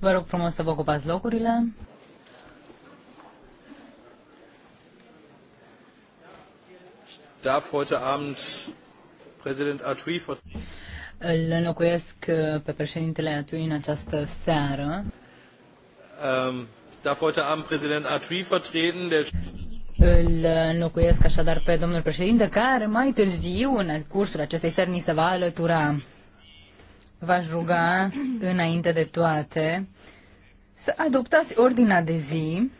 Vă rog frumos să vă ocupați locurile. darf heute Abend Präsident Atui Îl înlocuiesc uh, pe președintele Atui în această seară. Um, darf heute Abend Präsident Atui vertreten, der... Îl înlocuiesc așadar pe domnul președinte, care mai târziu, în cursul acestei seri, ni se va alătura v-aș ruga, înainte de toate, să adoptați ordinea de zi.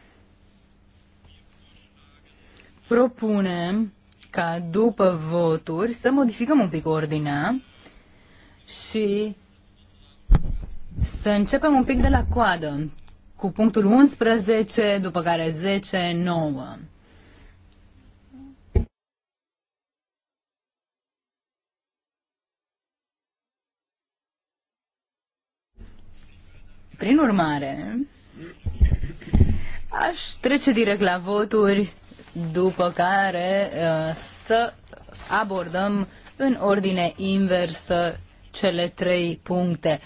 Propunem ca după voturi să modificăm un pic ordinea și să începem un pic de la coadă, cu punctul 11, după care 10, 9. Prin urmare, aș trece direct la voturi, după care uh, să abordăm în ordine inversă cele trei puncte.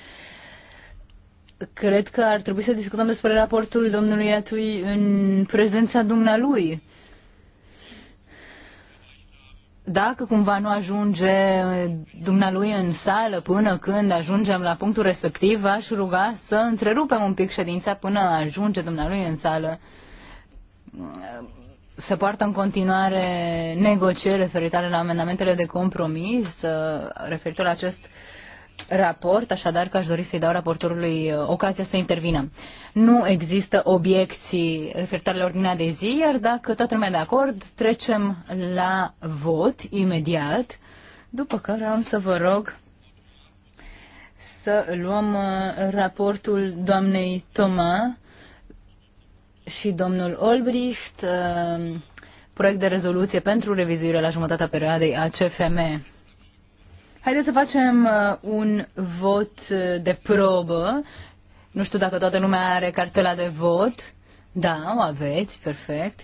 Cred că ar trebui să discutăm despre raportul domnului Atui în prezența dumnealui dacă cumva nu ajunge dumnealui în sală până când ajungem la punctul respectiv, aș ruga să întrerupem un pic ședința până ajunge dumnealui în sală. Se poartă în continuare negocieri referitoare la amendamentele de compromis uh, referitor la acest raport, așadar că aș dori să-i dau raportorului uh, ocazia să intervină. Nu există obiecții referitoare la ordinea de zi, iar dacă toată lumea de acord, trecem la vot imediat, după care am să vă rog să luăm uh, raportul doamnei Toma și domnul Olbricht, uh, proiect de rezoluție pentru revizuirea la jumătatea perioadei a CFM. Haideți să facem uh, un vot uh, de probă. Nu știu dacă toată lumea are cartela de vot. Da, o aveți, perfect.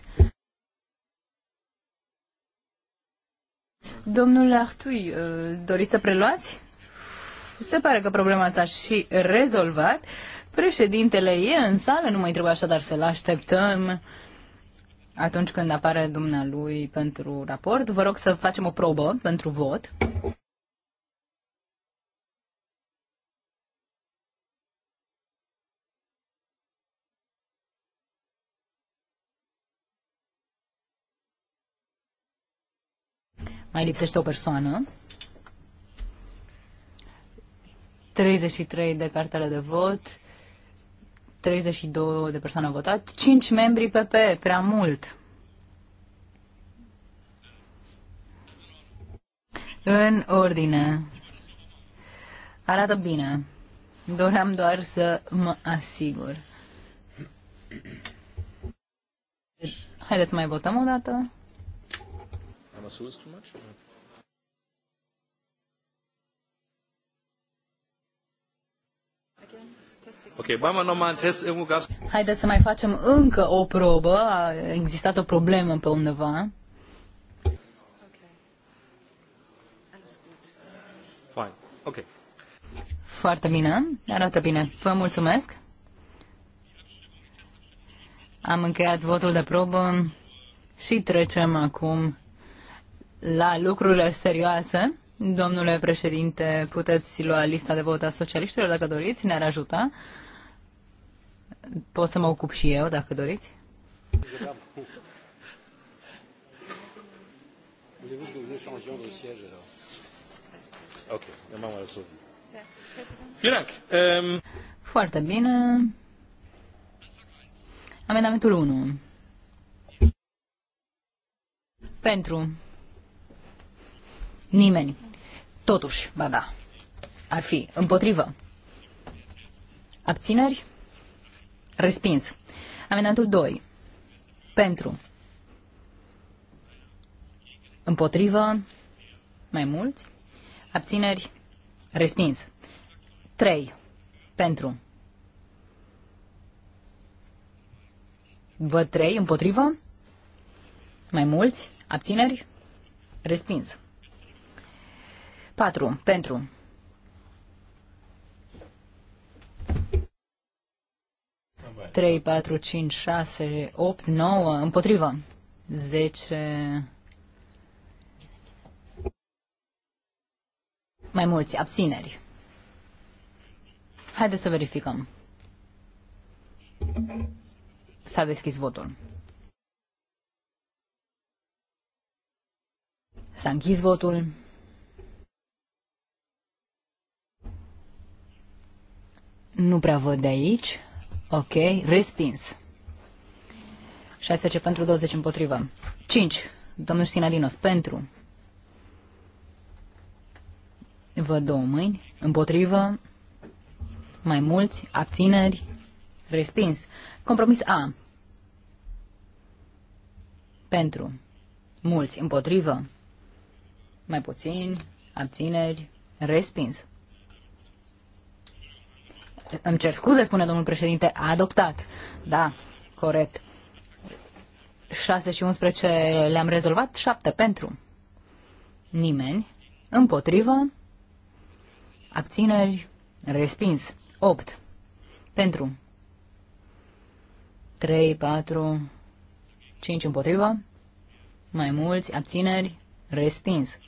Domnule Artui, uh, doriți să preluați? Se pare că problema s-a și rezolvat. Președintele e în sală, nu mai trebuie dar să-l așteptăm atunci când apare dumnealui pentru raport. Vă rog să facem o probă pentru vot. Mai lipsește o persoană. 33 de cartele de vot, 32 de persoane au votat, 5 membri PP, prea mult. În ordine. Arată bine. Doream doar să mă asigur. Haideți să mai votăm o dată. Am too much? Ok, test Haideți să mai facem încă o probă. A existat o problemă pe undeva. Foarte bine. Arată bine. Vă mulțumesc. Am încheiat votul de probă și trecem acum la lucrurile serioase. Domnule președinte, puteți lua lista de vot a socialiștilor dacă doriți, ne-ar ajuta. Pot să mă ocup și eu dacă doriți. Euh, Foarte bine. Amendamentul 1. Pentru. Nimeni. Totuși, ba da, ar fi împotrivă. Abțineri? Respins. Amendamentul 2. Pentru. Împotrivă? Mai mulți. Abțineri? Respins. 3. Pentru. Văd 3. Împotrivă? Mai mulți. Abțineri? Respins. 4. Pentru. Trei, patru, cinci, șase, opt, nouă, împotrivă. Zece. Mai mulți, abțineri. Haideți să verificăm. S-a deschis votul. S-a închis votul. Nu prea văd de aici. Ok, respins. 16 pentru 20 împotrivă. 5. Domnul Sinadinos, pentru. Văd două mâini. Împotrivă. Mai mulți. Abțineri. Respins. Compromis A. Pentru. Mulți. Împotrivă. Mai puțin. Abțineri. Respins. Îmi cer scuze, spune domnul președinte, a adoptat. Da, corect. 6 și 11 le-am rezolvat, 7 pentru. Nimeni. Împotrivă. Abțineri. Respins. 8. Pentru. 3, 4, 5 împotrivă. Mai mulți. Abțineri. Respins.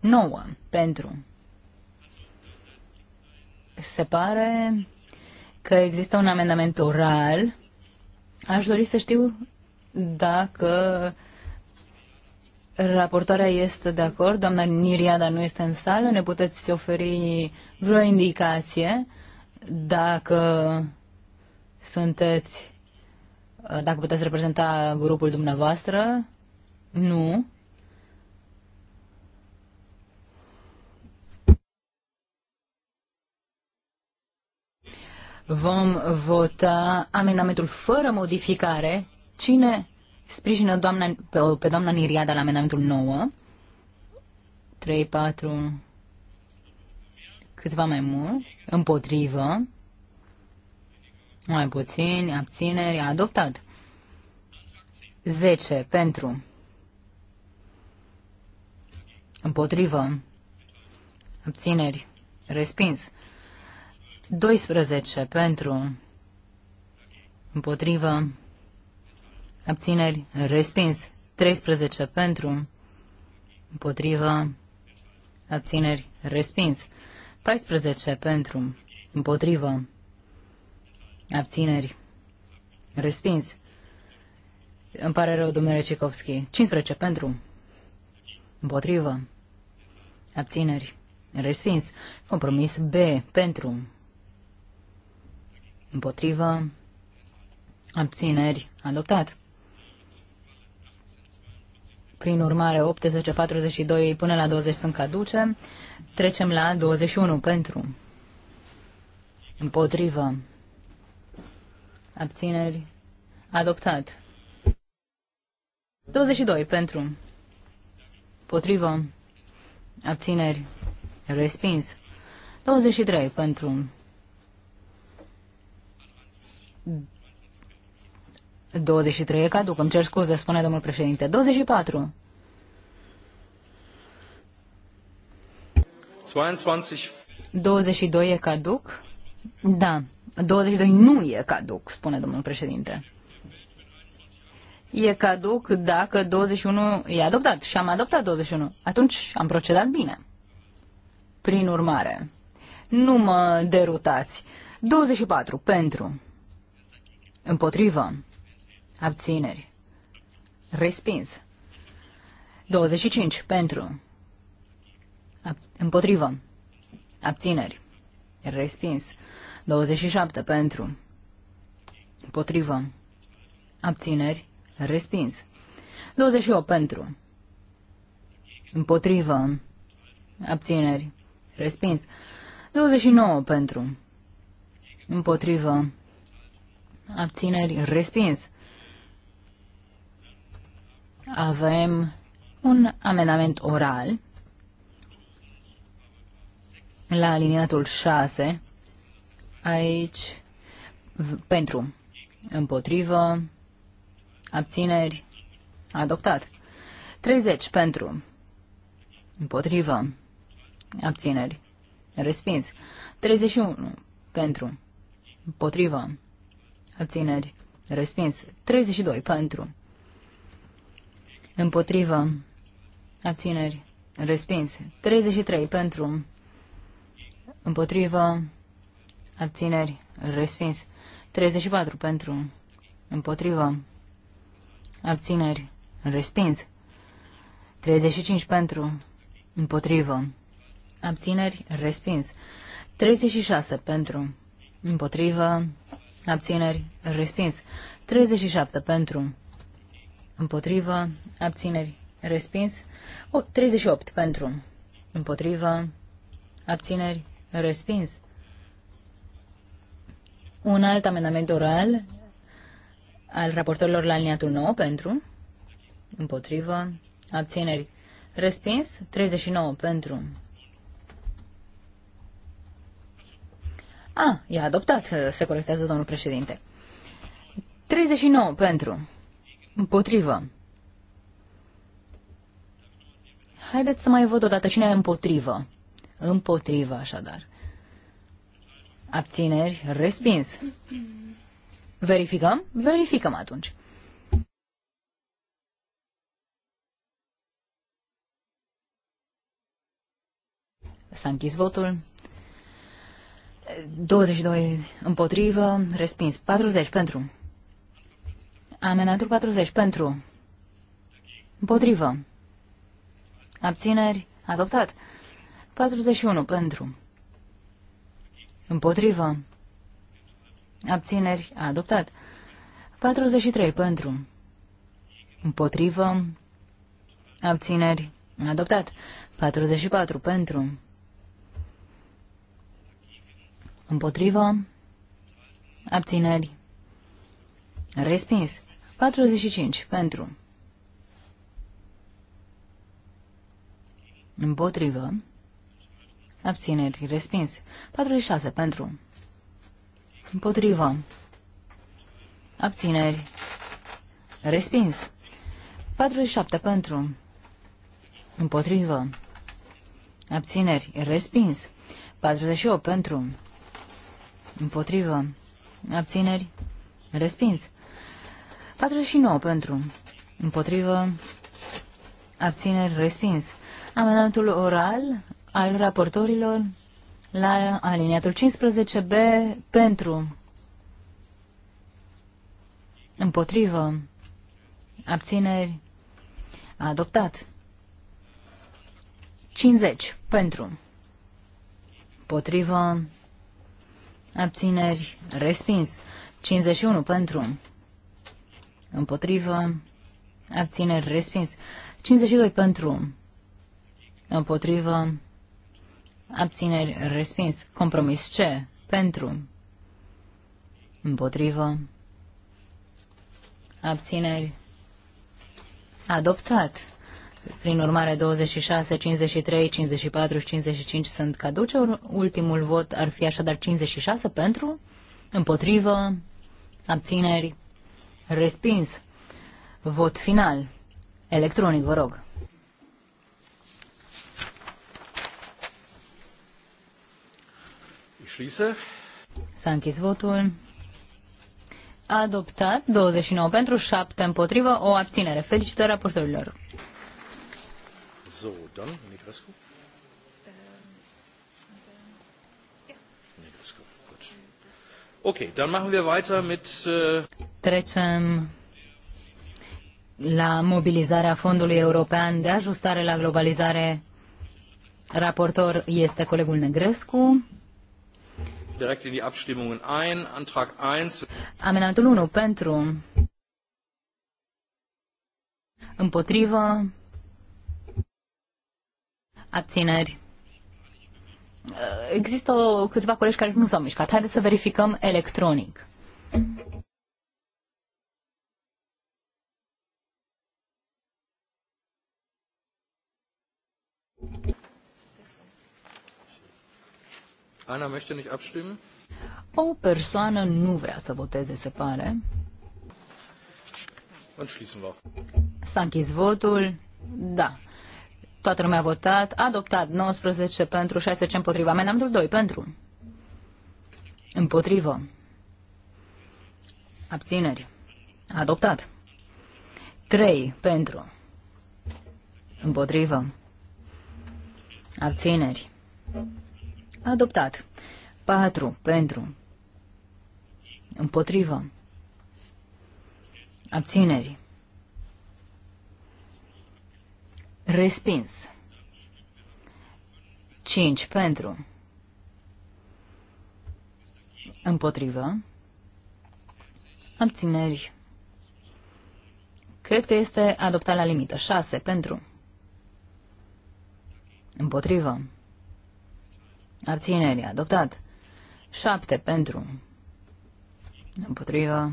9. Pentru. Se pare că există un amendament oral. Aș dori să știu dacă raportoarea este de acord, doamna Niriada nu este în sală, ne puteți oferi vreo indicație dacă sunteți, dacă puteți reprezenta grupul dumneavoastră? Nu. Vom vota amendamentul fără modificare. Cine sprijină doamna, pe, pe doamna Niriada la amendamentul 9? 3, 4, câțiva mai mult, împotrivă, mai puțini, abțineri, adoptat. 10 pentru, împotrivă, abțineri, respins. 12 pentru, împotrivă, abțineri, respins. 13 pentru, împotrivă, abțineri, respins. 14 pentru, împotrivă, abțineri, respins. Îmi pare rău, domnule Cicovski. 15 pentru, împotrivă, abțineri, respins. Compromis B pentru, Împotrivă. Abțineri. Adoptat. Prin urmare, 18, 42 până la 20 sunt caduce. Trecem la 21 pentru. Împotrivă. Abțineri. Adoptat. 22 pentru. Potrivă. Abțineri. Respins. 23 pentru. 23 e caduc, îmi cer scuze, spune domnul președinte. 24. 22. e caduc? Da. 22 nu e caduc, spune domnul președinte. E caduc dacă 21 e adoptat și am adoptat 21. Atunci am procedat bine. Prin urmare, nu mă derutați. 24 pentru. Împotrivă. Abțineri. Respins. 25. Pentru. Ab împotrivă. Abțineri. Respins. 27. Pentru. Împotrivă. Abțineri. Respins. 28. Pentru. Împotrivă. Abțineri. Respins. 29. Pentru. Împotrivă abțineri, respins. Avem un amendament oral la aliniatul 6, aici, pentru, împotrivă, abțineri, adoptat. 30 pentru, împotrivă, abțineri, respins. 31 pentru, împotrivă, abțineri, respins. 32 pentru, împotrivă, abțineri, respins. 33 pentru, împotrivă, abțineri, respins. 34 pentru, împotrivă, abțineri, respins. 35 pentru, împotrivă, abțineri, respins. 36 pentru, împotrivă, abțineri, respins. 37 pentru, împotrivă, abțineri, respins. O, 38 pentru, împotrivă, abțineri, respins. Un alt amendament oral al raportorilor la aliniatul 9 pentru, împotrivă, abțineri, respins. 39 pentru, A, ah, e adoptat, se corectează domnul președinte. 39 pentru. Împotrivă. Haideți să mai văd o dată cine e împotrivă. Împotrivă, așadar. Abțineri, respins. Verificăm? Verificăm atunci. S-a închis votul. 22 împotrivă, respins. 40 pentru. Amenatul 40 pentru. Împotrivă. Abțineri. Adoptat. 41 pentru. Împotrivă. Abțineri. Adoptat. 43 pentru. Împotrivă. Abțineri. Adoptat. 44 pentru. Împotrivă. Abțineri. Respins. 45. Pentru. Împotrivă. Abțineri. Respins. 46. Pentru. Împotrivă. Abțineri. Respins. 47. Pentru. Împotrivă. Abțineri. Respins. 48. Pentru. Împotrivă. Abțineri. Respins. 49 pentru. Împotrivă. Abțineri. Respins. Amendamentul oral al raportorilor la aliniatul 15B pentru. Împotrivă. Abțineri. Adoptat. 50 pentru. Potrivă abțineri, respins. 51 pentru, împotrivă, abțineri, respins. 52 pentru, împotrivă, abțineri, respins. Compromis C, pentru, împotrivă, abțineri, adoptat. Prin urmare, 26, 53, 54 și 55 sunt caduce. Ultimul vot ar fi așadar 56 pentru, împotrivă, abțineri, respins. Vot final. Electronic, vă rog. S-a închis votul. Adoptat 29 pentru 7 împotrivă, o abținere. Felicitări raportorilor. So, Negrescu. Ähm, Negrescu, gut. Okay, dann machen wir weiter mit... Äh, Trecem la mobilizarea Fondului European de Ajustare la Globalizare. Raportor este colegul Negrescu. Direct in die Abstimmungen ein. Antrag 1. Amendamentul 1 pentru. Împotrivă. Abțineri. Există câțiva colegi care nu s-au mișcat. Haideți să verificăm electronic. Ana möchte nicht abstimmen? O persoană nu vrea să voteze, se pare. Und schließen wir. S-a închis votul. Da, Toată lumea a votat. Adoptat 19 pentru, 16 împotriva. Amendamentul 2 pentru. Împotrivă. Abțineri. Adoptat. 3 pentru. Împotrivă. Abțineri. Adoptat. 4 pentru. Împotrivă. Abțineri. Respins. 5 pentru. Împotrivă. Abțineri. Cred că este adoptat la limită. 6 pentru. Împotrivă. Abțineri. Adoptat. 7 pentru. Împotrivă.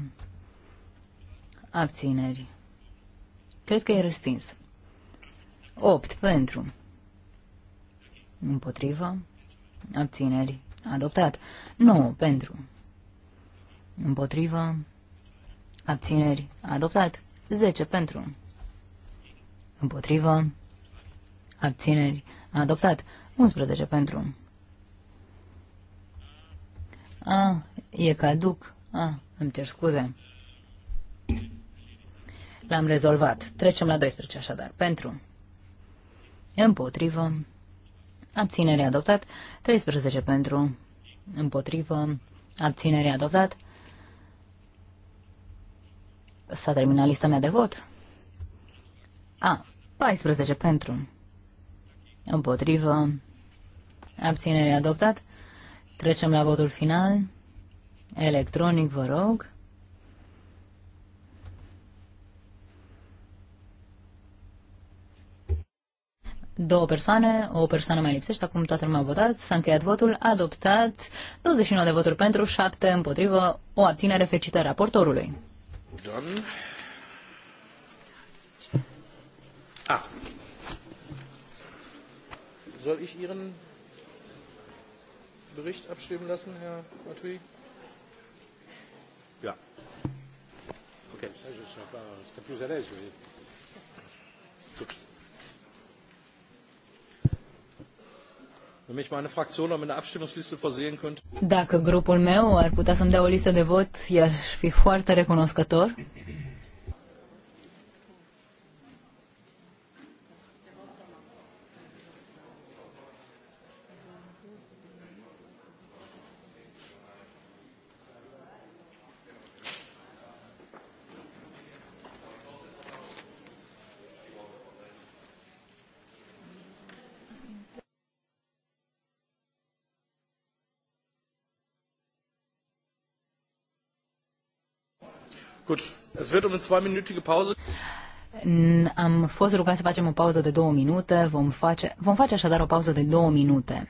Abțineri. Cred că e respins. 8 pentru. Împotrivă. Abțineri. Adoptat. 9 pentru. Împotrivă. Abțineri. Adoptat. 10 pentru. Împotrivă. Abțineri. Adoptat. 11 pentru. A, e caduc. A, îmi cer scuze. L-am rezolvat. Trecem la 12 așadar. Pentru. Împotrivă. Abținere adoptat. 13 pentru. Împotrivă. Abținere adoptat. S-a terminat lista mea de vot. A. 14 pentru. Împotrivă. Abținere adoptat. Trecem la votul final. Electronic, vă rog. două persoane, o persoană mai lipsește, acum toată lumea a votat, s-a încheiat votul, adoptat 29 de voturi pentru, 7 împotrivă, o abținere fecită raportorului. Doamne. Ah. Soll ich Ihren Bericht abstimmen lassen, Herr Matui? Ja. Okay. Ça, je ne serais pas... plus à l'aise, vous Dacă grupul meu ar putea să-mi dea o listă de vot, i-aș fi foarte recunoscător. Gut, es wird um eine zweiminütige Pause. Am fost rugat să facem o pauză de două minute, vom face, vom face așadar o pauză de două minute.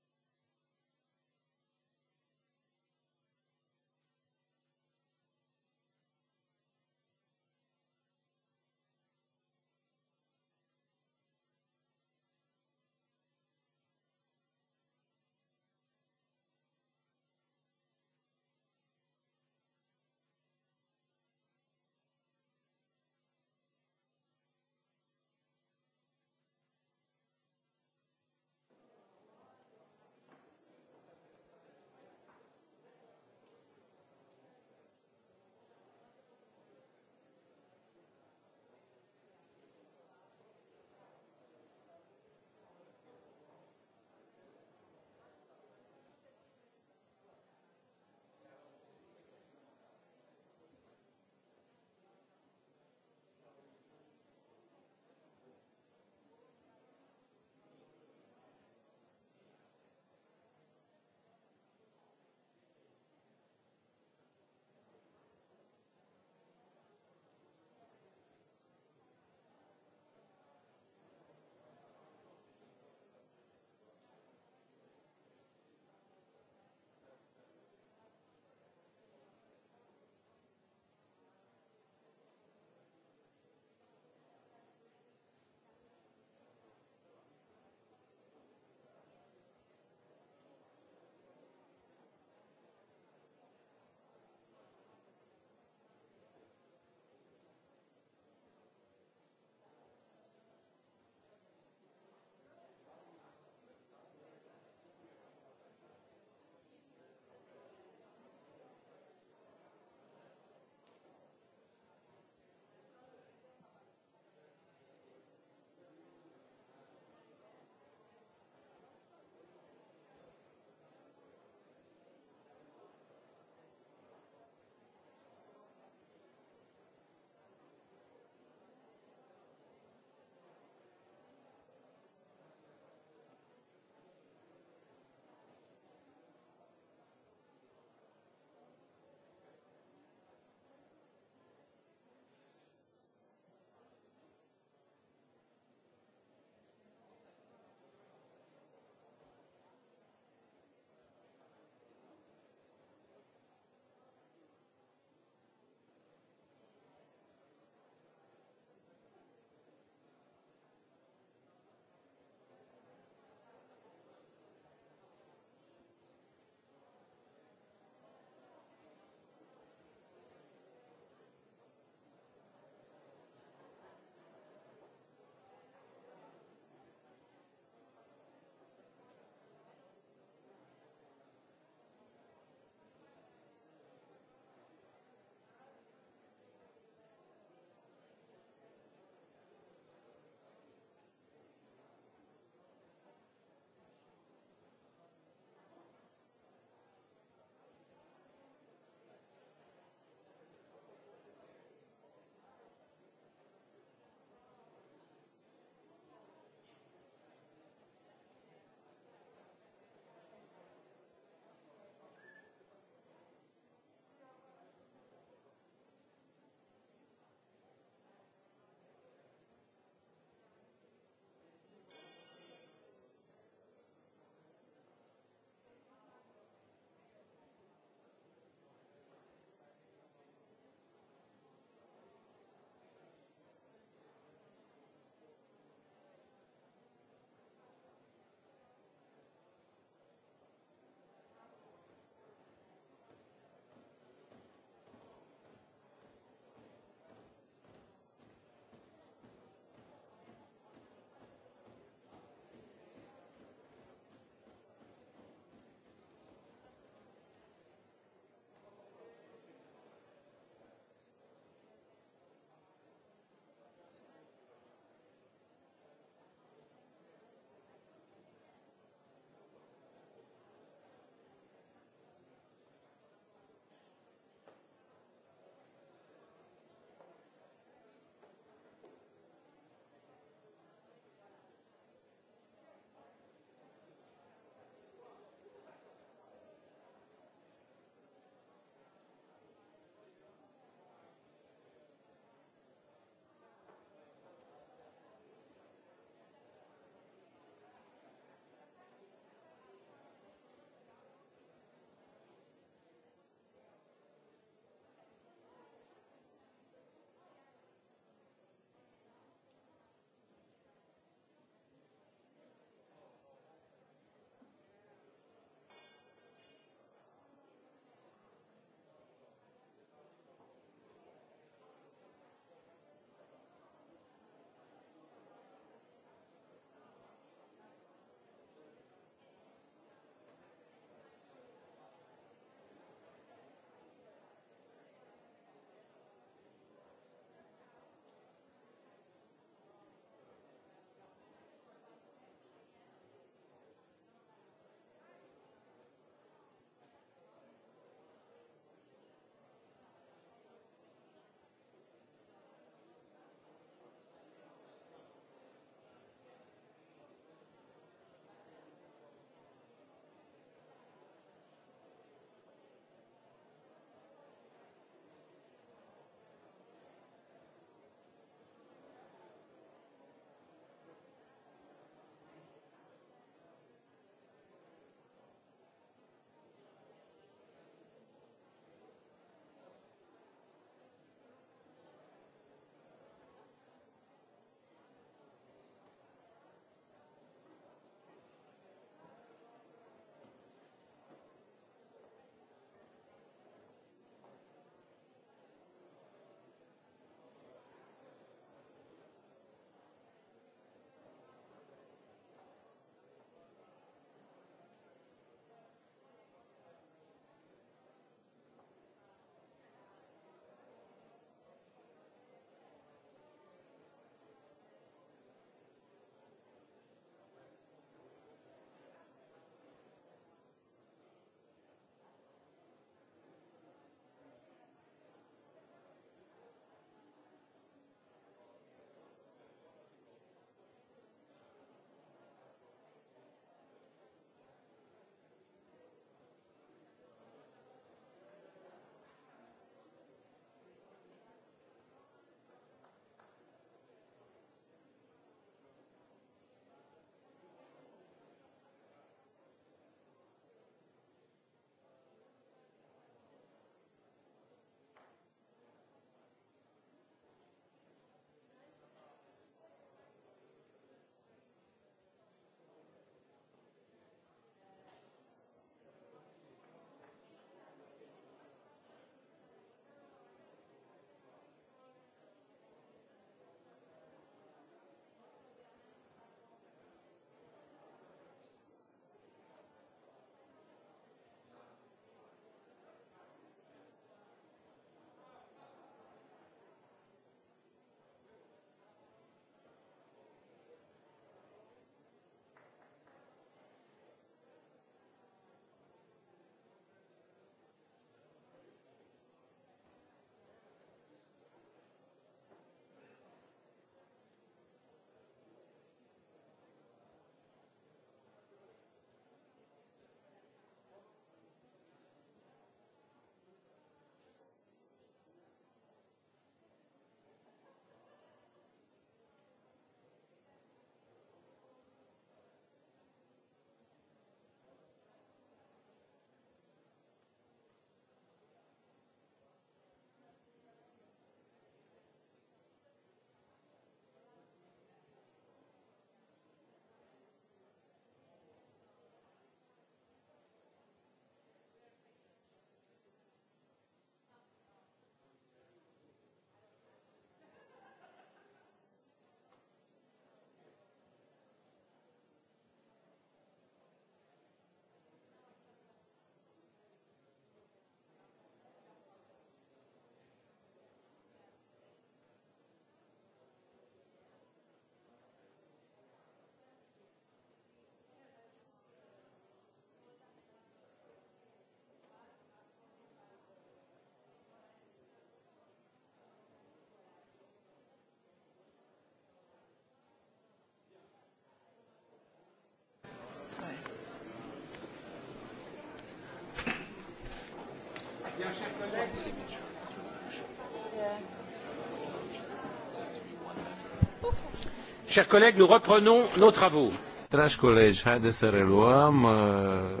Chers collègues, nous reprenons nos travaux. Dragi colegi, haideți să reluăm. Uh,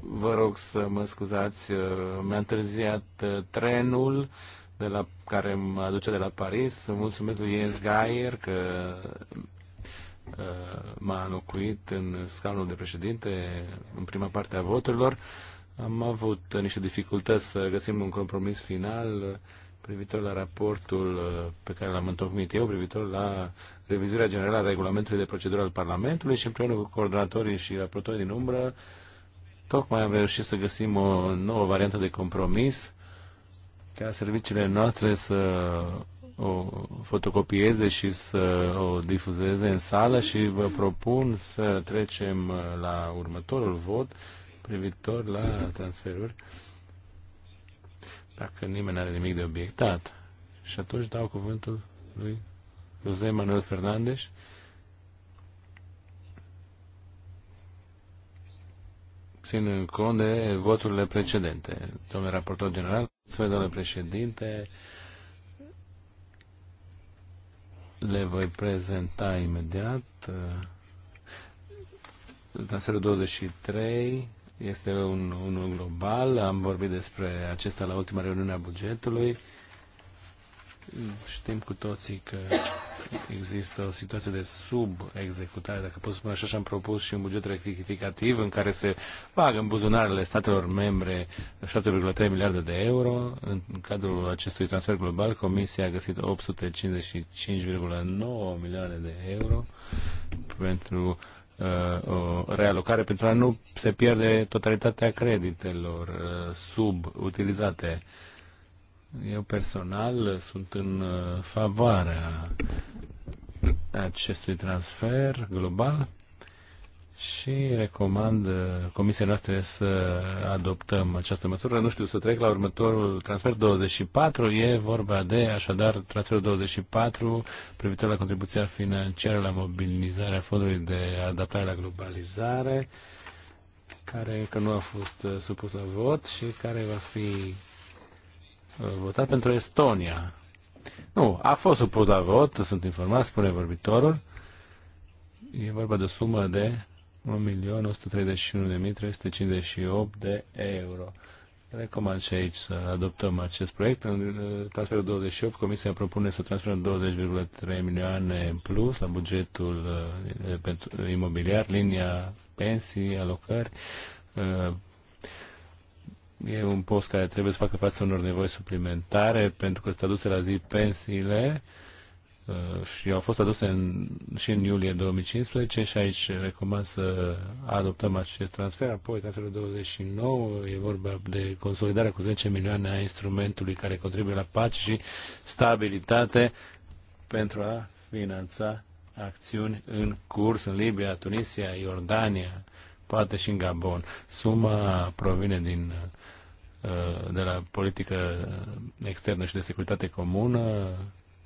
vă rog să mă scuzați, uh, mi-a întârziat uh, trenul de la, care mă aduce de la Paris. Mulțumesc lui Jens Geier că m-a înlocuit în scaunul de președinte în prima parte a voturilor. Am avut niște dificultăți să găsim un compromis final privitor la raportul uh, pe care l-am întocmit eu, privitor la revizuirea generală a regulamentului de procedură al Parlamentului și împreună cu coordonatorii și raportorii din umbră, tocmai am reușit să găsim o nouă variantă de compromis ca serviciile noastre să o fotocopieze și să o difuzeze în sală și vă propun să trecem uh, la următorul vot privitor la transferuri. Dacă nimeni are nimic de obiectat. Și atunci dau cuvântul lui José Manuel Fernández. în cont de voturile precedente. Domnule raportor general, domnule președinte, le voi prezenta imediat. Transferul 23 este un, unul global. Am vorbit despre acesta la ultima reuniune a bugetului. Știm cu toții că există o situație de sub-executare, dacă pot spune așa, și am propus și un buget rectificativ în care se bagă în buzunarele statelor membre 7,3 miliarde de euro. În cadrul acestui transfer global, Comisia a găsit 855,9 milioane de euro pentru Uh, o realocare pentru a nu se pierde totalitatea creditelor uh, subutilizate. Eu personal sunt în uh, favoarea acestui transfer global și recomand uh, comisiei noastre să adoptăm această măsură. Nu știu, să trec la următorul transfer 24. E vorba de, așadar, transferul 24 privitor la contribuția financiară la mobilizarea fondului de adaptare la globalizare, care încă nu a fost uh, supus la vot și care va fi uh, votat pentru Estonia. Nu, a fost supus la vot, sunt informat, spune vorbitorul. E vorba de o sumă de 1.131.358 de euro. Recomand și aici să adoptăm acest proiect. În transferul 28, Comisia propune să transferăm 20,3 milioane în plus la bugetul eh, eh, pentru imobiliar, linia pensii, alocări. Eh, e un post care trebuie să facă față unor nevoi suplimentare pentru că se aduce la zi pensiile. Uh, și au fost aduse în, și în iulie 2015 și aici recomand să adoptăm acest transfer. Apoi, transferul 29 e vorba de consolidarea cu 10 milioane a instrumentului care contribuie la pace și stabilitate pentru a finanța acțiuni în curs în Libia, Tunisia, Iordania, poate și în Gabon. Suma provine din uh, de la politică externă și de securitate comună,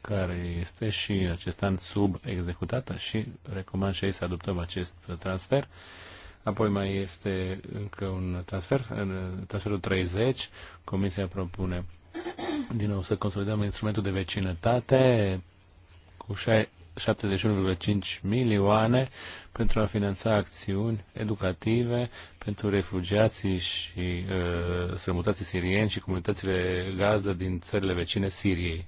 care este și acest an sub-executată și recomand și ei să adoptăm acest transfer. Apoi mai este încă un transfer, transferul 30, Comisia propune din nou să consolidăm instrumentul de vecinătate cu 71,5 milioane pentru a finanța acțiuni educative pentru refugiații și uh, strămutații sirieni și comunitățile gazdă din țările vecine Siriei.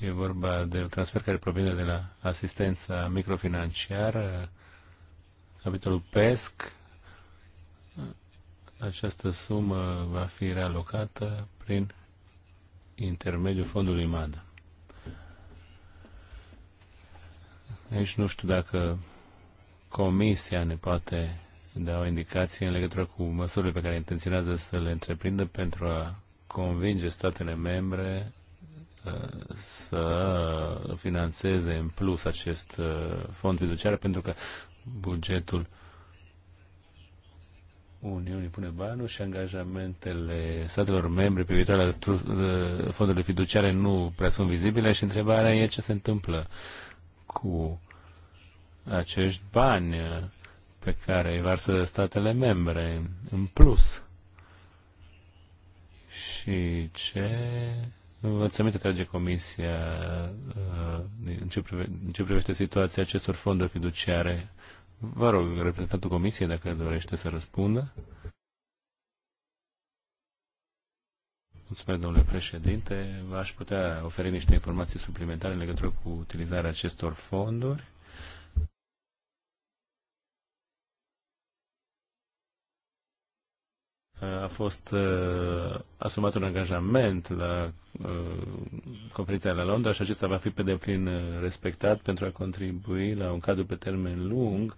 E vorba de un transfer care provine de la asistența microfinanciară, capitolul PESC. Această sumă va fi realocată prin intermediul fondului MAD. Aici nu știu dacă Comisia ne poate da o indicație în legătură cu măsurile pe care intenționează să le întreprindă pentru a convinge statele membre să financeze în plus acest uh, fond fiduciar pentru că bugetul Uniunii pune banul și angajamentele statelor membre pe viitoare uh, fondurile fiduciare nu prea sunt vizibile și întrebarea e ce se întâmplă cu acești bani pe care îi varsă statele membre în plus. Și ce învățăminte trage Comisia uh, în ce, în ce privește situația acestor fonduri fiduciare? Vă rog, reprezentantul Comisiei, dacă dorește să răspundă. Mulțumesc, domnule președinte. V-aș putea oferi niște informații suplimentare în legătură cu utilizarea acestor fonduri. a fost uh, asumat un angajament la uh, conferința la Londra și acesta va fi pe deplin uh, respectat pentru a contribui la un cadru pe termen lung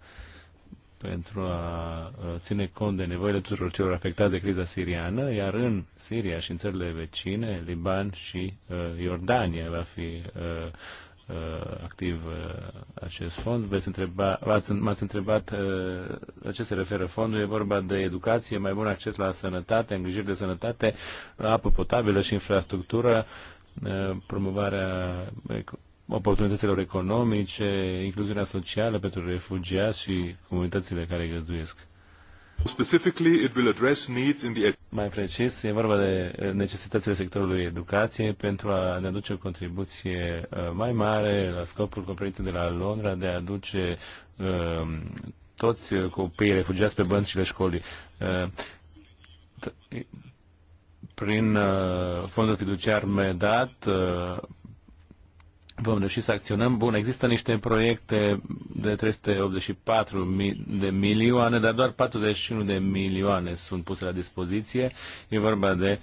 pentru a uh, ține cont de nevoile tuturor celor afectați de criza siriană, iar în Siria și în țările vecine, Liban și uh, Iordania va fi uh, Uh, activ uh, acest fond. V-ați întreba, m-ați întrebat uh, la ce se referă fondul. E vorba de educație, mai bun acces la sănătate, îngrijiri de sănătate, apă potabilă și infrastructură, promovarea oportunităților economice, incluziunea socială pentru refugiați și comunitățile care îi găzduiesc. Specifically, it will address needs in the... Mai precis, e vorba de eh, necesitățile sectorului educație pentru a ne aduce o contribuție eh, mai mare la scopul conferinței de la Londra de a aduce ehm, toți eh, copiii refugiați pe băncile școlii. Uh, prin uh, fondul fiduciar MEDAT, uh, vom reuși să acționăm. Bun, există niște proiecte de 384 de milioane, dar doar 41 de milioane sunt puse la dispoziție. E vorba de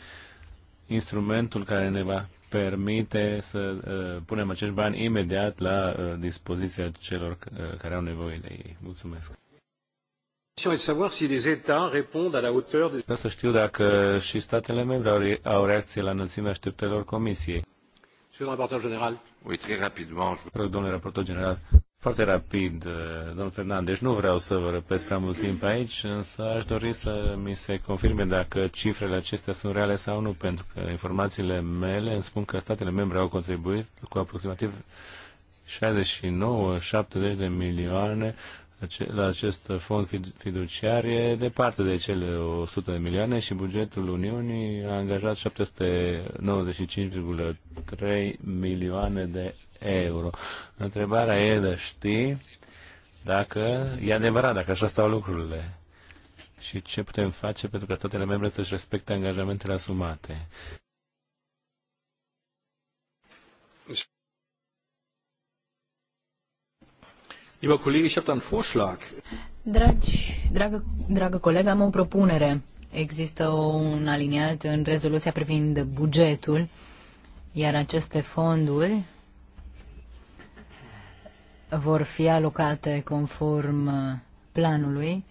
instrumentul care ne va permite să uh, punem acești bani imediat la uh, dispoziția celor uh, care au nevoie de ei. Mulțumesc. Vreau să știu dacă și statele membre au, re- au reacție la înălțimea așteptărilor Comisiei. Monsieur le rapporteur général. Oui, très rapidement. Je... Domnule raportor general, foarte rapid, eh, domnul Fernandez, nu vreau să vă răpesc prea mult timp aici, însă aș dori să mi se confirme dacă cifrele acestea sunt reale sau nu, pentru că informațiile mele îmi spun că statele membre au contribuit cu aproximativ 69-70 de milioane la acest fond fiduciar e departe de cele 100 de milioane și bugetul Uniunii a angajat 795,3 milioane de euro. Întrebarea e de ști dacă e adevărat, dacă așa stau lucrurile și ce putem face pentru ca statele membre să-și respecte angajamentele asumate. Lieber Kollege, ich habe da einen Vorschlag. Dragi, dragă, dragă colegă, am o propunere. Există un aliniat în rezoluția privind bugetul, iar aceste fonduri vor fi alocate conform planului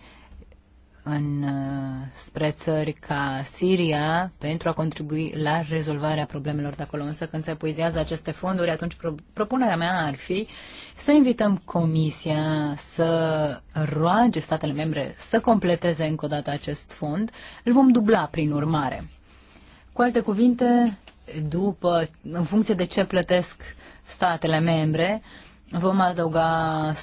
în, uh, spre țări ca Siria pentru a contribui la rezolvarea problemelor de acolo. Însă când se epuizează aceste fonduri, atunci pro, propunerea mea ar fi să invităm Comisia să roage statele membre să completeze încă o dată acest fond. Îl vom dubla prin urmare. Cu alte cuvinte, după, în funcție de ce plătesc statele membre, uh, Vom adăuga 100%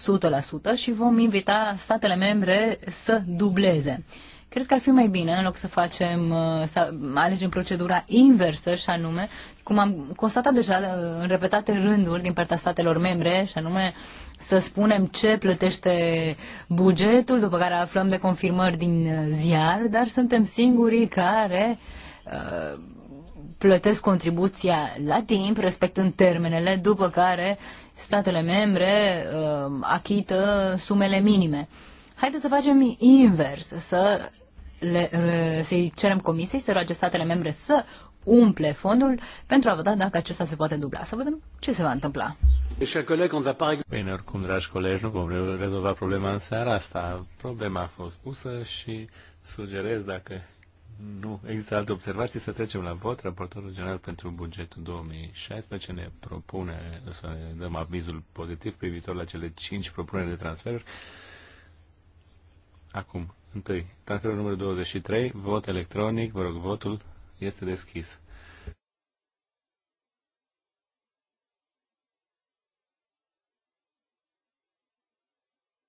și vom invita statele membre să dubleze. Cred că ar fi mai bine, în loc să facem, uh, să alegem procedura inversă, și anume, cum am constatat deja uh, în repetate rânduri din partea statelor membre, și anume să spunem ce plătește bugetul, după care aflăm de confirmări din ziar, dar suntem singurii care uh, plătesc contribuția la timp, respectând termenele, după care statele membre uh, achită sumele minime. Haideți să facem invers, să le, să-i cerem comisiei să roage statele membre să umple fondul pentru a vedea dacă acesta se poate dubla. Să vedem ce se va întâmpla. Bine, oricum, dragi colegi, nu vom rezolva problema în seara asta. Problema a fost pusă și sugerez dacă nu există alte observații, să trecem la vot. Raportorul general pentru bugetul 2016 ne propune să ne dăm avizul pozitiv privitor la cele 5 propuneri de transferuri. Acum, întâi, transferul numărul 23, vot electronic, vă rog, votul este deschis.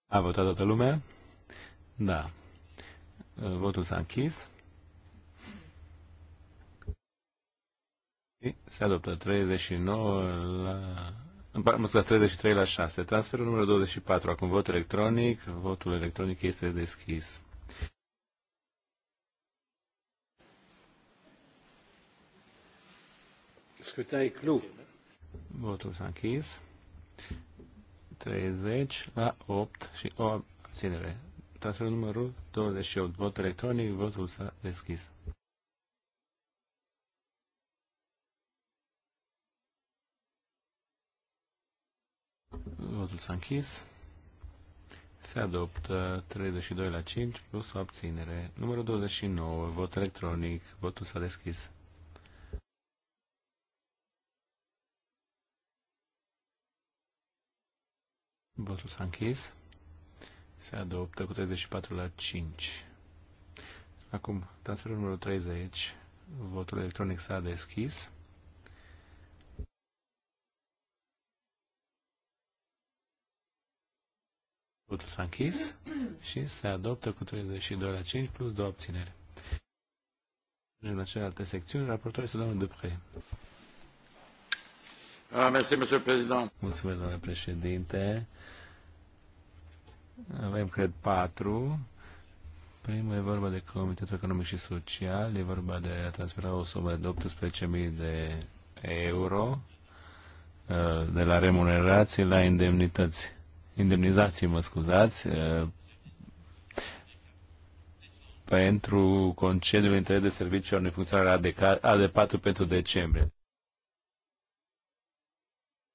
A votat toată lumea? Da. Votul s-a închis. Se adoptă 39 la... Mă scuze, 33 la 6. Transferul numărul 24. Acum vot electronic. Votul electronic este deschis. Scutai clu. Votul s-a închis. 30 la 8 și o abținere. Transferul numărul 28. Vot electronic. Votul s-a deschis. Votul s-a închis. Se adoptă 32 la 5 plus o abținere. Numărul 29, vot electronic. Votul s-a deschis. Votul s-a închis. Se adoptă cu 34 la 5. Acum, transferul numărul 30. Votul electronic s-a deschis. Votul s-a închis și se adoptă cu 32 la 5 plus 2 abțineri. Și la celelalte secțiuni. Raportorul este domnul Dupre. Ah, Mulțumesc, domnule președinte. Avem, cred, patru. Primul e vorba de Comitetul Economic și Social, e vorba de a transfera o sumă de 18.000 de euro uh, de la remunerații la indemnități indemnizații, mă scuzați, pentru concediul interes de serviciu al unui funcționar AD4 pentru decembrie.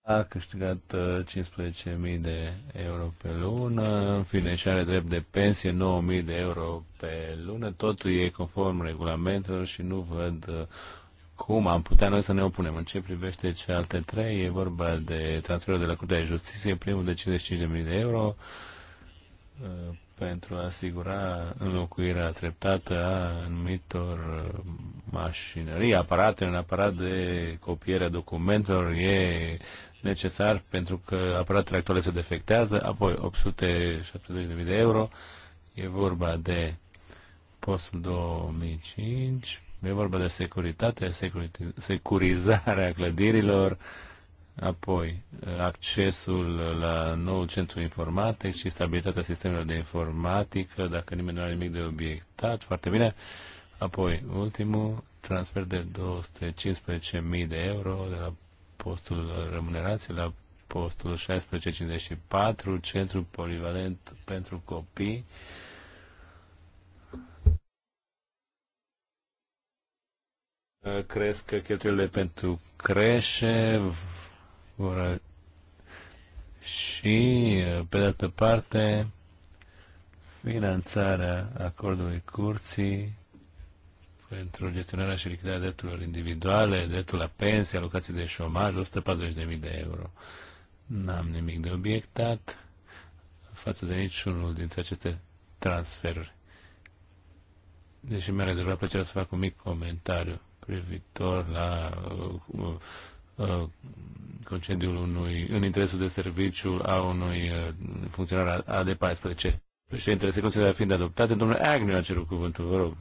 A câștigat 15.000 de euro pe lună, în fine, și are drept de pensie 9.000 de euro pe lună, totul e conform regulamentelor și nu văd cum am putea noi să ne opunem. În ce privește cealaltă trei, e vorba de transferul de la Curtea de Justiție, primul de 55.000 de euro uh, pentru a asigura înlocuirea treptată a anumitor uh, mașinării, aparate, un aparat de copiere a documentelor e necesar pentru că aparatele actuale se defectează, apoi 870.000 de euro, e vorba de postul 2005 E vorba de securitate, securizarea clădirilor, apoi accesul la noul centru informatic și stabilitatea sistemelor de informatică, dacă nimeni nu are nimic de obiectat, foarte bine. Apoi, ultimul, transfer de 215.000 de euro de la postul remunerației la postul 1654, centru polivalent pentru copii, Cresc cheltuielile pentru creșe vor... și, pe de altă parte, finanțarea acordului curții pentru gestionarea și lichidarea drepturilor individuale, dreptul la pensie, alocații de șomaj, 140.000 de euro. N-am nimic de obiectat față de niciunul dintre aceste transferuri. Deși mi-a rezervat plăcerea să fac un mic comentariu privitor la uh, uh, concediul unui, în interesul de serviciu a unui uh, funcționar AD14. Președintele se consideră fiind adoptate. Domnule Agnew a cerut cuvântul, vă rog.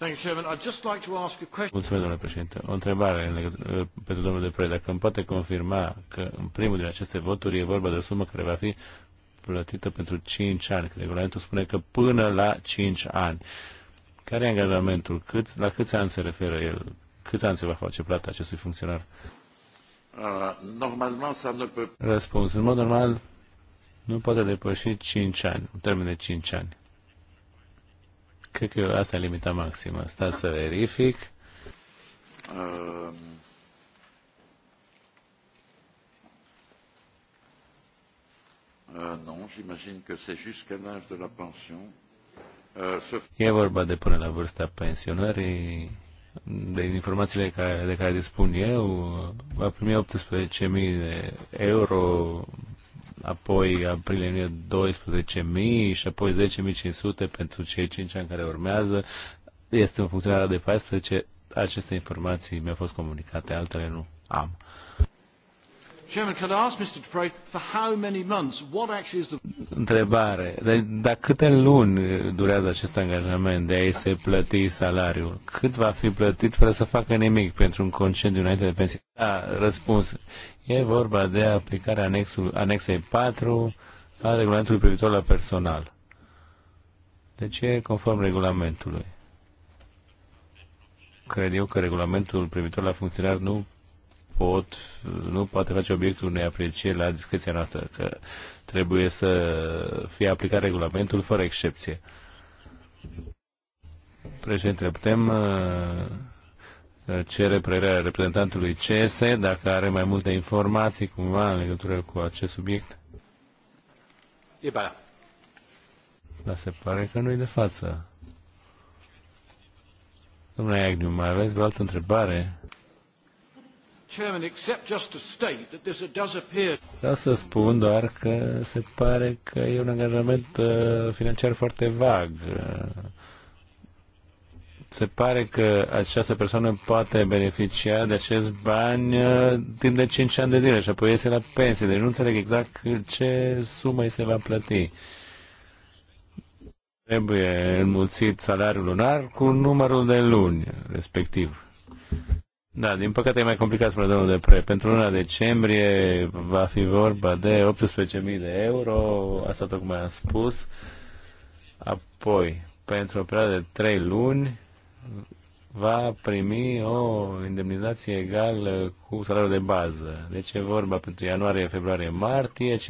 Mulțumesc, domnule președinte. O întrebare în uh, pentru domnul Depre. Dacă îmi poate confirma că în primul din aceste voturi e vorba de o sumă care va fi plătită pentru 5 ani. Regulamentul spune că până la 5 ani. Uh, care e angajamentul? Cât, la câți ani se referă el? Câți ani se va face plata acestui funcționar? Uh, Răspuns. În mod normal, nu poate depăși 5 ani, un termen de 5 ani. Cred că asta e limita maximă. Stați să verific. Uh... Euh, non, j'imagine que c'est jusqu'à l'âge de la pension. E vorba de până la vârsta pensionării, de informațiile care, de care dispun eu, va primi 18.000 de euro, apoi aprilie 12.000 și apoi 10.500 pentru cei 5 ani care urmează. Este în funcționare de 14. Aceste informații mi-au fost comunicate, altele nu am. Chairman, could I ask Mr. Dupre for how many months, what actually is the... Întrebare. Da, dar câte luni durează acest angajament de a-i se plăti salariul? Cât va fi plătit fără să facă nimic pentru un concediu înainte de pensie? Da, răspuns. E vorba de aplicarea anexul, anexei 4 a regulamentului privitor la personal. Deci e conform regulamentului. Cred eu că regulamentul privitor la funcționar nu pot, nu poate face obiectul unei aprecieri la discreția noastră, că trebuie să fie aplicat regulamentul fără excepție. Președinte, putem uh, cere părerea reprezentantului CS dacă are mai multe informații cumva în legătură cu acest subiect? E bala. Dar se pare că nu-i de față. Domnule Agniu, mai aveți vreo altă întrebare? Vreau să spun doar că se pare că e un angajament uh, financiar foarte vag. Se pare că această persoană poate beneficia de acest bani uh, timp de 5 ani de zile și apoi iese la pensie. Deci nu înțeleg exact ce sumă îi se va plăti. Trebuie înmulțit salariul lunar cu numărul de luni respectiv. Da, din păcate e mai complicat, spre domnul Depre. Pentru luna decembrie va fi vorba de 18.000 de euro, asta tocmai am spus. Apoi, pentru o perioadă de 3 luni, va primi o indemnizație egală cu salariul de bază. Deci e vorba pentru ianuarie, februarie, martie, 15.000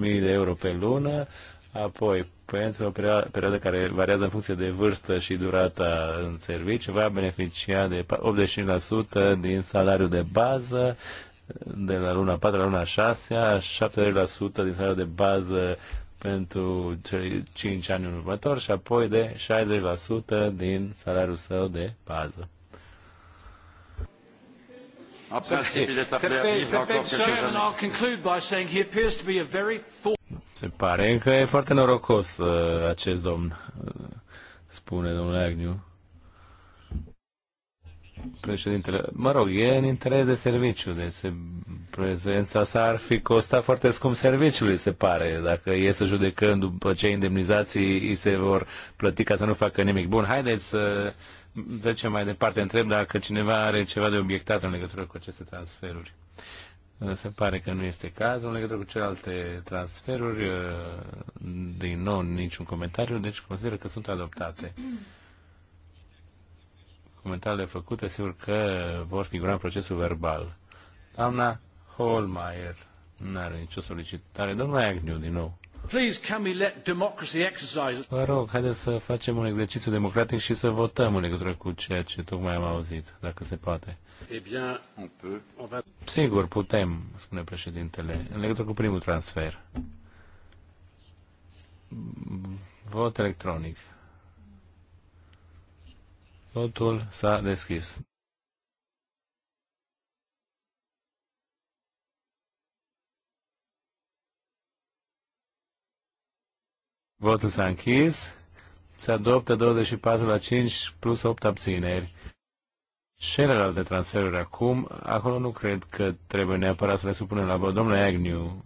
de euro pe lună, apoi într o perioadă, care variază în funcție de vârstă și durata în serviciu, va beneficia de 85% din salariul de bază de la luna 4 la luna 6, 70% din salariul de bază pentru cei 5 ani în următor și apoi de 60% din salariul său de bază. să fie, să fie, să fie, să fie, să fie se pare că e foarte norocos uh, acest domn, uh, spune domnul Agniu. Președintele, mă rog, e în interes de serviciu, de deci se, prezența sa ar fi costat foarte scump serviciului, se pare, dacă e să judecăm după ce indemnizații îi se vor plăti ca să nu facă nimic. Bun, haideți să trecem mai departe. Întreb dacă cineva are ceva de obiectat în legătură cu aceste transferuri. Uh, se pare că nu este cazul. În legătură cu celelalte transferuri, uh, din nou niciun comentariu, deci consider că sunt adoptate. Comentariile făcute, sigur că vor figura în procesul verbal. Doamna Holmeier nu are nicio solicitare. Domnul Agnew, din nou. Please, can we let democracy exercise? Vă rog, haideți să facem un exercițiu democratic și să votăm în legătură cu ceea ce tocmai am auzit, dacă se poate. Eh Sigur, putem, spune președintele, în legătură cu primul transfer. Vot electronic. Votul s-a deschis. Votul s-a închis. Se adoptă 24 la 5 plus 8 abțineri. Celelalte transferuri acum, acolo nu cred că trebuie neapărat să le supunem la vot. Domnule Agnew,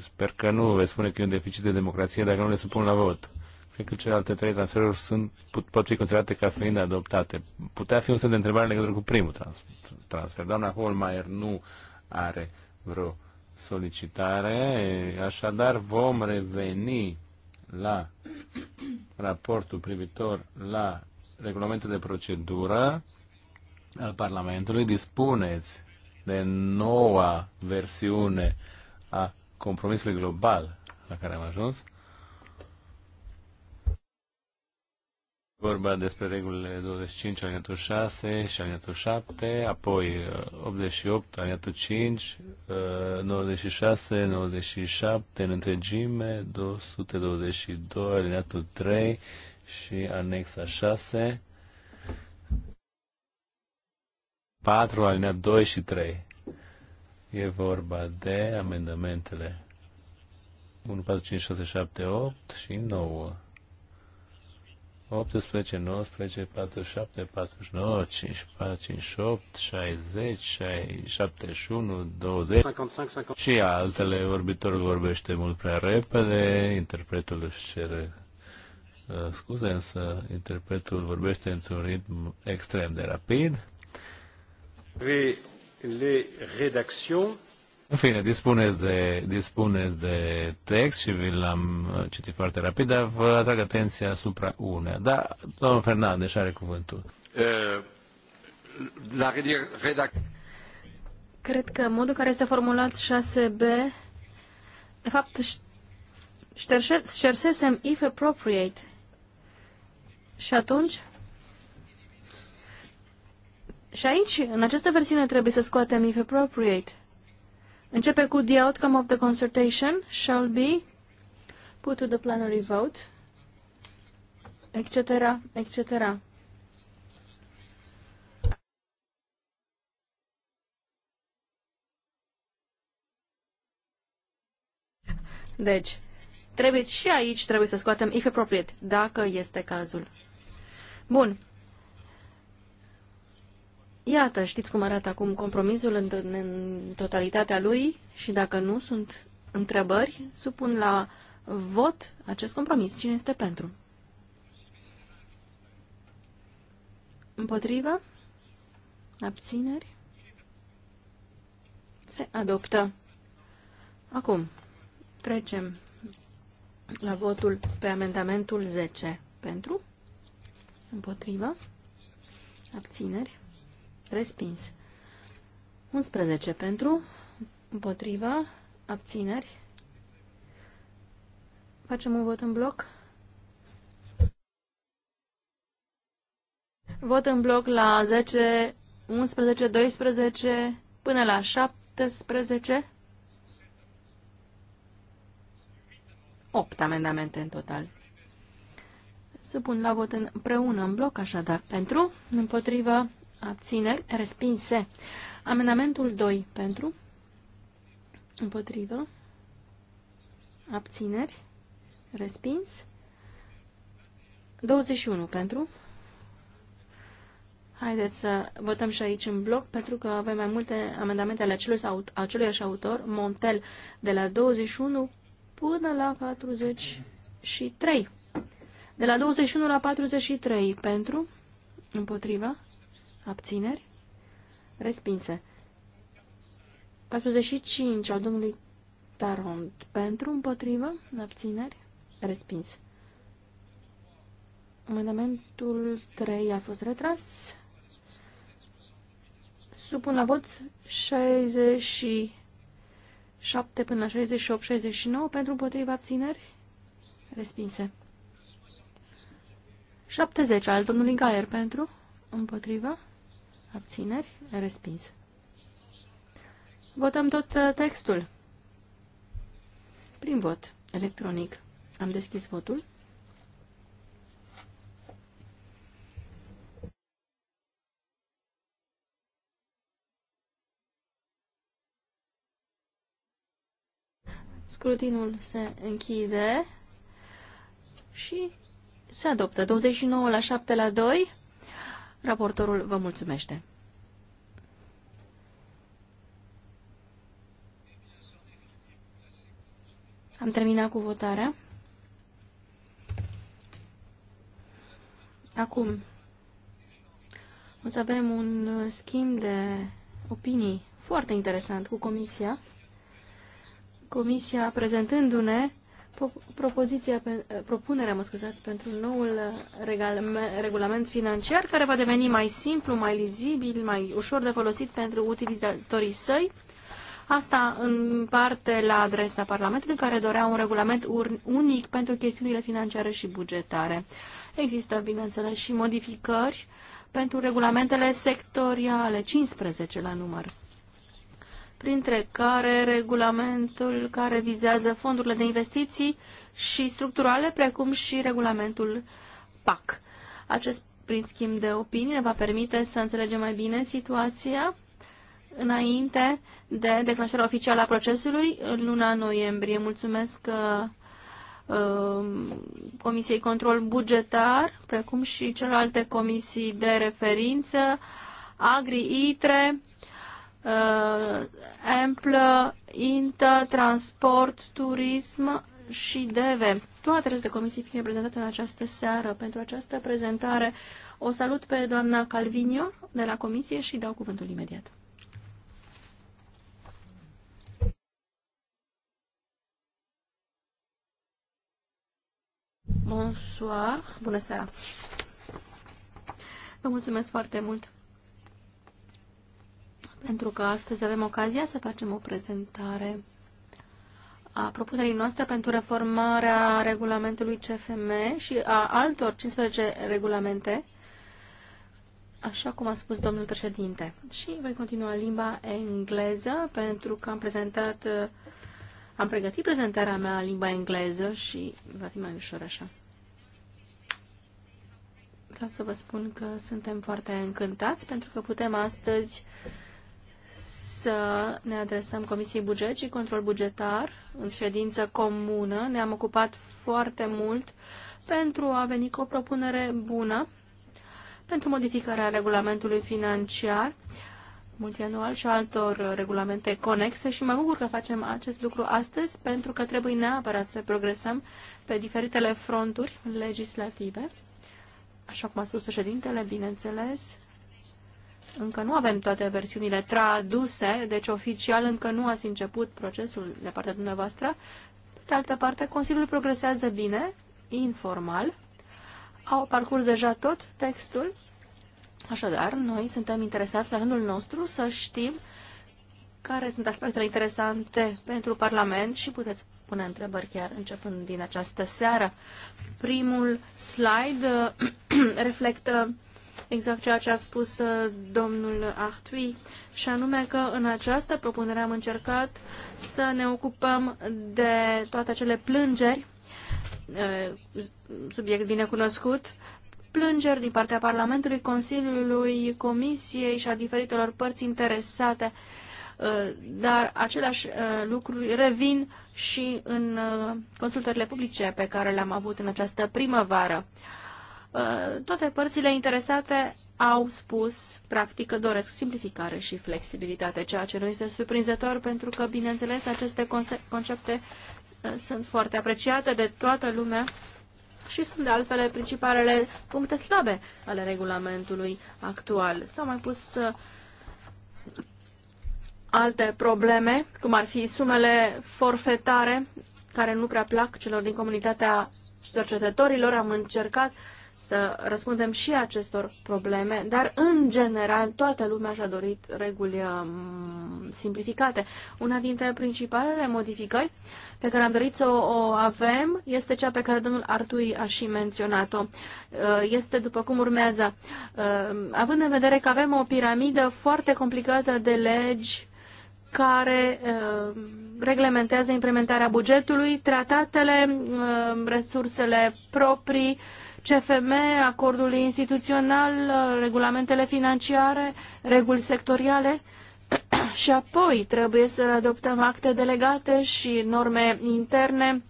sper că nu veți spune că e un deficit de democrație dacă nu le supun la vot. Cred că celelalte trei transferuri sunt, pot, pot fi considerate ca fiind adoptate. Putea fi un semn de întrebare în legătură cu primul trans, transfer. Doamna Holmeier nu are vreo solicitare, așadar vom reveni la raportul privitor la regulamentul de procedură al Parlamentului dispuneți de noua versiune a compromisului global la care am ajuns. Vorba despre regulile 25, aliniatul 6 și aliniatul 7, apoi 88, uh, aliniatul 5, 96, 97 în întregime, 222, aliniatul 3 și anexa 6 4, alinea 2 și 3. E vorba de amendamentele 1, 4, 5, 6, 7, 8 și 9. 18, 19, 47, 49, 54, 58, 60, 71, 20 55, și altele. Vorbitorul vorbește mult prea repede, interpretul își cere uh, scuze, însă interpretul vorbește într-un ritm extrem de rapid le În fine, dispuneți de, dispuneți de text și vi l-am uh, citit foarte rapid, dar vă atrag atenția asupra unea. Da, domnul Fernandez are cuvântul. Uh, la redac... Cred că modul care este formulat 6B, de fapt, șersesem if appropriate. Și atunci și aici, în această versiune, trebuie să scoatem if appropriate. Începe cu the outcome of the consultation shall be put to the plenary vote, etc., etc. Deci, trebuie și aici trebuie să scoatem if appropriate, dacă este cazul. Bun. Iată, știți cum arată acum compromisul în, în totalitatea lui și dacă nu sunt întrebări, supun la vot acest compromis. Cine este pentru? Împotrivă? Abțineri? Se adoptă. Acum, trecem la votul pe amendamentul 10. Pentru? Împotrivă? Abțineri? Respins. 11 pentru, împotriva, abțineri. Facem un vot în bloc. Vot în bloc la 10, 11, 12 până la 17. 8 amendamente în total. Supun la vot împreună în bloc, așadar, pentru, împotriva, abțineri, respinse. Amendamentul 2 pentru, împotrivă, abțineri, respins. 21 pentru. Haideți să votăm și aici în bloc, pentru că avem mai multe amendamente ale aceluiași autor, Montel, de la 21 până la 43. De la 21 la 43 pentru, împotriva, Abțineri? Respinse. 45 al domnului Tarond. Pentru, împotrivă, abțineri? Respins. Amendamentul 3 a fost retras. Supun la vot 67 până la 68, 69 pentru împotriva abțineri. Respinse. 70 al domnului Gaier pentru împotriva Abțineri? Respins. Votăm tot uh, textul. Prin vot electronic. Am deschis votul. Scrutinul se închide și se adoptă 29 la 7 la 2. Raportorul vă mulțumește. Am terminat cu votarea. Acum o să avem un schimb de opinii foarte interesant cu Comisia. Comisia prezentându-ne propoziția, eh, propunerea, mă scuzați, pentru noul eh, regulament financiar, care va deveni mai simplu, mai lizibil, mai ușor de folosit pentru utilizatorii săi. Asta în parte la adresa Parlamentului, care dorea un regulament unic pentru chestiunile financiare și bugetare. Există, bineînțeles, și modificări pentru regulamentele sectoriale, 15 la număr printre care regulamentul care vizează fondurile de investiții și structurale, precum și regulamentul PAC. Acest prin schimb de opinii ne va permite să înțelegem mai bine situația înainte de declanșarea oficială a procesului în luna noiembrie. Mulțumesc uh, uh Comisiei Control Bugetar, precum și celelalte comisii de referință, Agri-ITRE, uh, amplă, intă, transport, turism și DV. Toate aceste comisii fiind prezentate în această seară pentru această prezentare. O salut pe doamna Calvinio de la comisie și dau cuvântul imediat. Bonsoir, bună seara! Vă mulțumesc foarte mult! pentru că astăzi avem ocazia să facem o prezentare a propunerii noastre pentru reformarea regulamentului CFM și a altor 15 regulamente, așa cum a spus domnul președinte. Și voi continua limba engleză, pentru că am prezentat, am pregătit prezentarea mea în limba engleză și va fi mai ușor așa. Vreau să vă spun că suntem foarte încântați pentru că putem astăzi să ne adresăm Comisiei Buget și Control Bugetar în ședință comună. Ne-am ocupat foarte mult pentru a veni cu o propunere bună pentru modificarea regulamentului financiar multianual și altor regulamente conexe și mă bucur că facem acest lucru astăzi pentru că trebuie neapărat să progresăm pe diferitele fronturi legislative, așa cum a spus președintele, bineînțeles, încă nu avem toate versiunile traduse, deci oficial încă nu ați început procesul de partea dumneavoastră. Pe de altă parte, Consiliul progresează bine, informal. Au parcurs deja tot textul. Așadar, noi suntem interesați la rândul nostru să știm care sunt aspectele interesante pentru Parlament și puteți pune întrebări chiar începând din această seară. Primul slide reflectă exact ceea ce a spus uh, domnul Ahtui, și anume că în această propunere am încercat să ne ocupăm de toate acele plângeri, uh, subiect bine cunoscut, plângeri din partea Parlamentului, Consiliului, Comisiei și a diferitelor părți interesate, uh, dar aceleași lucruri revin și în consultările publice pe care le-am avut în această primăvară. Uh, toate părțile interesate au spus, practic, că doresc simplificare și flexibilitate, ceea ce nu este surprinzător, pentru că, bineînțeles, aceste concepte uh, sunt foarte apreciate de toată lumea și sunt, de altfel, principalele puncte slabe ale regulamentului actual. S-au mai pus uh, alte probleme, cum ar fi sumele forfetare, care nu prea plac celor din comunitatea cercetătorilor. Am încercat uh, să răspundem și acestor probleme, dar în general toată lumea și-a dorit reguli um, simplificate. Una dintre principalele modificări pe care am dorit să o avem este cea pe care domnul Artui a și menționat-o. Uh, este după cum urmează, uh, având în vedere că avem o piramidă foarte complicată de legi care uh, reglementează implementarea bugetului, tratatele, resursele proprii, CFM, acordul instituțional, regulamentele financiare, reguli sectoriale și apoi trebuie să adoptăm acte delegate și norme interne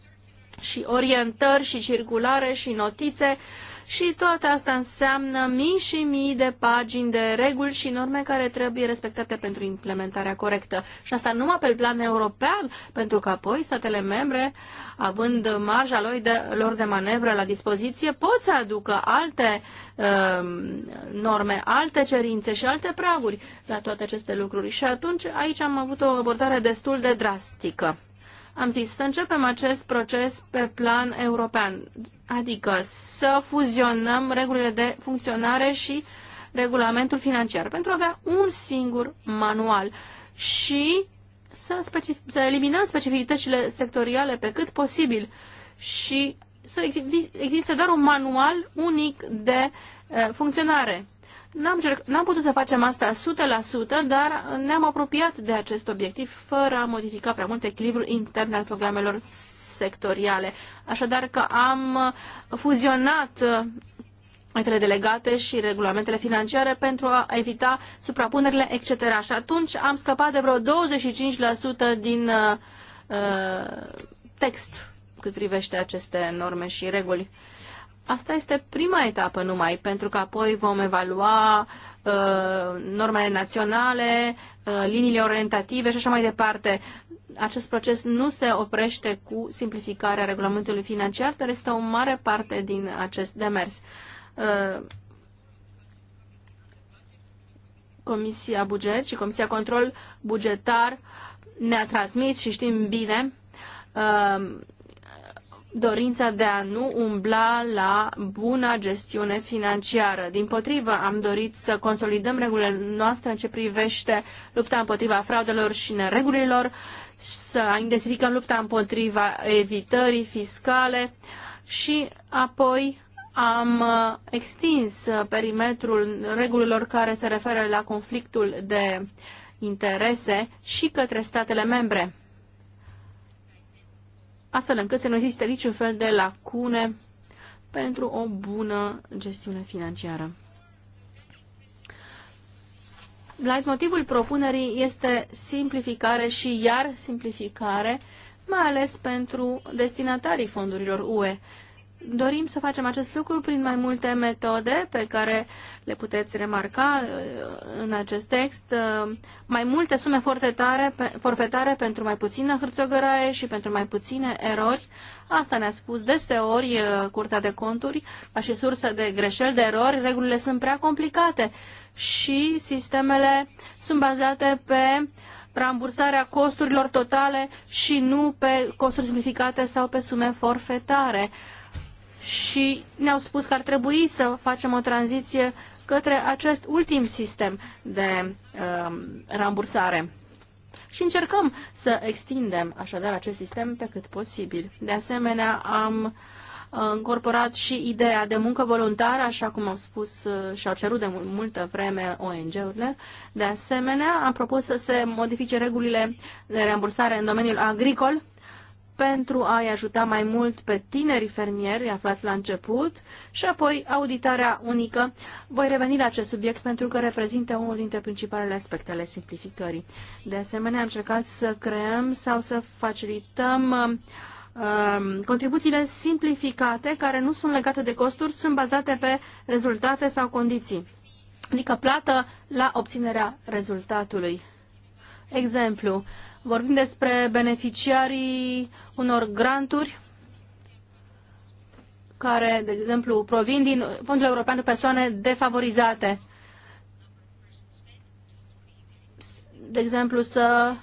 și orientări și circulare și notițe și toate asta înseamnă mii și mii de pagini de reguli și norme care trebuie respectate pentru implementarea corectă. Și asta numai pe plan european, pentru că apoi statele membre, având marja lor de, lor de manevră la dispoziție, pot să aducă alte uh, norme, alte cerințe și alte praguri la toate aceste lucruri. Și atunci aici am avut o abordare destul de drastică am zis să începem acest proces pe plan european, adică să fuzionăm regulile de funcționare și regulamentul financiar pentru a avea un singur manual și să, specif- să eliminăm specificitățile sectoriale pe cât posibil și să existe doar un manual unic de uh, funcționare. N-am, putut să facem asta 100%, dar ne-am apropiat de acest obiectiv fără a modifica prea mult echilibrul intern al programelor sectoriale. Așadar că am fuzionat între delegate și regulamentele financiare pentru a evita suprapunerile, etc. Și atunci am scăpat de vreo 25% din uh, uh, text cât privește aceste norme și reguli. Asta este prima etapă numai, pentru că apoi vom evalua uh, normele naționale, uh, liniile orientative și așa mai departe. Acest proces nu se oprește cu simplificarea regulamentului financiar, dar este o mare parte din acest demers. Uh, Comisia Buget și Comisia Control Bugetar ne-a transmis și știm bine uh, dorința de a nu umbla la buna gestiune financiară. Din potrivă, am dorit să consolidăm regulile noastre în ce privește lupta împotriva fraudelor și neregulilor, să intensificăm lupta împotriva evitării fiscale și apoi am uh, extins uh, perimetrul regulilor care se referă la conflictul de interese și către statele membre astfel încât să nu existe niciun fel de lacune pentru o bună gestiune financiară. Motivul propunerii este simplificare și iar simplificare, mai ales pentru destinatarii fondurilor UE. Dorim să facem acest lucru prin mai multe metode pe care le puteți remarca uh, în acest text. Uh, mai multe sume forfetare, forfetare pentru mai puțină hârțogăraie și pentru mai puține erori. Asta ne-a spus deseori uh, Curtea de Conturi, ca și sursă de greșeli, de erori. Regulile sunt prea complicate și sistemele sunt bazate pe rambursarea costurilor totale și nu pe costuri simplificate sau pe sume forfetare și ne-au spus că ar trebui să facem o tranziție către acest ultim sistem de uh, rambursare. Și încercăm să extindem așadar acest sistem pe cât posibil. De asemenea, am uh, încorporat și ideea de muncă voluntară, așa cum au spus uh, și au cerut de multă vreme ONG-urile. De asemenea, am propus să se modifice regulile de rambursare în domeniul agricol pentru a-i ajuta mai mult pe tinerii fermieri aflați la început și apoi auditarea unică. Voi reveni la acest subiect pentru că reprezintă unul dintre principalele aspecte ale simplificării. De asemenea, am încercat să creăm sau să facilităm um, um, contribuțiile simplificate care nu sunt legate de costuri, sunt bazate pe rezultate sau condiții, adică plată la obținerea rezultatului. Exemplu, Vorbim despre beneficiarii unor granturi care, de exemplu, provin din Fondul European de Persoane Defavorizate. De exemplu, să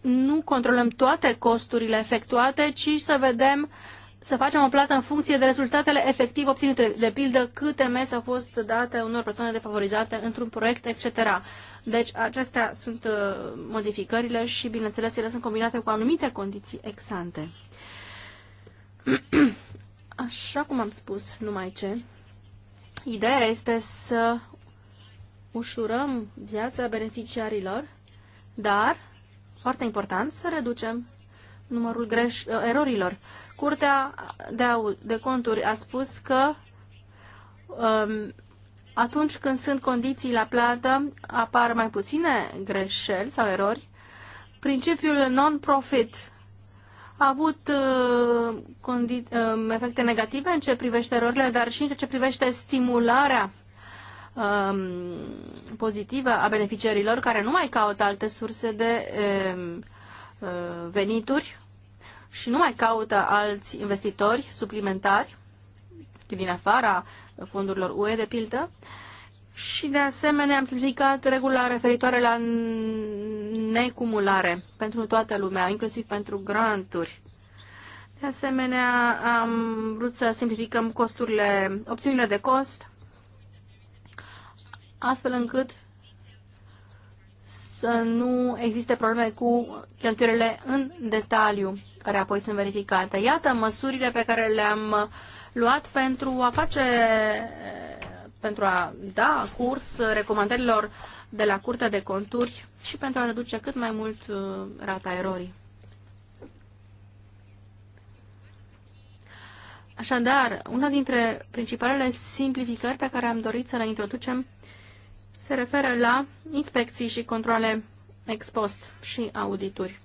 nu controlăm toate costurile efectuate, ci să vedem să facem o plată în funcție de rezultatele efectiv obținute, de pildă câte mese au fost date unor persoane defavorizate într-un proiect, etc. Deci acestea sunt uh, modificările și, bineînțeles, ele sunt combinate cu anumite condiții exante. Așa cum am spus, numai ce, ideea este să ușurăm viața beneficiarilor, dar, foarte important, să reducem numărul greș- erorilor. Curtea de, de conturi a spus că um, atunci când sunt condiții la plată, apar mai puține greșeli sau erori. Principiul non-profit a avut uh, um, efecte negative în ce privește erorile, dar și în ce privește stimularea um, pozitivă a beneficiarilor care nu mai caută alte surse de um, uh, venituri și nu mai caută alți investitori suplimentari din afara fondurilor UE, de pildă, și de asemenea am simplificat regula referitoare la necumulare pentru toată lumea, inclusiv pentru granturi. De asemenea, am vrut să simplificăm costurile, opțiunile de cost, astfel încât să nu existe probleme cu cheltuielile în detaliu, care apoi sunt verificate. Iată măsurile pe care le-am luat pentru a face, pentru a da curs recomandărilor de la Curtea de Conturi și pentru a reduce cât mai mult uh, rata erorii. Așadar, una dintre principalele simplificări pe care am dorit să le introducem se referă la inspecții și controle ex post și audituri.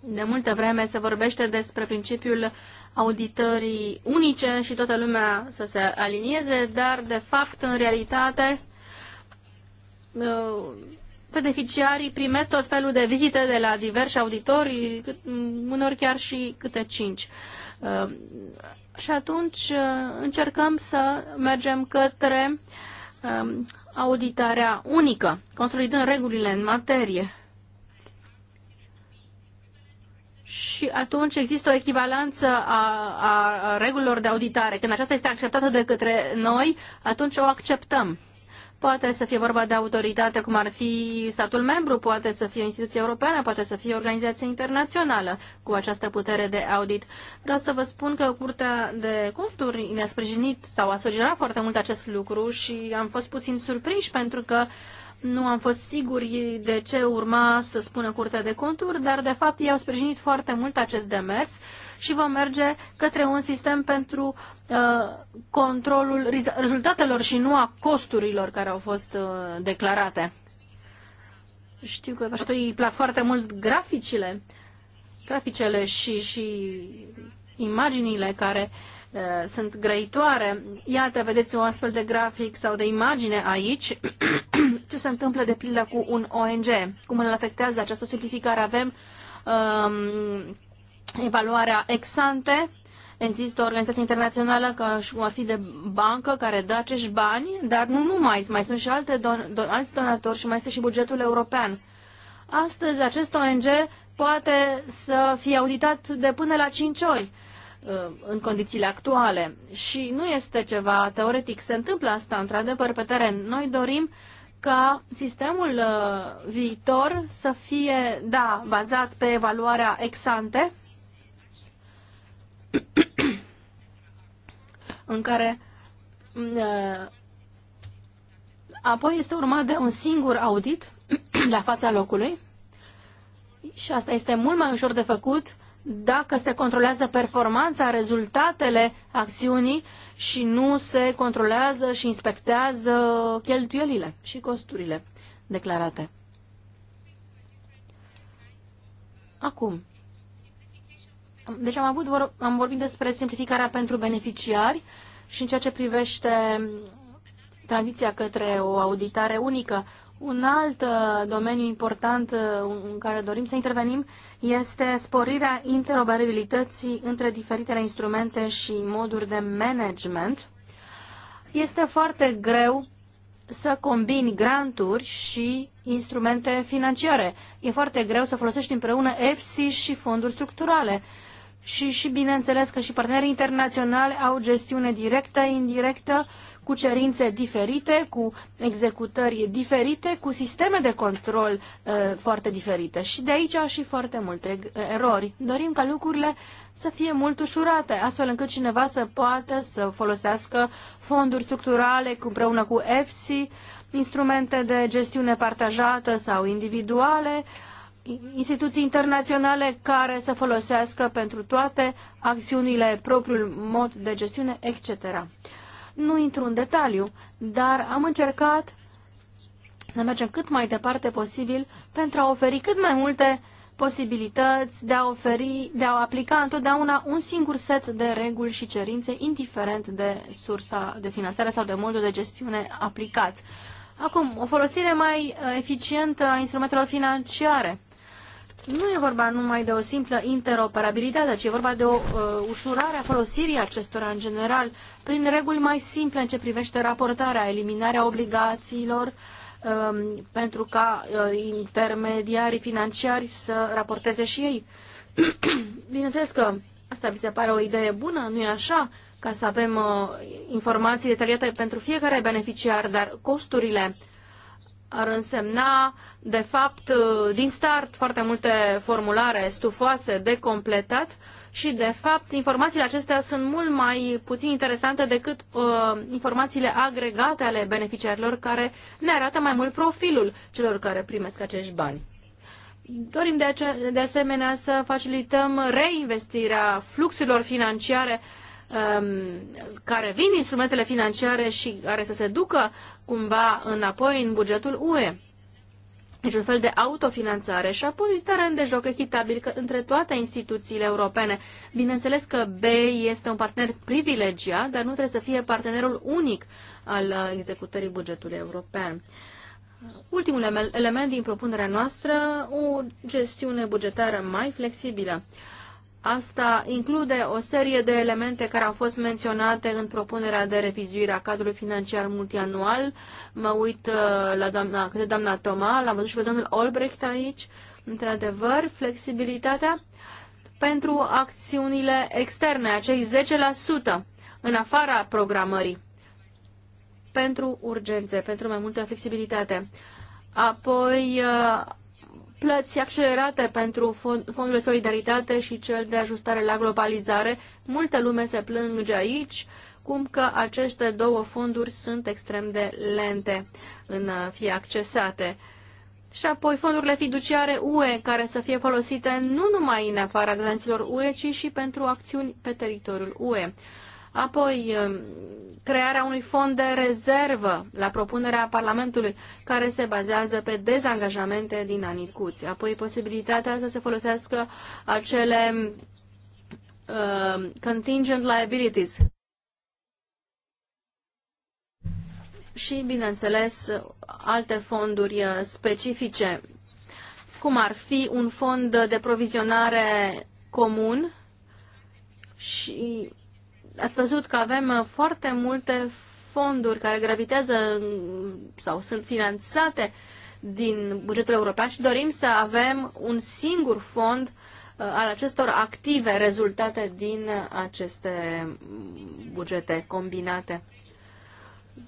De multă vreme se vorbește despre principiul auditării unice și toată lumea să se alinieze, dar de fapt, în realitate, uh, beneficiarii primesc tot felul de vizite de la diversi auditori, unor chiar și câte cinci. Uh, și atunci uh, încercăm să mergem către um, auditarea unică, consolidând regulile în materie. Și atunci există o echivalență a, a regulilor de auditare. Când aceasta este acceptată de către noi, atunci o acceptăm. Poate să fie vorba de autoritate, cum ar fi statul membru, poate să fie o instituție europeană, poate să fie o organizație internațională cu această putere de audit. Vreau să vă spun că Curtea de Conturi ne-a sprijinit sau a sugerat foarte mult acest lucru și am fost puțin surprinși pentru că nu am fost siguri de ce urma să spună Curtea de Conturi, dar de fapt ei au sprijinit foarte mult acest demers și vom merge către un sistem pentru uh, controlul rezultatelor și nu a costurilor care au fost uh, declarate. Știu că așa îi plac foarte mult graficile, graficele și, și imaginile care uh, sunt grăitoare. Iată, vedeți un astfel de grafic sau de imagine aici. Ce se întâmplă, de pildă, cu un ONG? Cum îl afectează această simplificare? Avem um, evaluarea ex ante. Există o organizație internațională ca și cum ar fi de bancă care dă acești bani, dar nu numai, mai sunt și alte don, don, alți donatori și mai este și bugetul european. Astăzi acest ONG poate să fie auditat de până la 5 ori uh, în condițiile actuale și nu este ceva teoretic. Se întâmplă asta într-adevăr pe teren. Noi dorim ca sistemul uh, viitor să fie, da, bazat pe evaluarea ex ante, în care mm, apoi este urmat de un singur audit la fața locului și asta este mult mai ușor de făcut dacă se controlează performanța, rezultatele acțiunii și nu se controlează și inspectează cheltuielile și costurile declarate. Acum, deci am, avut, am vorbit despre simplificarea pentru beneficiari și în ceea ce privește tranziția către o auditare unică. Un alt uh, domeniu important uh, în care dorim să intervenim este sporirea interoperabilității între diferitele instrumente și moduri de management. Este foarte greu să combini granturi și instrumente financiare. E foarte greu să folosești împreună EFSI și fonduri structurale și, și bineînțeles că și partenerii internaționali au gestiune directă, indirectă, cu cerințe diferite, cu executări diferite, cu sisteme de control uh, foarte diferite. Și de aici au și foarte multe uh, erori. Dorim ca lucrurile să fie mult ușurate, astfel încât cineva să poată să folosească fonduri structurale împreună cu EFSI, instrumente de gestiune partajată sau individuale, uh, instituții internaționale care să folosească pentru toate acțiunile propriul mod de gestiune, etc. Nu intru în detaliu, dar am încercat să mergem cât mai departe posibil pentru a oferi cât mai multe posibilități de a, oferi, de a aplica întotdeauna un singur set de reguli și cerințe, indiferent de sursa de finanțare sau de modul de gestiune aplicat. Acum, o folosire mai eficientă a instrumentelor financiare nu e vorba numai de o simplă interoperabilitate, ci e vorba de o uh, ușurare a folosirii acestora în general, prin reguli mai simple în ce privește raportarea, eliminarea obligațiilor um, pentru ca uh, intermediarii financiari să raporteze și ei. Bineînțeles că asta vi se pare o idee bună, nu e așa? Ca să avem uh, informații detaliate pentru fiecare beneficiar, dar costurile uh, ar însemna, de fapt, din start foarte multe formulare stufoase de completat și, de fapt, informațiile acestea sunt mult mai puțin interesante decât uh, informațiile agregate ale beneficiarilor care ne arată mai mult profilul celor care primesc acești bani. Dorim de, ace- de asemenea să facilităm reinvestirea fluxurilor financiare uh, Um, care vin instrumentele financiare și care să se ducă cumva înapoi în bugetul UE. Deci un fel de autofinanțare și apoi teren de joc echitabil între toate instituțiile europene. Bineînțeles că BEI este un partener privilegiat, dar nu trebuie să fie partenerul unic al uh, executării bugetului european. Ultimul element din propunerea noastră, o gestiune bugetară mai flexibilă. Asta include o serie de elemente care au fost menționate în propunerea de revizuire a cadrului financiar multianual. Mă uit uh, la doamna, cred, doamna Toma, l-am văzut și pe domnul Olbrecht aici, într-adevăr, flexibilitatea pentru acțiunile externe, acei 10% în afara programării, pentru urgențe, pentru mai multă flexibilitate. Apoi, uh, plăți accelerate pentru fondul de solidaritate și cel de ajustare la globalizare. Multă lume se plânge aici, cum că aceste două fonduri sunt extrem de lente în a fi accesate. Și apoi fondurile fiduciare UE, care să fie folosite nu numai în afara granților UE, ci și pentru acțiuni pe teritoriul UE. Apoi, um, crearea unui fond de rezervă la propunerea Parlamentului, care se bazează pe dezangajamente din anii cuți. Apoi, posibilitatea să se folosească acele uh, contingent liabilities. Și, bineînțeles, alte fonduri uh, specifice, cum ar fi un fond de provizionare comun și ați văzut că avem uh, foarte multe fonduri care gravitează sau sunt finanțate din bugetul european și dorim să avem un singur fond uh, al acestor active rezultate din aceste bugete combinate.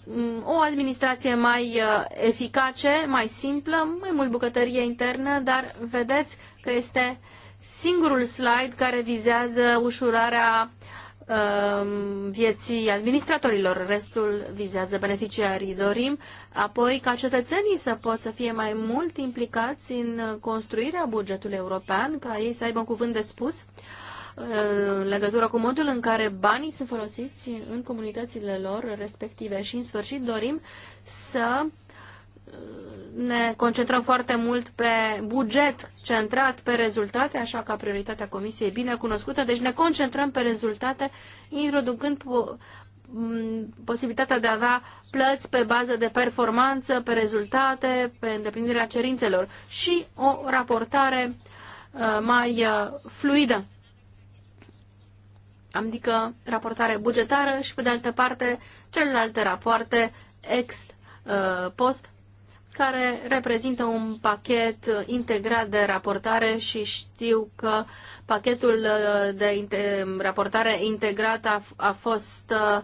Mm, o administrație mai uh, eficace, mai simplă, mai mult bucătărie internă, dar vedeți că este singurul slide care vizează ușurarea uh, Um, vieții administratorilor, restul vizează beneficiarii. Dorim apoi ca cetățenii să pot să fie mai mult implicați în construirea bugetului european, ca ei să aibă un cuvânt de spus uh, în legătură cu modul în care banii sunt folosiți în comunitățile lor respective și în sfârșit dorim să ne concentrăm foarte mult pe buget centrat pe rezultate, așa ca prioritatea Comisiei e bine cunoscută, deci ne concentrăm pe rezultate, introducând posibilitatea de a avea plăți pe bază de performanță, pe rezultate, pe îndeplinirea cerințelor și o raportare uh, mai uh, fluidă. Adică raportare bugetară și, pe de altă parte, celelalte rapoarte ex uh, post care reprezintă un pachet integrat de raportare și știu că pachetul uh, de raportare integrat a, a fost uh,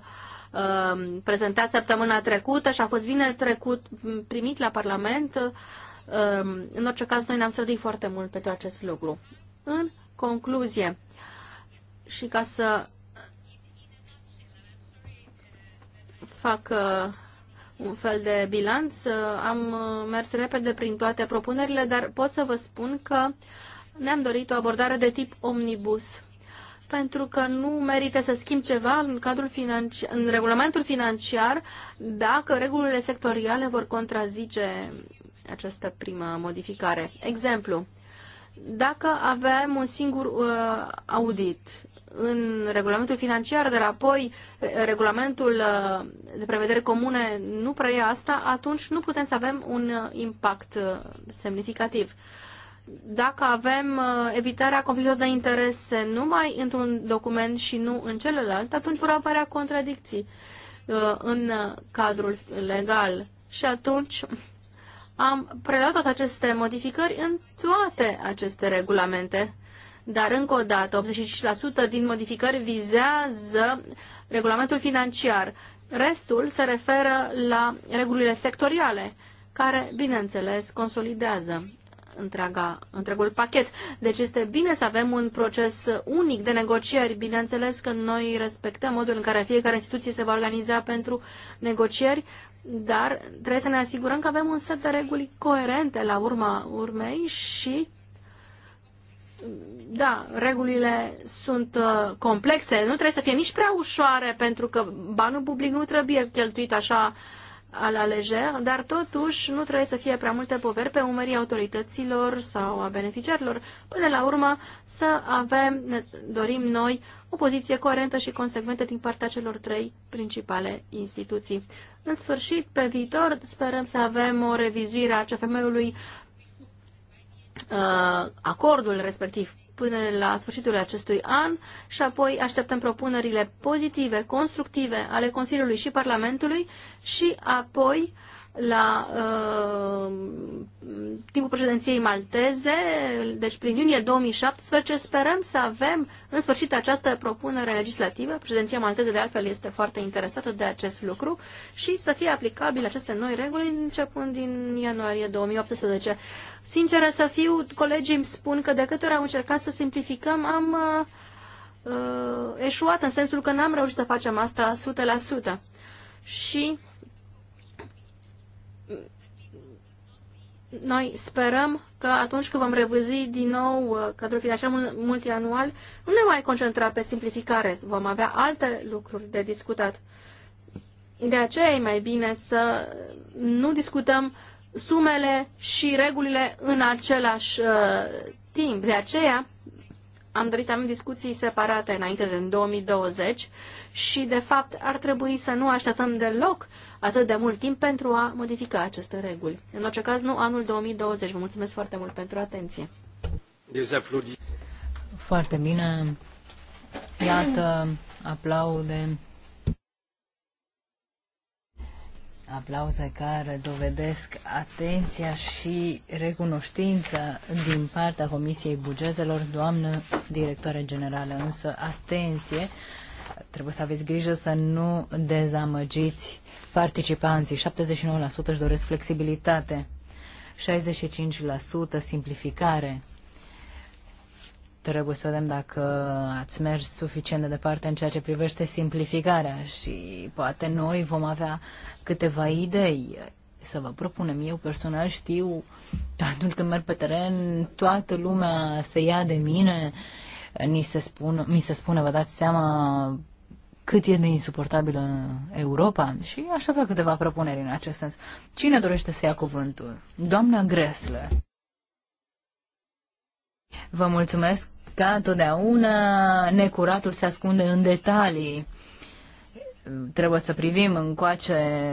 prezentat săptămâna trecută și a fost bine trecut, primit la Parlament. Uh, în orice caz, noi ne-am străduit foarte mult pentru acest lucru. În concluzie, și ca să fac un fel de bilanț. Am uh, mers repede prin toate propunerile, dar pot să vă spun că ne-am dorit o abordare de tip omnibus pentru că nu merită să schimb ceva în, cadrul financi- în regulamentul financiar dacă regulile sectoriale vor contrazice această primă modificare. Exemplu, dacă avem un singur uh, audit în regulamentul financiar, dar apoi regulamentul uh, de prevedere comune nu preia asta, atunci nu putem să avem un uh, impact uh, semnificativ. Dacă avem uh, evitarea conflictului de interese numai într-un document și nu în celălalt, atunci vor apărea contradicții uh, în uh, cadrul legal. Și atunci am preluat toate aceste modificări în toate aceste regulamente, dar încă o dată, 85% din modificări vizează regulamentul financiar. Restul se referă la regulile sectoriale, care, bineînțeles, consolidează întreaga, întregul pachet. Deci este bine să avem un proces unic de negocieri. Bineînțeles că noi respectăm modul în care fiecare instituție se va organiza pentru negocieri, dar trebuie să ne asigurăm că avem un set de reguli coerente la urma urmei și da, regulile sunt uh, complexe, nu trebuie să fie nici prea ușoare, pentru că banul public nu trebuie cheltuit așa a la lejer, dar totuși nu trebuie să fie prea multe poveri pe umerii autorităților sau a beneficiarilor. Până la urmă să avem, ne dorim noi, o poziție coerentă și consecventă din partea celor trei principale instituții. În sfârșit, pe viitor, sperăm să avem o revizuire a CFM-ului uh, acordul respectiv până la sfârșitul acestui an și apoi așteptăm propunerile pozitive, constructive ale Consiliului și Parlamentului și apoi la uh, timpul președinției malteze, deci prin iunie 2017, sperăm să avem în sfârșit această propunere legislativă. Președinția malteză, de altfel, este foarte interesată de acest lucru și să fie aplicabile aceste noi reguli începând din ianuarie 2018. Sinceră să fiu, colegii îmi spun că de câte ori am încercat să simplificăm, am uh, uh eșuat în sensul că n-am reușit să facem asta 100%. Și noi sperăm că atunci când vom revizi din nou uh, cadrul financiar multianual, nu ne mai concentra pe simplificare, vom avea alte lucruri de discutat. De aceea e mai bine să nu discutăm sumele și regulile în același uh, timp. De aceea am dorit să avem discuții separate înainte de 2020 și, de fapt, ar trebui să nu așteptăm deloc atât de mult timp pentru a modifica aceste reguli. În orice caz, nu anul 2020. Vă mulțumesc foarte mult pentru atenție. Foarte bine. Iată, aplaude aplauze care dovedesc atenția și recunoștința din partea Comisiei Bugetelor, doamnă directoare generală, însă atenție, trebuie să aveți grijă să nu dezamăgiți participanții. 79% își doresc flexibilitate, 65% simplificare, Trebuie să vedem dacă ați mers suficient de departe în ceea ce privește simplificarea și poate noi vom avea câteva idei să vă propunem. Eu personal știu atunci când merg pe teren, toată lumea se ia de mine, ni se spun, mi se spune, vă dați seama cât e de insuportabilă Europa și aș avea câteva propuneri în acest sens. Cine dorește să ia cuvântul? Doamna Gresler. Vă mulțumesc ca întotdeauna necuratul se ascunde în detalii. Trebuie să privim încoace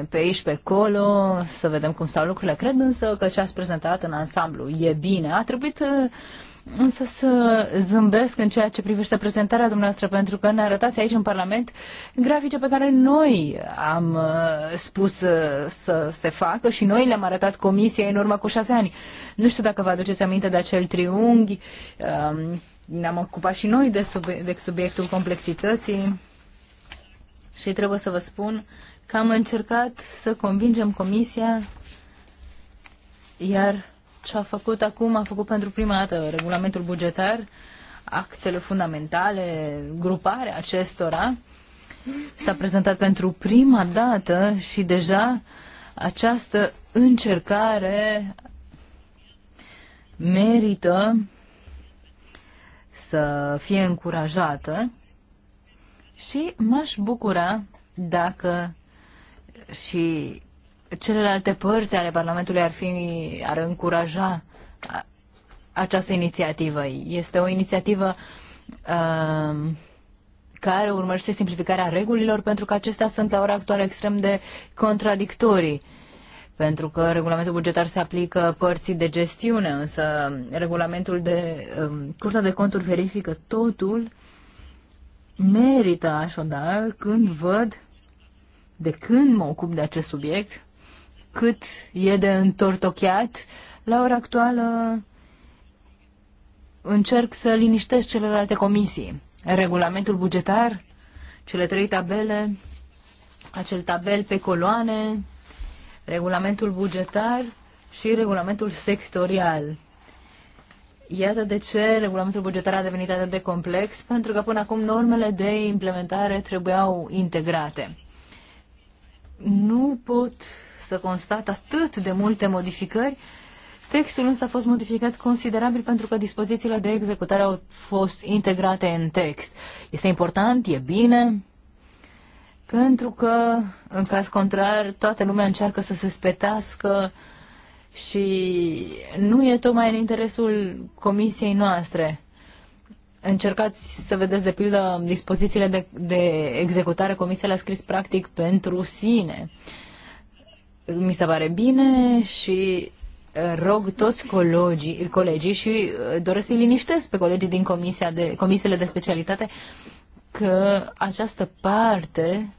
pe aici, pe acolo, să vedem cum stau lucrurile. Cred însă că ce ați prezentat în ansamblu e bine. A trebuit uh, însă să zâmbesc în ceea ce privește prezentarea dumneavoastră, pentru că ne arătați aici în Parlament grafice pe care noi am uh, spus uh, să se facă și noi le-am arătat comisiei în urmă cu șase ani. Nu știu dacă vă aduceți aminte de acel triunghi, um, ne-am ocupat și noi de, sub, de subiectul complexității și trebuie să vă spun că am încercat să convingem comisia iar ce a făcut acum, a făcut pentru prima dată regulamentul bugetar, actele fundamentale, gruparea acestora. S-a prezentat pentru prima dată și deja această încercare merită să fie încurajată și m-aș bucura dacă și celelalte părți ale Parlamentului ar, fi, ar încuraja această inițiativă. Este o inițiativă uh, care urmărește simplificarea regulilor pentru că acestea sunt la ora actuală extrem de contradictorii pentru că regulamentul bugetar se aplică părții de gestiune, însă regulamentul de um, curtea de conturi verifică totul, merită așadar când văd de când mă ocup de acest subiect, cât e de întortocheat. La ora actuală încerc să liniștesc celelalte comisii. Regulamentul bugetar, cele trei tabele, acel tabel pe coloane, regulamentul bugetar și regulamentul sectorial. Iată de ce regulamentul bugetar a devenit atât de complex, pentru că până acum normele de implementare trebuiau integrate. Nu pot să constat atât de multe modificări. Textul însă a fost modificat considerabil pentru că dispozițiile de executare au fost integrate în text. Este important, e bine, pentru că, în caz contrar, toată lumea încearcă să se spetească și nu e tocmai în interesul comisiei noastre. Încercați să vedeți, de pildă, dispozițiile de, de executare. Comisia le-a scris practic pentru sine. Uh, mi se pare bine și uh, rog toți colegii, colegii și uh, doresc să-i liniștesc pe colegii din comisia de, comisiile de specialitate că această parte,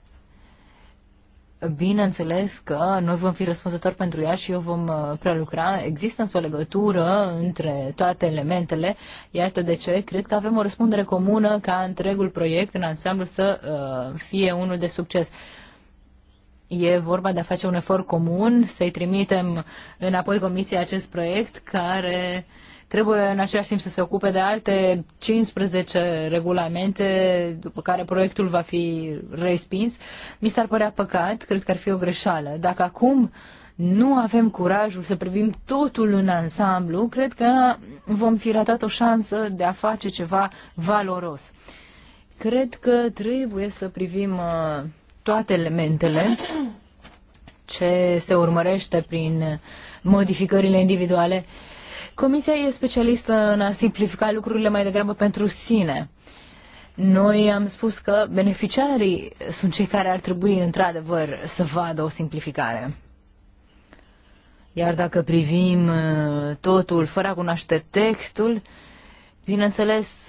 bineînțeles că noi vom fi răspunzători pentru ea și o vom uh, prelucra. Există însă o legătură între toate elementele. Iată de ce cred că avem o răspundere comună ca întregul proiect în ansamblu să uh, fie unul de succes. Uh, E vorba de a face un efort comun, să-i trimitem înapoi comisiei acest proiect care trebuie în același timp să se ocupe de alte 15 regulamente, după care proiectul va fi respins. Mi s-ar părea păcat, cred că ar fi o greșeală. Dacă acum nu avem curajul să privim totul în ansamblu, cred că vom fi ratat o șansă de a face ceva valoros. Cred că trebuie să privim uh, toate elementele ce se urmărește prin modificările individuale. Comisia e specialistă în a simplifica lucrurile mai degrabă pentru sine. Noi am spus că beneficiarii sunt cei care ar trebui, într-adevăr, să vadă o simplificare. Iar dacă privim uh, totul fără a cunoaște textul, bineînțeles,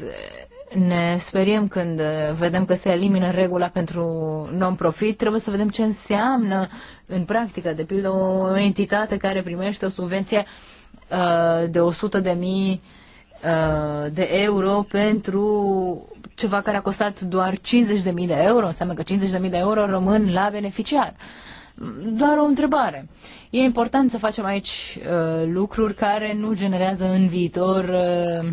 ne speriem când vedem că se elimină regula pentru non-profit, trebuie să vedem ce înseamnă în practică, de pildă o entitate care primește o subvenție uh, de 100 de mii uh, de euro pentru ceva care a costat doar 50 de mii de euro, înseamnă că 50 de mii de euro rămân la beneficiar. Doar o întrebare. E important să facem aici uh, lucruri care nu generează în viitor uh,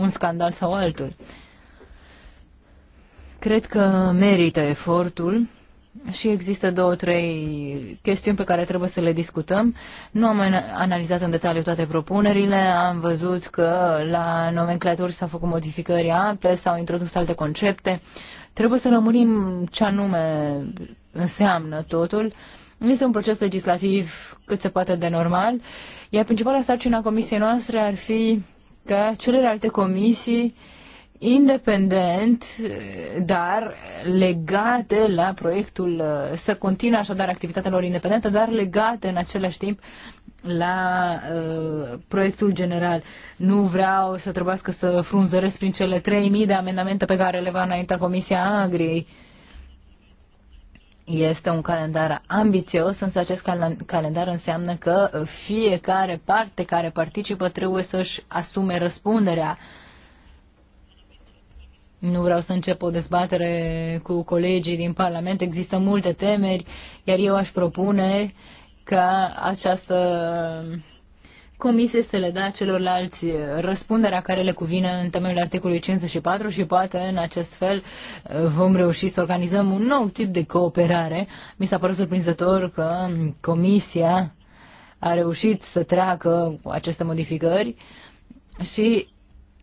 un scandal sau altul. Cred că merită efortul și există două, trei chestiuni pe care trebuie să le discutăm. Nu am analizat în detaliu toate propunerile, am văzut că la nomenclaturi s-au făcut modificări ample, s-au introdus alte concepte. Trebuie să rămânim ce anume înseamnă totul. Este un proces legislativ cât se poate de normal, iar principala sarcină a comisiei noastre ar fi ca celelalte comisii independent, dar legate la proiectul, să continue așadar activitatea lor independentă, dar legate în același timp la uh, proiectul general. Nu vreau să trebuiască să frunzăresc prin cele 3.000 de amendamente pe care le va înainta Comisia Agriei. Uh, este un calendar ambițios, însă acest cal- calendar înseamnă că fiecare parte care participă trebuie să-și asume răspunderea. Nu vreau să încep o dezbatere cu colegii din Parlament, există multe temeri, iar eu aș propune ca această Comisiei să le da celorlalți uh, răspunderea care le cuvine în temeiul articolului 54 și poate în acest fel uh, vom reuși să organizăm un nou tip de cooperare. Mi s-a părut surprinzător că Comisia a reușit să treacă aceste modificări și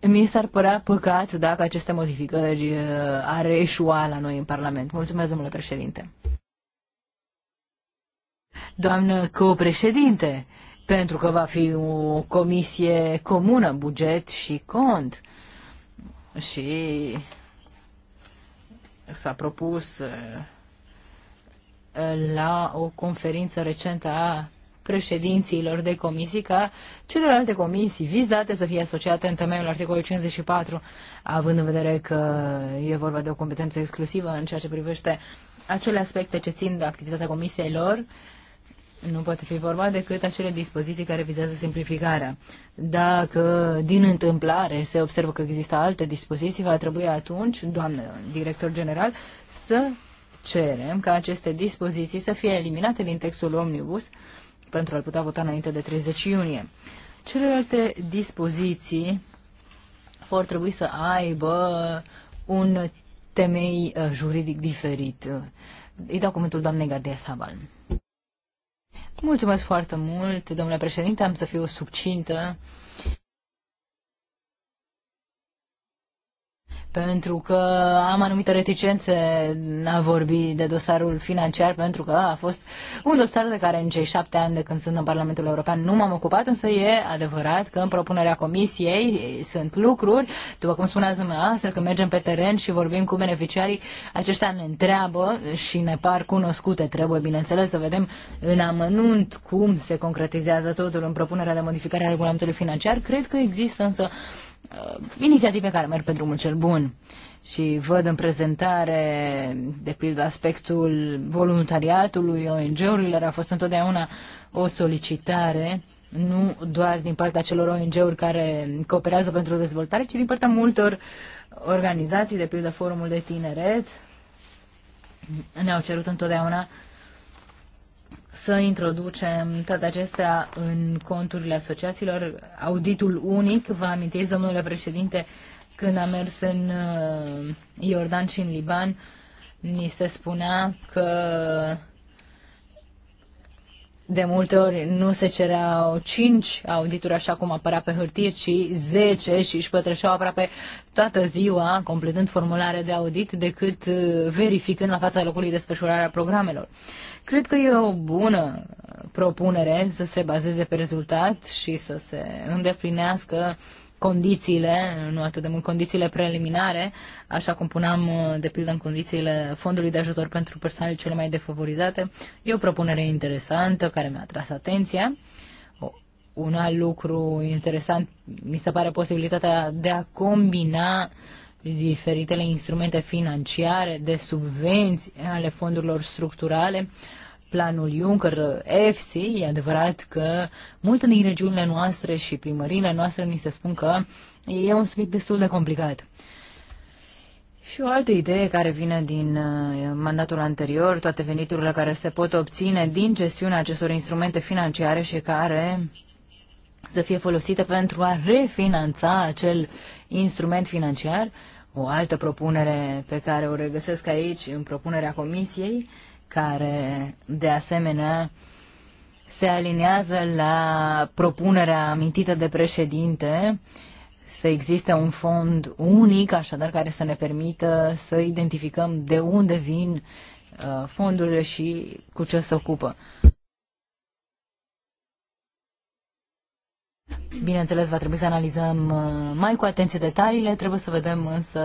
mi s-ar părea păcat dacă aceste modificări uh, ar eșua la noi în Parlament. Mulțumesc, domnule președinte. Doamnă co-președinte, pentru că va fi o comisie comună, buget și cont. Și s-a propus uh, la o conferință recentă a președinților de comisii ca celelalte comisii vizate să fie asociate în temeiul articolului 54, având în vedere că e vorba de o competență exclusivă în ceea ce privește acele aspecte ce țin de activitatea comisiei lor, uh, nu poate fi vorba decât acele dispoziții care vizează simplificarea. Dacă din întâmplare se observă că există alte dispoziții, va trebui atunci, doamnă director general, să cerem ca aceste dispoziții să fie eliminate din textul omnibus pentru a-l putea vota înainte de 30 iunie. Celelalte dispoziții vor trebui să aibă un temei uh, juridic diferit. Îi dau cuvântul doamnei Gardia Sabal. Mulțumesc foarte mult, domnule președinte, am să fiu succintă. pentru că am anumite reticențe în a vorbi de dosarul financiar, pentru că a fost un dosar de care în cei șapte ani de când sunt în Parlamentul European nu m-am ocupat, însă e adevărat că în propunerea comisiei sunt lucruri, după cum spuneați dumneavoastră, că mergem pe teren și vorbim cu beneficiarii, aceștia ne întreabă și ne par cunoscute. Trebuie, bineînțeles, să vedem în amănunt cum se concretizează totul în propunerea de modificare a regulamentului financiar. Cred că există însă Uh, inițiative care merg pe drumul cel bun și văd în prezentare, de pildă, aspectul voluntariatului, ONG-urilor, a fost întotdeauna o solicitare nu doar din partea celor ONG-uri care cooperează pentru dezvoltare, ci din partea multor organizații, de pildă Forumul de Tineret, ne-au cerut întotdeauna să introducem toate acestea în conturile asociațiilor. Auditul unic, vă amintiți, domnule președinte, când am mers în uh, Iordan și în Liban, ni se spunea că de multe ori nu se cereau 5 audituri așa cum apărea pe hârtie, ci 10 și își pătrășeau aproape toată ziua completând formulare de audit decât uh, verificând la fața locului desfășurarea programelor. Cred că e o bună propunere să se bazeze pe rezultat și să se îndeplinească condițiile, nu atât de mult condițiile preliminare, așa cum puneam de pildă în condițiile fondului de ajutor pentru persoanele cele mai defavorizate. E o propunere interesantă care mi-a atras atenția. Un alt lucru interesant mi se pare posibilitatea de a combina diferitele instrumente financiare de subvenții ale fondurilor structurale planul Juncker, FC, e adevărat că multe din regiunile noastre și primările noastre ni se spun că e un subiect destul de complicat. Și o altă idee care vine din uh, mandatul anterior, toate veniturile care se pot obține din gestiunea acestor instrumente financiare și care să fie folosite pentru a refinanța acel instrument financiar. O altă propunere pe care o regăsesc aici în propunerea comisiei care de asemenea se aliniază la propunerea amintită de președinte să existe un fond unic, așadar, care să ne permită să identificăm de unde vin uh, fondurile și cu ce se ocupă. Bineînțeles, va trebui să analizăm uh, mai cu atenție detaliile, trebuie să vedem însă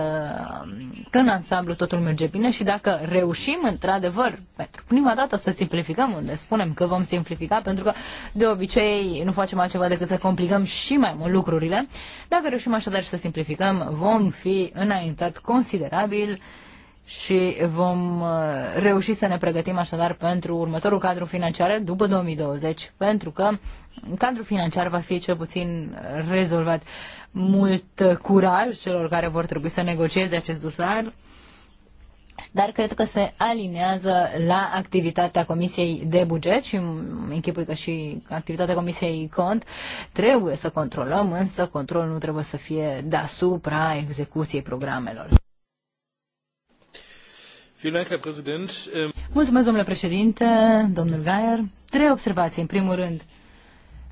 um, că în ansamblu totul merge bine și dacă reușim într-adevăr pentru prima dată să simplificăm, unde spunem că vom simplifica, pentru că de obicei nu facem altceva decât să complicăm și mai mult lucrurile, dacă reușim așadar să simplificăm, vom fi înaintat considerabil și vom uh, reuși să ne pregătim așadar pentru următorul cadru financiar după 2020, pentru că cadrul financiar va fi cel puțin rezolvat. Mult curaj celor care vor trebui să negocieze acest dosar, dar cred că se alinează la activitatea Comisiei de Buget și închipui că și activitatea Comisiei Cont trebuie să controlăm, însă controlul nu trebuie să fie deasupra execuției programelor. Ähm, Mulțumesc, domnule președinte, domnul Gaier. Trei observații. În primul rând,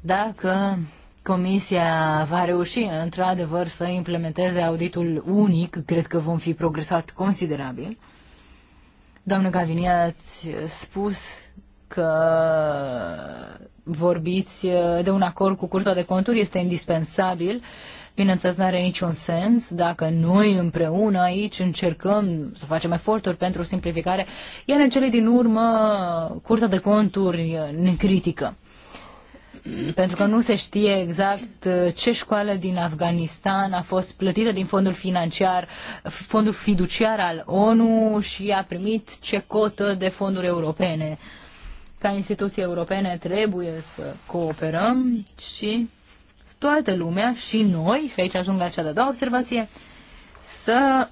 dacă Comisia va reuși într-adevăr să implementeze auditul unic, cred că vom fi progresat considerabil. Doamnă Gavini, ați spus că vorbiți de un acord cu Curtea de Conturi, este indispensabil. Uh, bineînțeles, nu are niciun sens dacă noi împreună aici încercăm să facem eforturi pentru simplificare, iar în cele din urmă Curtea de Conturi ne critică. Pentru că nu se știe exact uh, ce școală din Afganistan a fost plătită din fondul financiar, fondul fiduciar al ONU și a primit ce cotă de fonduri europene. Ca instituții europene trebuie să cooperăm și toată lumea și noi, și aici ajung la cea de-a doua observație, să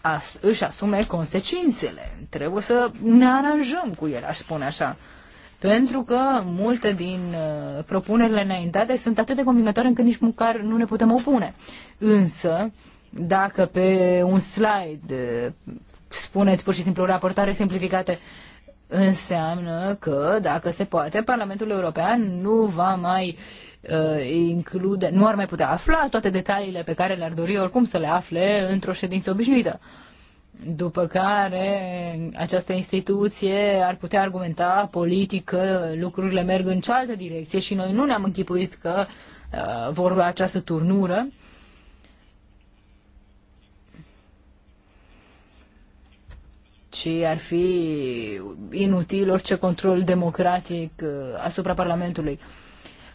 as- își asume consecințele. Trebuie să ne aranjăm cu el, aș spune așa. Pentru că multe din uh, propunerile înaintate sunt atât de convingătoare încât nici măcar nu ne putem opune. Însă, dacă pe un slide uh, spuneți pur și simplu o raportare simplificată, înseamnă că, dacă se poate, Parlamentul European nu va mai uh, Uh, include, nu ar mai putea afla toate detaliile pe care le-ar dori oricum să le afle într-o ședință obișnuită. După care această instituție ar putea argumenta politic că lucrurile merg în cealaltă direcție și noi nu ne-am închipuit că uh, vor lua această turnură. ci ar fi inutil orice control democratic uh, asupra Parlamentului.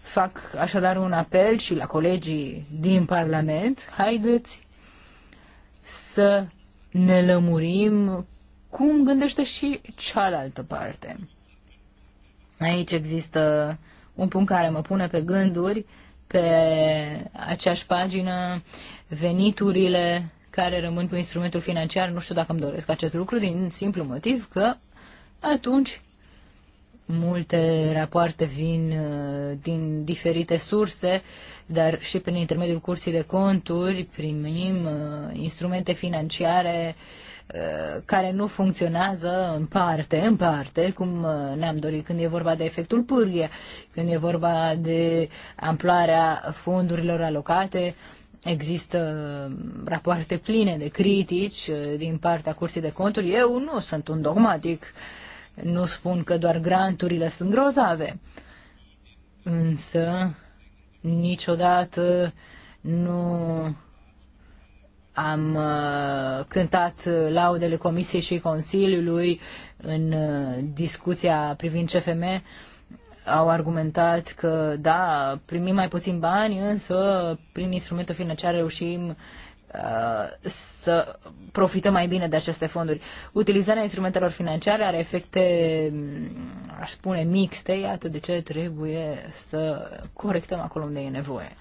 Fac așadar un apel și la colegii din Parlament, haideți să ne lămurim cum gândește și cealaltă parte. Aici există un punct care mă pune pe gânduri, pe aceeași pagină, veniturile care rămân cu instrumentul financiar, nu știu dacă îmi doresc acest lucru, din simplu motiv că atunci Multe rapoarte vin uh, din diferite surse, dar și prin intermediul cursii de conturi primim uh, instrumente financiare uh, care nu funcționează în parte, în parte, cum ne-am dorit când e vorba de efectul pârghie, când e vorba de amploarea fondurilor alocate, există rapoarte pline de critici din partea cursii de conturi. Eu nu sunt un dogmatic nu spun că doar granturile sunt grozave, însă niciodată nu am uh, cântat laudele Comisiei și Consiliului în uh, discuția privind CFM. Au argumentat că, da, primim mai puțin bani, însă prin instrumentul financiar reușim Uh, să profităm mai bine de aceste fonduri. Utilizarea instrumentelor financiare are efecte, mm, aș spune, mixte, iată de ce trebuie să corectăm acolo unde e nevoie.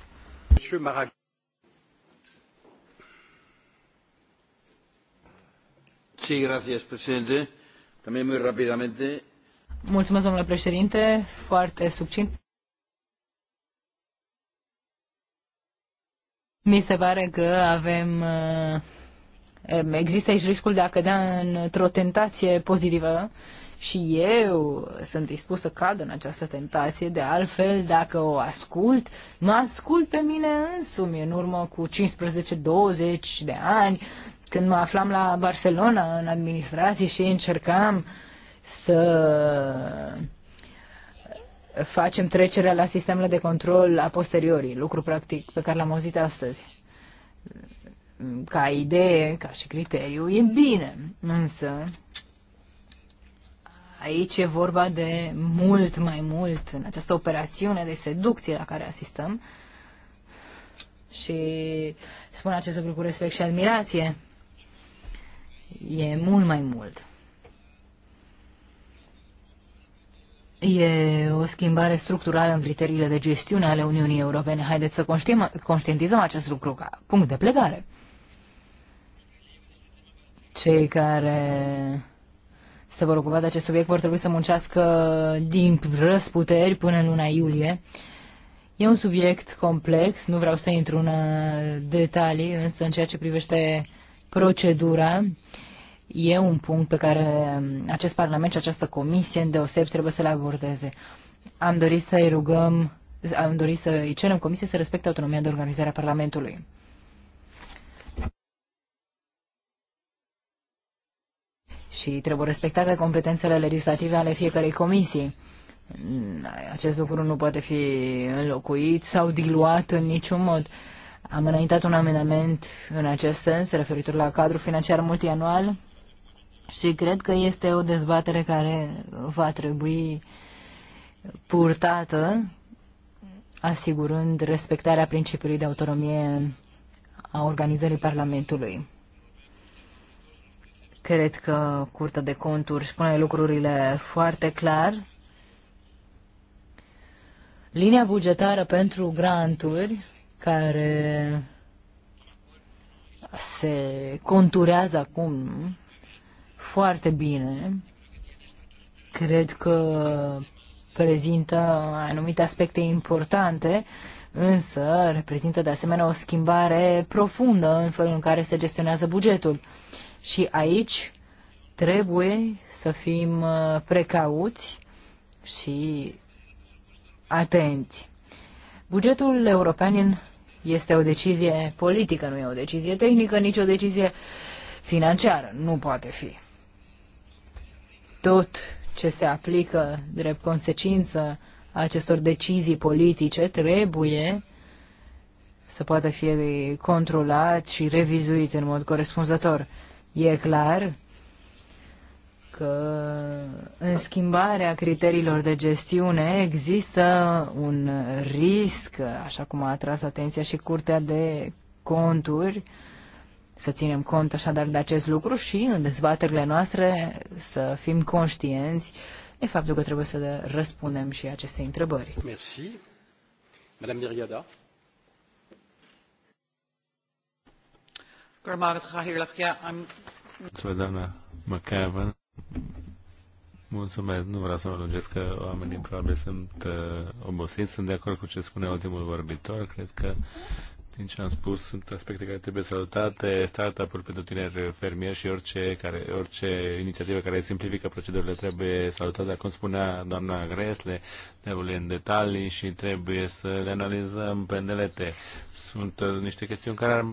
Sí, gracias, presidente. También muy rápidamente. Mulțumesc, domnule președinte. Foarte succint. Mi se pare că avem... Uh, um, există aici riscul de a cădea într-o tentație pozitivă și eu sunt dispus să cad în această tentație, de altfel, dacă o ascult, mă ascult pe mine însumi în urmă cu 15-20 de ani, când mă aflam la Barcelona în administrație și încercam să facem trecerea la sistemele de control a posteriori, lucru practic pe care l-am auzit astăzi. Ca idee, ca și criteriu, e bine, însă aici e vorba de mult mai mult în această operațiune de seducție la care asistăm și spun acest lucru cu respect și admirație. E mult mai mult. E o schimbare structurală în criteriile de gestiune ale Uniunii Europene. Haideți să conștientizăm acest lucru ca punct de plecare. Cei care se vor ocupa de acest subiect vor trebui să muncească din răsputeri până în luna iulie. E un subiect complex, nu vreau să intru în uh, detalii, însă în ceea ce privește procedura, uh, e un punct pe care mm, acest Parlament și această comisie îndeoseb trebuie să le abordeze. Am dorit să-i rugăm, am dorit să-i cerem comisie să respecte autonomia de organizare a Parlamentului. Și trebuie respectate competențele legislative ale fiecărei comisii. Mm, acest lucru nu poate fi înlocuit sau diluat în niciun mod. Am înaintat un amendament în acest sens referitor la cadrul financiar multianual și cred că este o dezbatere care va trebui purtată, asigurând respectarea principiului de autonomie a organizării Parlamentului. Cred că Curtea de Conturi spune lucrurile foarte clar. Linia bugetară pentru granturi, care se conturează acum foarte bine. Cred că prezintă anumite aspecte importante, însă reprezintă de asemenea o schimbare profundă în felul în care se gestionează bugetul. Și aici trebuie să fim uh, precauți și atenți. Bugetul european este o decizie politică, nu e o decizie tehnică, nici o decizie financiară. Nu poate fi tot ce se aplică drept consecință a acestor decizii politice trebuie să poată fi controlat și revizuit în mod corespunzător. E clar că în schimbarea criteriilor de gestiune există un risc, așa cum a atras atenția și Curtea de Conturi, uh, să ținem cont așadar de acest lucru și în dezbaterile noastre să fim conștienți de faptul că trebuie să răspundem și aceste întrebări. Merci. Madame Niriada. Mulțumesc, doamna McAvan. Mulțumesc, nu vreau să mă lungesc că oamenii probabil sunt uh, obosiți. Sunt de acord cu ce spune ultimul vorbitor. Cred că din ce am spus, sunt aspecte care trebuie salutate, startup-uri pentru tineri fermieri și orice, care, orice inițiativă care simplifică procedurile trebuie salutată. Acum spunea doamna Gresle, trebuie în detalii și trebuie să le analizăm pe delete. Sunt uh, niște chestiuni care ar,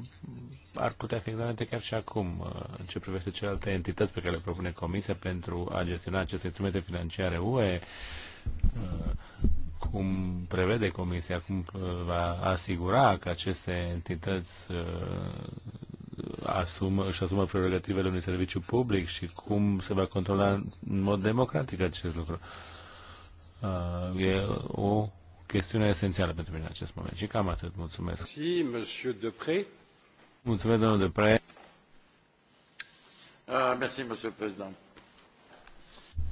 ar putea fi examinate chiar și acum, uh, în ce privește celelalte entități pe care le propune Comisia pentru a gestiona aceste instrumente financiare UE uh, cum prevede Comisia, cum va asigura că aceste entități uh, asumă, își asumă prerogativele unui serviciu public și cum se va controla în mod democratic acest lucru. Uh, e o chestiune esențială pentru mine în acest moment. Și cam atât. Mulțumesc. Si, monsieur Depré. Mulțumesc, domnul Depré. Uh, merci, monsieur ah, président.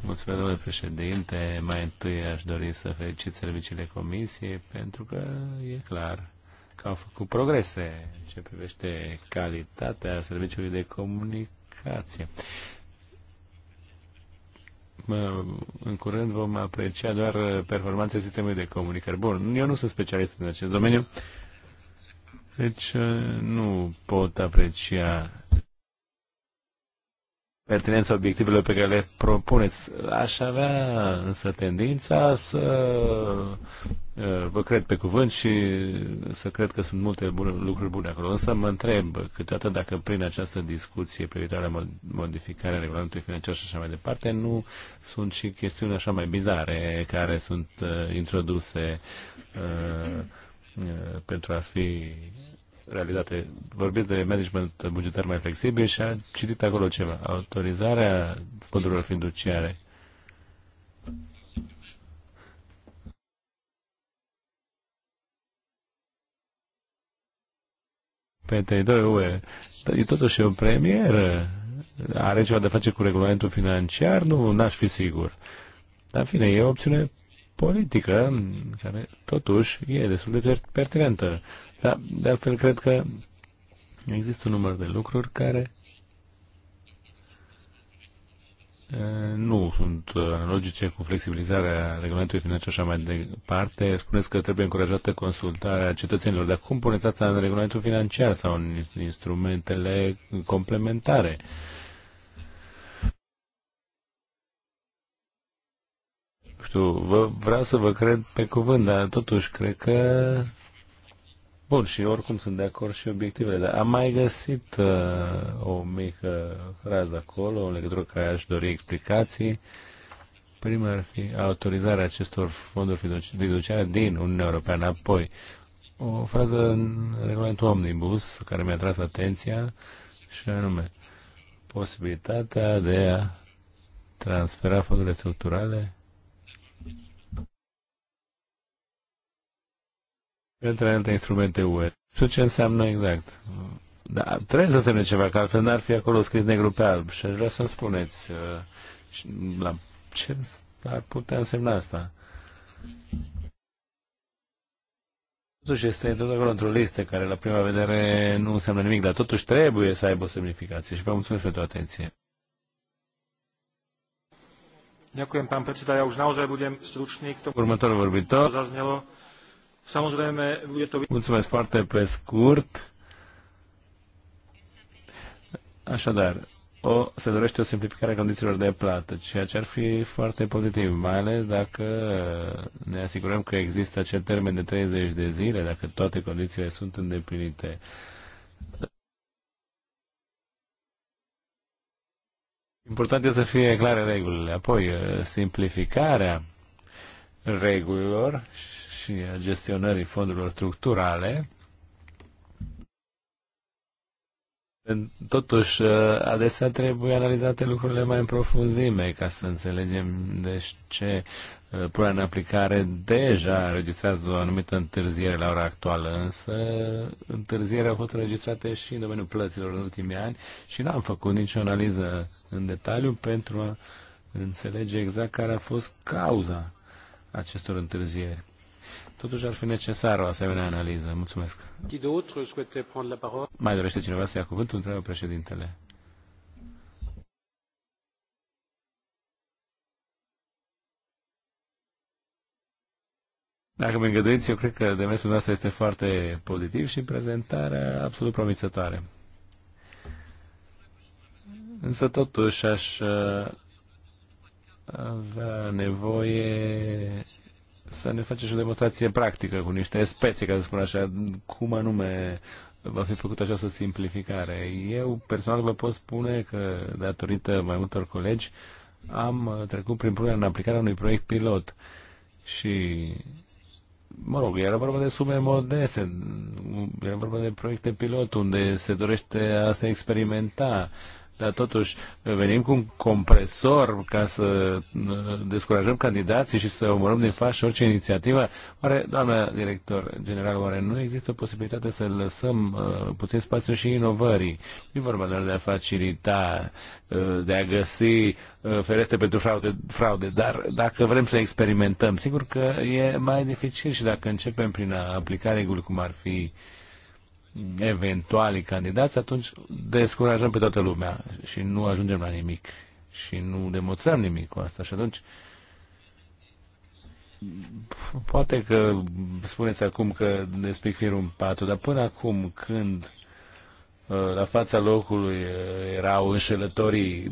Mulțumesc, domnule președinte. Mai întâi aș dori să felicit serviciile comisiei pentru că e clar că au făcut progrese în ce privește calitatea serviciului de comunicație. Mă, în curând vom aprecia doar performanța sistemului de comunicare. Bun, eu nu sunt specialist în acest domeniu, deci uh, nu pot aprecia pertinența obiectivelor pe care le propuneți. Aș avea însă tendința să uh, vă cred pe cuvânt și să cred că sunt multe bune, lucruri bune acolo. Însă mă întreb câteodată dacă prin această discuție privitoare la modificarea regulamentului financiar și așa mai departe, nu sunt și chestiuni așa mai bizare care sunt uh, introduse uh, uh, pentru a fi realitate. Vorbiți de management bugetar mai flexibil și a citit acolo ceva. Autorizarea fondurilor fiduciare. Pe teritoriul UE. Dar e totuși o premieră. Are ceva de face cu regulamentul financiar? Nu, n-aș fi sigur. Dar, în fine, e o opțiune politică care, totuși, e destul de pertinentă. Dar, de altfel, cred că există un număr de lucruri care nu sunt analogice uh, cu flexibilizarea regulamentului financiar și așa mai departe. Spuneți că trebuie încurajată consultarea cetățenilor, dar cum puneți asta în regulamentul financiar sau în instrumentele complementare? știu, vă, vreau să vă cred pe cuvânt, dar totuși cred că Bun, și oricum sunt de acord și obiectivele, dar am mai găsit uh, o mică frază acolo, în legătură care aș dori explicații. Prima ar fi autorizarea acestor fonduri fiduciare din Uniunea Europeană. Apoi, o frază în regulamentul Omnibus, care mi-a tras atenția, și anume, posibilitatea de a transfera fondurile structurale Între alte instrumente UE. Știu ce înseamnă exact. Da, trebuie să semne ceva, că altfel n-ar fi acolo scris negru pe alb. Și aș vrea să-mi spuneți uh, la ce ar putea însemna asta. Totuși este tot acolo într-o listă care la prima vedere nu înseamnă nimic, dar totuși trebuie să aibă o semnificație și vă mulțumesc pentru atenție. Ďakujem, pán predseda. Ja už naozaj budem stručný. K tomu... Următorul vorbitor. Mulțumesc foarte pe scurt. Așadar, o, se dorește o simplificare a condițiilor de plată, ceea ce ar fi foarte pozitiv, mai ales dacă ne asigurăm că există acel termen de 30 de zile, dacă toate condițiile sunt îndeplinite. Important este să fie clare regulile. Apoi, simplificarea regulilor și a gestionării fondurilor structurale, Totuși, uh, adesea trebuie analizate lucrurile mai în profunzime ca să înțelegem de ce uh, punerea în aplicare deja registrează o anumită întârziere la ora actuală, însă întârziere au fost înregistrate și în domeniul plăților în ultimii ani și n-am făcut nicio analiză în detaliu pentru a înțelege exact care a fost cauza acestor întârzieri. Totuși ar fi necesară o asemenea analiză. Mulțumesc. Mai dorește cineva să ia cuvântul? Întreabă președintele. Dacă mă îngăduiți, eu cred că demersul noastră este foarte pozitiv și prezentarea absolut promițătoare. Însă totuși aș uh, avea nevoie să ne facem și o demonstrație practică cu niște specii ca să spun așa, cum anume va fi făcută această simplificare. Eu personal vă pot spune că, datorită mai multor colegi, am trecut prin punerea în aplicare unui proiect pilot și mă rog, era vorba de sume modeste, era vorba de proiecte pilot unde se dorește a se experimenta, dar totuși venim cu un compresor ca să uh, descurajăm candidații și să omorăm din fașă orice inițiativă. Oare, doamna director general, oare nu există posibilitate să lăsăm uh, puțin spațiu și inovării? Nu e vorba doar de a facilita, uh, de a găsi uh, fereste pentru fraude, fraude, dar dacă vrem să experimentăm, sigur că e mai dificil și dacă începem prin a aplica reguli cum ar fi uh, eventuali candidați, atunci descurajăm pe toată lumea și nu ajungem la nimic și nu demonstrăm nimic cu asta. Și atunci poate că spuneți acum că despic firul 4, dar până acum când uh, Uh, la fața locului uh, erau înșelătorii,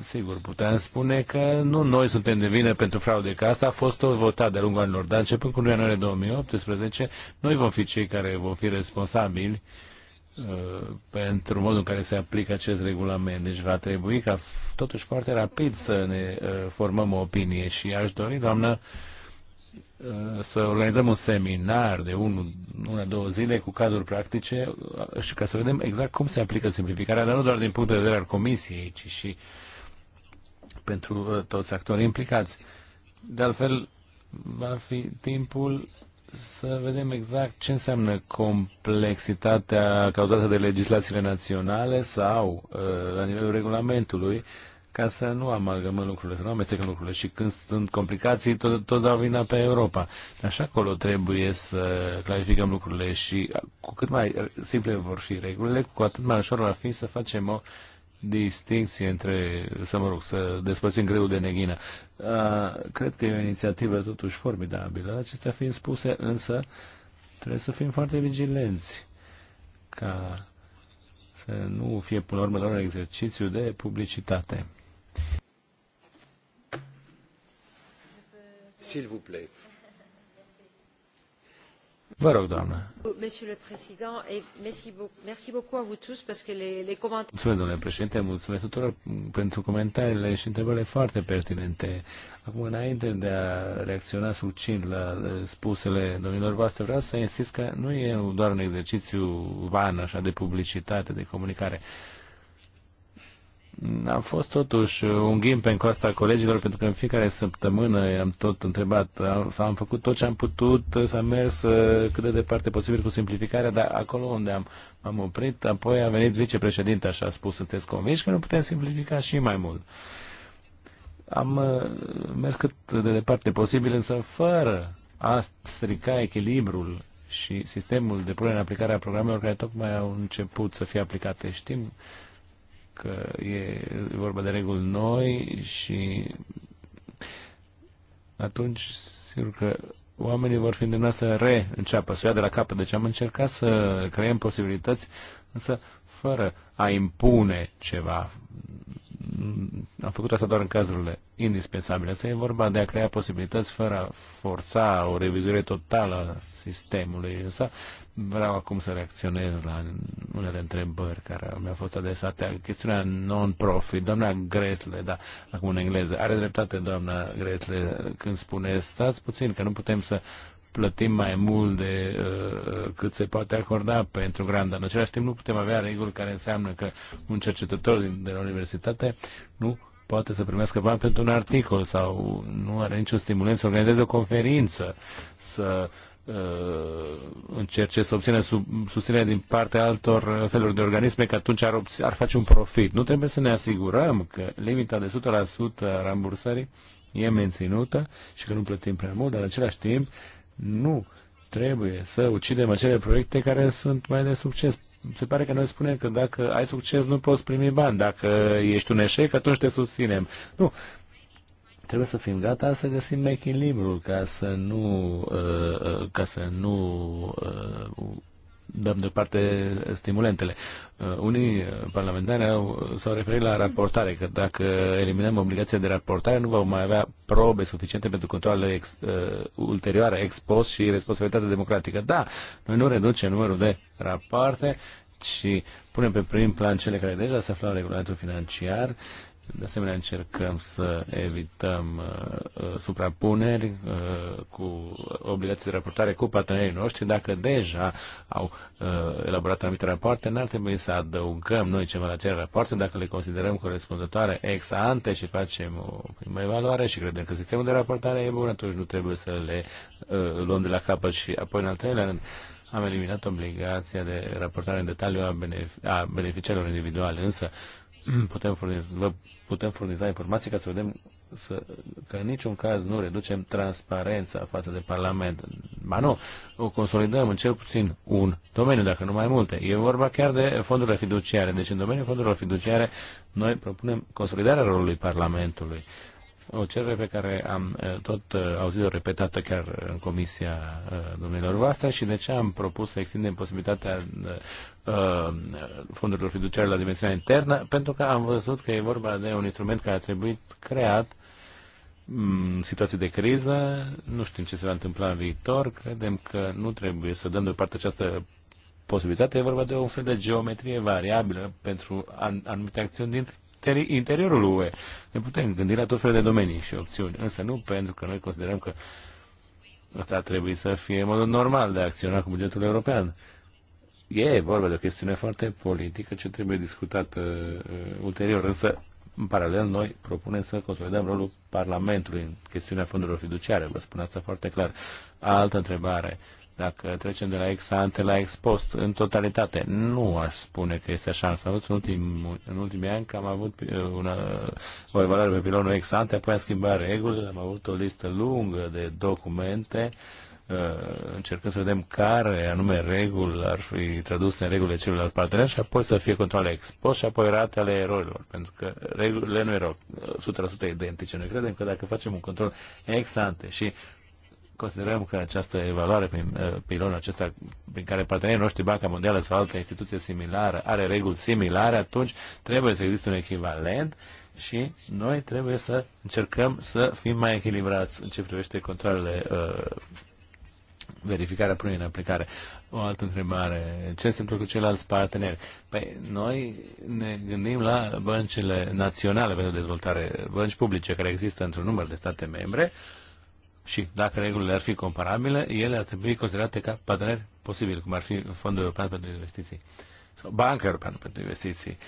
sigur, putem spune că nu noi suntem de vină pentru fraude, că asta a fost tot votat de-a lungul anilor, dar începând cu ianuarie 2018, noi vom fi cei care vom fi responsabili uh, pentru modul în care se aplică acest regulament. Deci va trebui ca totuși foarte rapid să ne formăm o opinie și aș dori, doamnă, Uh, să organizăm un seminar de un, una, două zile cu cazuri practice uh, și ca să vedem exact cum se aplică simplificarea, dar nu doar din punct de vedere al comisiei, ci și pentru uh, toți actorii implicați. De altfel, va fi timpul să vedem exact ce înseamnă complexitatea cauzată de legislațiile naționale sau la nivelul regulamentului ca să nu amalgăm lucrurile, să nu amestecăm lucrurile și când sunt complicații, tot, tot dau vina pe Europa. Așa acolo trebuie să clarificăm lucrurile și cu cât mai simple vor fi regulile, cu atât mai ușor va fi să facem o distinție între, să mă rog, să despărțim greul de neghină. A, cred că e o inițiativă totuși formidabilă, acestea fiind spuse, însă trebuie să fim foarte vigilenți ca să nu fie până la urmă doar un exercițiu de publicitate vous Vă rog, doamnă. Mulțumesc, domnule președinte, mulțumesc tuturor pentru comentariile și întrebările foarte pertinente. Acum, înainte de a reacționa succint la spusele domnilor voastre, vreau să insist că nu e doar un exercițiu van, așa, de publicitate, de comunicare a fost totuși un ghim pe încoasta colegilor, pentru că în fiecare săptămână i-am tot întrebat, sau am făcut tot ce am putut, s-a mers ă, cât de departe posibil cu simplificarea, dar acolo unde am, am oprit, apoi a venit vicepreședinte, așa a spus, sunteți convinși că nu putem simplifica și mai mult. Am ă, mers cât de departe posibil, însă fără a strica echilibrul și sistemul de punere în aplicare a programelor care tocmai au început să fie aplicate. Știm că e vorba de reguli noi și atunci sigur că oamenii vor fi îndemnați să reînceapă, să ia de la capăt. Deci am încercat să creăm posibilități, însă fără a impune ceva. Am făcut asta doar în cazurile indispensabile. Să e vorba de a crea posibilități fără a forța o revizuire totală a sistemului. Însă vreau acum să reacționez la unele întrebări care mi-au fost adresate. Chestiunea non-profit, doamna Gretle, da, acum în engleză, are dreptate doamna Gretle când spune stați puțin că nu putem să plătim mai mult de uh, cât se poate acorda pentru grant, dar în același timp nu putem avea reguli care înseamnă că un cercetător din, de la universitate nu poate să primească bani pentru un articol sau nu are niciun stimulent să organizeze o conferință, să uh, încerce să obțină sub, susținere din partea altor feluri de organisme, că atunci ar, ar face un profit. Nu trebuie să ne asigurăm că limita de 100% a rambursării e menținută și că nu plătim prea mult, dar în același timp nu trebuie să ucidem acele proiecte care sunt mai de succes. Se pare că noi spunem că dacă ai succes nu poți primi bani, dacă ești un eșec atunci te susținem. Nu, trebuie să fim gata să găsim echilibrul ca să nu, uh, uh ca să nu uh, dăm deoparte stimulentele. Uh, unii uh, parlamentari au, s-au referit la raportare, că dacă eliminăm obligația de raportare, nu vom mai avea probe suficiente pentru controlele ex, uh, ulterioare, ex post și responsabilitatea democratică. Da, noi nu reducem numărul de rapoarte, și punem pe prim plan cele care deja se aflau în regulamentul financiar de asemenea, încercăm să evităm uh, uh, suprapuneri uh, cu obligații de raportare cu partenerii noștri. Dacă deja au uh, elaborat anumite rapoarte, n-ar trebui să adăugăm noi ceva la acele rapoarte dacă le considerăm corespunzătoare ex ante și facem o primă evaluare și credem că sistemul de raportare e bun, atunci nu trebuie să le uh, luăm de la capăt și apoi în al treilea rând am eliminat obligația de raportare în detaliu a, benefic- a beneficiarilor individuale, însă putem furniza, vă putem furniza informații ca să vedem să, că în niciun caz nu reducem transparența față de Parlament. Ba nu, o consolidăm în cel puțin un domeniu, dacă nu mai multe. E vorba chiar de fondurile fiduciare. Deci în domeniul fondurilor fiduciare noi propunem consolidarea rolului Parlamentului o cerere pe care am eh, tot eh, auzit-o repetată chiar în comisia eh, domnilor voastre și de ce am propus să extindem posibilitatea fondurilor fiduciare la dimensiunea internă, pentru că am văzut că e vorba de un instrument care a trebuit creat mm, situații de criză, nu știm ce se va întâmpla în viitor, credem că nu trebuie să dăm deoparte această posibilitate, e vorba de un fel de geometrie variabilă pentru anumite acțiuni din interiorul UE. Ne putem gândi la tot felul de domenii și opțiuni, însă nu pentru că noi considerăm că asta trebuie să fie modul normal de a acționa cu bugetul european. E vorba de o chestiune foarte politică ce trebuie discutată uh, ulterior, însă în paralel noi propunem să consolidăm rolul Parlamentului în chestiunea fondurilor fiduciare, vă spun asta foarte clar. Altă întrebare dacă trecem de la ex ante la ex post în totalitate. Nu aș spune că este așa. Am avut în, ultim, în ultimii ani că am avut uh, una, o evaluare pe pilonul ex ante, apoi am schimbat regulile, am avut o listă lungă de documente uh, încercând să vedem care anume reguli ar fi traduse în regulile celorlalți parteneri și apoi să fie controle ex post și apoi rate ale erorilor, pentru că regulile nu erau 100% identice. Noi credem că dacă facem un control ex ante și considerăm că această evaluare prin uh, pilonul acesta prin care partenerii noștri, Banca Mondială sau altă instituție similară, are reguli similare, atunci trebuie să existe un echivalent și noi trebuie să încercăm să fim mai echilibrați în ce privește controlele uh, verificarea prunii în aplicare. O altă întrebare. Ce se întâmplă cu ceilalți parteneri? Păi noi ne gândim la băncile naționale pentru dezvoltare, bănci publice care există într-un număr de state membre, uh, și dacă regulile ar fi comparabile, ele ar trebui considerate ca parteneri posibil, cum ar fi Fondul European pentru Investiții sau Banca Europeană pentru Investiții.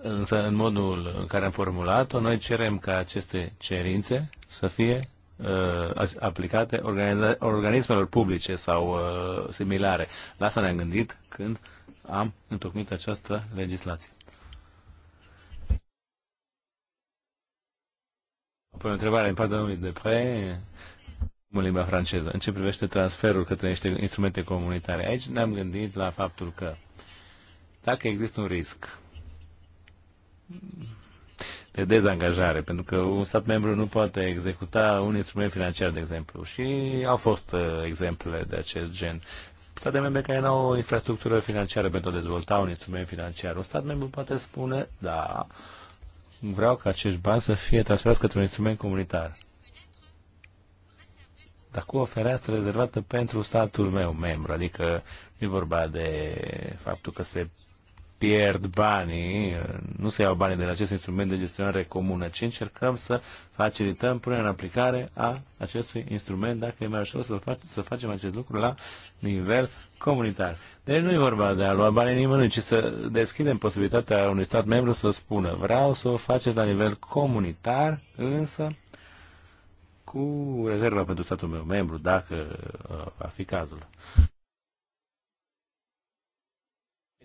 Însă, în modul în care am formulat-o, noi cerem ca aceste cerințe să fie uh, aplicate organismelor publice sau uh, similare. La asta ne-am gândit când am întocmit această legislație. Apoi o întrebare în partea domnului Depre în limba franceză, în ce privește transferul către niște instrumente comunitare. Aici ne-am gândit la faptul că dacă există un risc de dezangajare, pentru că un stat membru nu poate executa un instrument financiar, de exemplu, și au fost uh, exemple de acest gen. State membre care nu au o infrastructură financiară pentru a dezvolta un instrument financiar, un stat membru poate spune, da, vreau ca acești bani să fie transferați către un instrument comunitar dar cu o fereastră rezervată pentru statul meu membru, adică nu e vorba de faptul că se pierd banii, nu se iau banii de la acest instrument de gestionare comună, ci încercăm să facilităm punerea în aplicare a acestui instrument, dacă e mai ușor să, fac, să facem acest lucru la nivel comunitar. Deci nu e vorba de a lua banii nimănui, ci să deschidem posibilitatea unui stat membru să spună vreau să o faceți la nivel comunitar, însă cu rezerva pentru statul meu membru, dacă uh, va fi cazul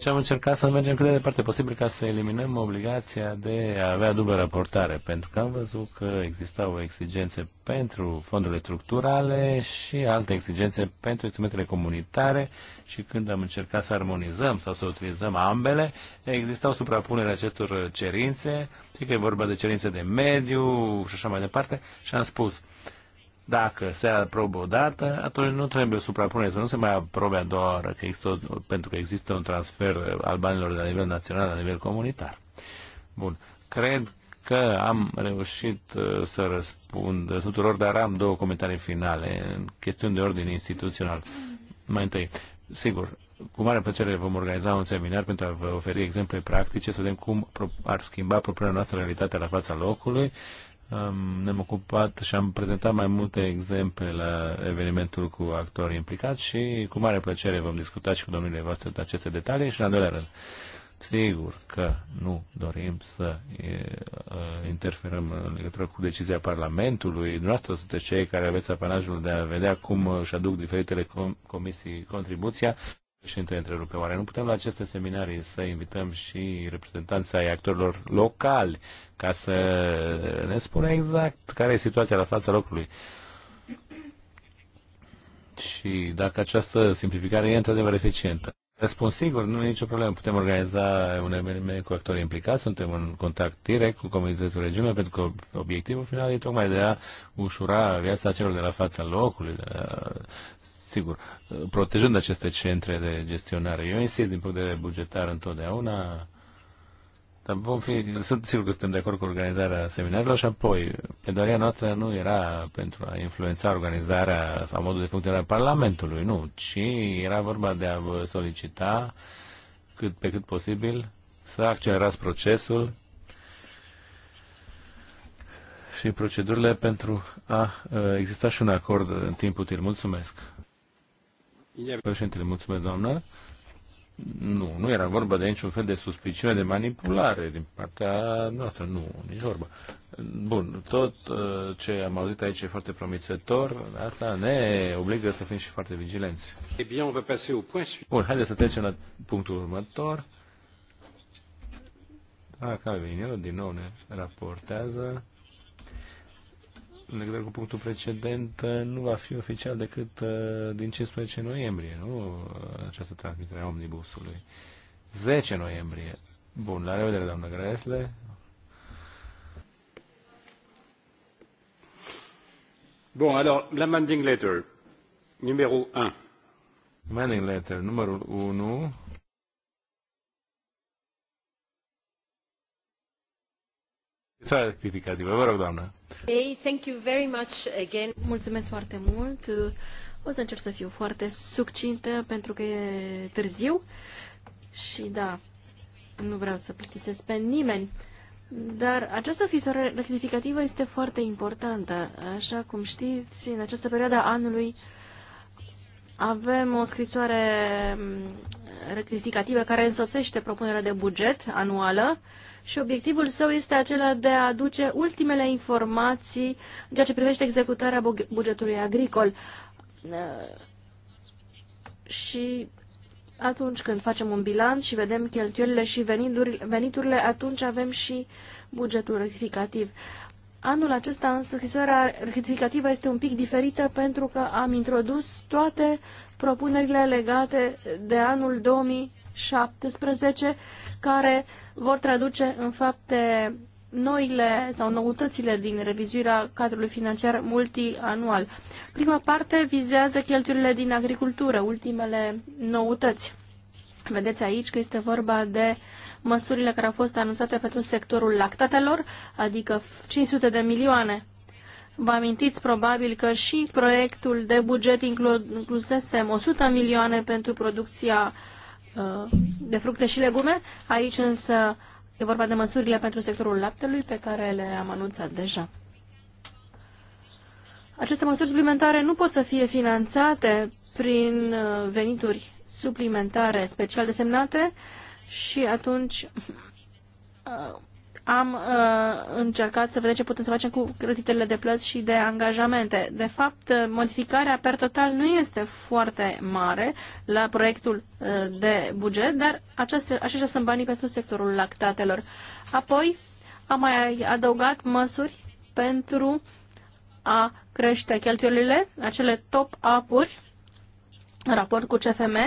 și am încercat să mergem cât de departe posibil ca să eliminăm obligația de a avea dublă raportare, pentru că am văzut că existau exigențe pentru fondurile structurale și alte exigențe pentru instrumentele comunitare și când am încercat să armonizăm sau să utilizăm ambele, existau suprapunere acestor cerințe, fie că e vorba de cerințe de mediu și așa mai departe, și am spus, dacă se aprobă o dată, atunci nu trebuie suprapune, să nu se mai aprobe a doua oară, că există, pentru că există un transfer al banilor de la nivel național la nivel comunitar. Bun. Cred că am reușit uh, să răspund tuturor, dar am două comentarii finale, în chestiuni de ordine instituțional. Mai întâi, sigur, cu mare plăcere vom organiza un seminar pentru a vă oferi exemple practice, să vedem cum ar schimba propria noastră realitate la fața locului Um, ne-am ocupat și am prezentat mai multe exemple la evenimentul cu actorii implicați și cu mare plăcere vom discuta și cu domnile voastre de aceste detalii și în doilea rând. Sigur că nu dorim să interferăm în legătură cu decizia Parlamentului. Dumneavoastră sunteți cei care aveți apanajul de a vedea cum își aduc diferitele com comisii contribuția. Și între întrerupe, oare nu putem la aceste seminarii să invităm și reprezentanții ai actorilor locali ca să ne spună exact care e situația la fața locului. Și dacă această simplificare e într-adevăr eficientă. Răspuns sigur, nu e nicio problemă. Putem organiza un eveniment cu actorii implicați, suntem în contact direct cu Comitetul regiunilor, pentru că obiectivul final e tocmai de a ușura viața celor de la fața locului, de a, sigur, protejând aceste centre de gestionare. Eu insist din punct de vedere bugetar întotdeauna, dar vom fi, sunt sigur că suntem de acord cu organizarea seminarilor și apoi, pedalia noastră nu era pentru a influența organizarea sau modul de funcționare a Parlamentului, nu, ci era vorba de a vă solicita cât pe cât posibil să accelerați procesul și procedurile pentru a uh, exista și un acord în timp util. Mulțumesc. Președintele, mulțumesc, doamnă. Nu, nu era vorba de niciun fel de suspiciune de manipulare din partea noastră, nu, nici vorba. Bun, tot uh, ce am auzit aici e foarte promițător, asta ne obligă să fim și foarte vigilenți. Eh bine, Bun, haideți să trecem la punctul următor. Dacă vine eu, din nou ne raportează în legătură cu punctul precedent, uh, nu va fi oficial decât uh, din 15 noiembrie, nu? Această transmitere a omnibusului. 10 noiembrie. Bun, la revedere, doamnă Gresle. Bun, alors, la manding letter, numărul 1. Manding letter, numărul 1. Scrisoarea rectificativă, vă rog, doamnă. Hey, thank you very much again. Mulțumesc foarte mult. O să încerc să fiu foarte succintă pentru că e târziu și da, nu vreau să plictisesc pe nimeni. Dar această scrisoare rectificativă este foarte importantă. Așa cum știți, în această perioadă a anului avem o scrisoare mm, rectificativă care însoțește propunerea de buget anuală și obiectivul său este acela de a aduce ultimele informații în ceea ce privește executarea bugetului agricol. Eh, și atunci când facem un bilanț și vedem cheltuielile și veniturile, atunci avem și bugetul rectificativ. Uh, Anul acesta însă scrisoarea rectificativă este un pic diferită pentru că am introdus toate propunerile legate de anul 2017 care vor traduce în fapte noile sau noutățile din revizuirea cadrului financiar multianual. Prima parte vizează cheltuielile din agricultură, ultimele noutăți. Vedeți aici că este vorba de măsurile care au fost anunțate pentru sectorul lactatelor, adică 500 de milioane. Vă amintiți probabil că și proiectul de buget inclusese 100 milioane pentru producția uh, de fructe și legume. Aici însă e vorba de măsurile pentru sectorul laptelui pe care le-am anunțat deja. Aceste măsuri suplimentare nu pot să fie finanțate prin uh, venituri suplimentare special desemnate și atunci uh, am uh, încercat să vedem ce putem să facem cu creditele de plăți și de angajamente. De fapt, modificarea per total nu este foarte mare la proiectul uh, de buget, dar aceștia sunt banii pentru sectorul lactatelor. Apoi, am mai adăugat măsuri pentru a crește cheltuielile, acele top-up-uri în raport cu CFM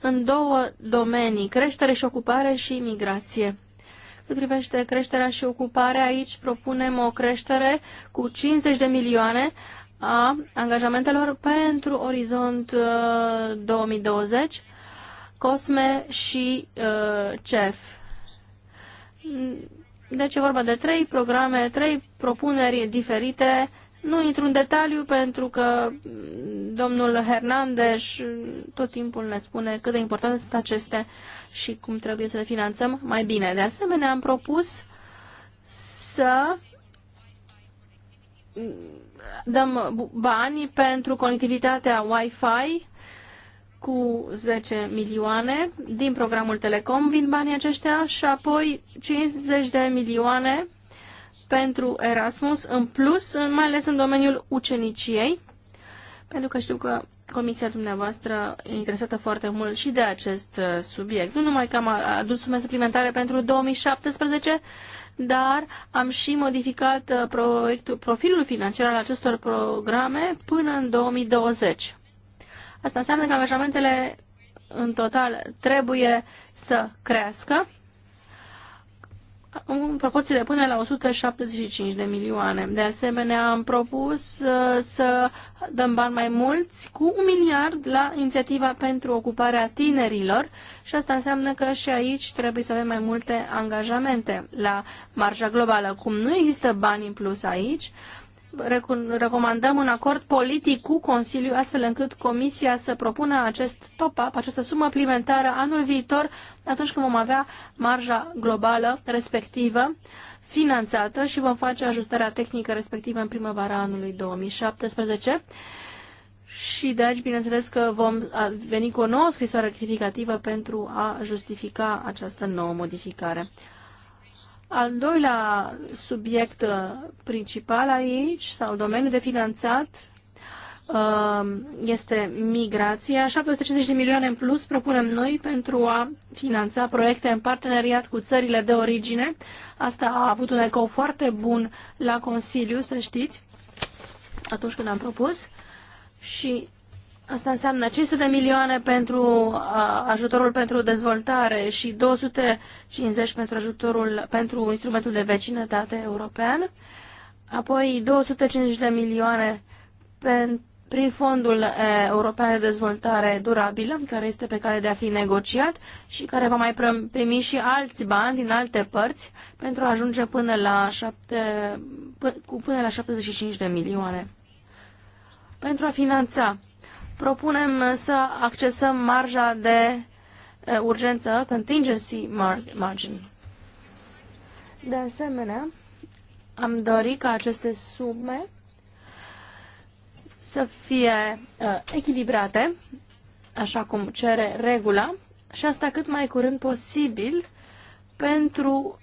în două domenii, creștere și ocupare și imigrație. Cât privește creșterea și ocuparea, aici propunem o creștere cu 50 de milioane a angajamentelor pentru Orizont 2020, uh, COSME și uh, CEF. Deci e vorba de trei programe, trei propuneri diferite. Nu intru în detaliu pentru că Domnul Hernandez tot timpul ne spune cât de importante sunt acestea și cum trebuie să le finanțăm mai bine. De asemenea, am propus să dăm bani pentru conectivitatea Wi-Fi cu 10 milioane din programul Telecom vin banii aceștia și apoi 50 de milioane pentru Erasmus în plus, mai ales în domeniul uceniciei pentru că știu că comisia dumneavoastră e interesată foarte mult și de acest uh, subiect. Nu numai că am adus sume suplimentare pentru 2017, dar am și modificat uh, proiectul, profilul financiar al acestor programe până în 2020. Asta înseamnă că angajamentele în total trebuie să crească în proporție de până la 175 de milioane. De asemenea, am propus uh, să dăm bani mai mulți cu un miliard la inițiativa pentru ocuparea tinerilor și asta înseamnă că și aici trebuie să avem mai multe angajamente la marja globală. Cum nu există bani în plus aici, recomandăm un acord politic cu Consiliu, astfel încât Comisia să propună acest top-up, această sumă plimentară anul viitor, atunci când vom avea marja globală respectivă finanțată și vom face ajustarea tehnică respectivă în primăvara anului 2017. Și de aici, bineînțeles că vom veni cu o nouă scrisoare criticativă pentru a justifica această nouă modificare. Al doilea subiect uh, principal aici, sau domeniu de finanțat, uh, este migrația. 750 de milioane în plus propunem noi pentru a finanța proiecte în parteneriat cu țările de origine. Asta a avut un ecou foarte bun la Consiliu, să știți, atunci când am propus. Și Asta înseamnă 500 de milioane pentru ajutorul pentru dezvoltare și 250 pentru ajutorul pentru instrumentul de vecinătate european, apoi 250 de milioane prin Fondul European de Dezvoltare Durabilă, care este pe care de a fi negociat și care va mai primi și alți bani din alte părți pentru a ajunge până la, șapte până la 75 de milioane. Pentru a finanța propunem să accesăm marja de eh, urgență, contingency margin. De asemenea, am dorit ca aceste sume să fie uh, echilibrate, așa cum cere regula, și asta cât mai curând posibil pentru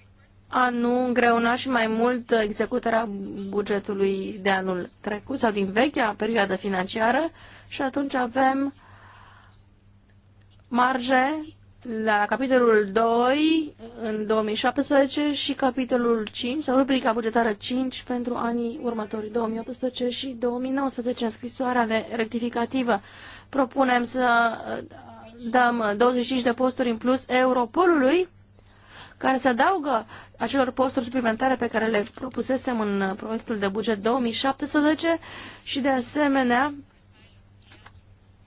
a nu îngreuna și mai mult executarea bugetului de anul trecut sau din vechea perioadă financiară și atunci avem marge la capitolul 2 în 2017 și capitolul 5 sau rubrica bugetară 5 pentru anii următori 2018 și 2019 în scrisoarea de rectificativă. Propunem să dăm 25 de posturi în plus Europolului care se adaugă acelor posturi suplimentare pe care le propusesem în proiectul de buget 2017 și de asemenea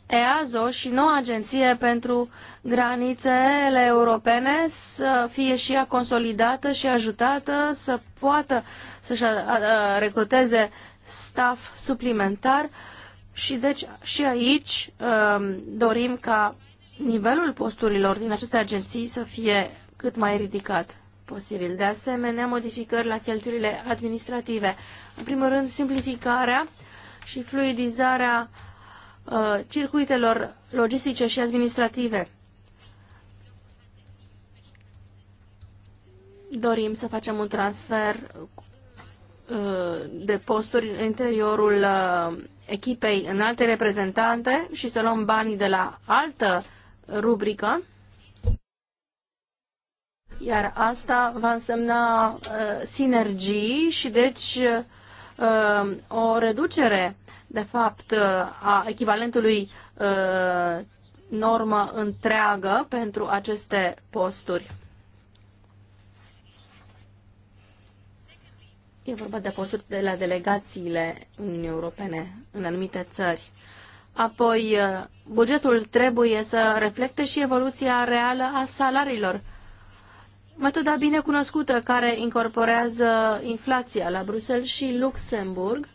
EASO și noua agenție pentru granițele europene să fie și ea consolidată și ajutată să poată să-și recruteze staff suplimentar și deci și aici um, dorim ca nivelul posturilor din aceste agenții să fie cât mai ridicat posibil. De asemenea, modificări la cheltuielile administrative. În primul rând, simplificarea și fluidizarea uh, circuitelor logistice și administrative. Dorim să facem un transfer uh, de posturi în interiorul uh, echipei în alte reprezentante și să luăm banii de la altă rubrică iar asta va însemna uh, sinergii și deci uh, o reducere, de fapt, uh, a echivalentului uh, normă întreagă pentru aceste posturi. E vorba de posturi de la delegațiile Uniunii Europene în anumite țări. Apoi, uh, bugetul trebuie să reflecte și evoluția reală a salariilor metoda binecunoscută care incorporează inflația la Bruxelles și Luxemburg,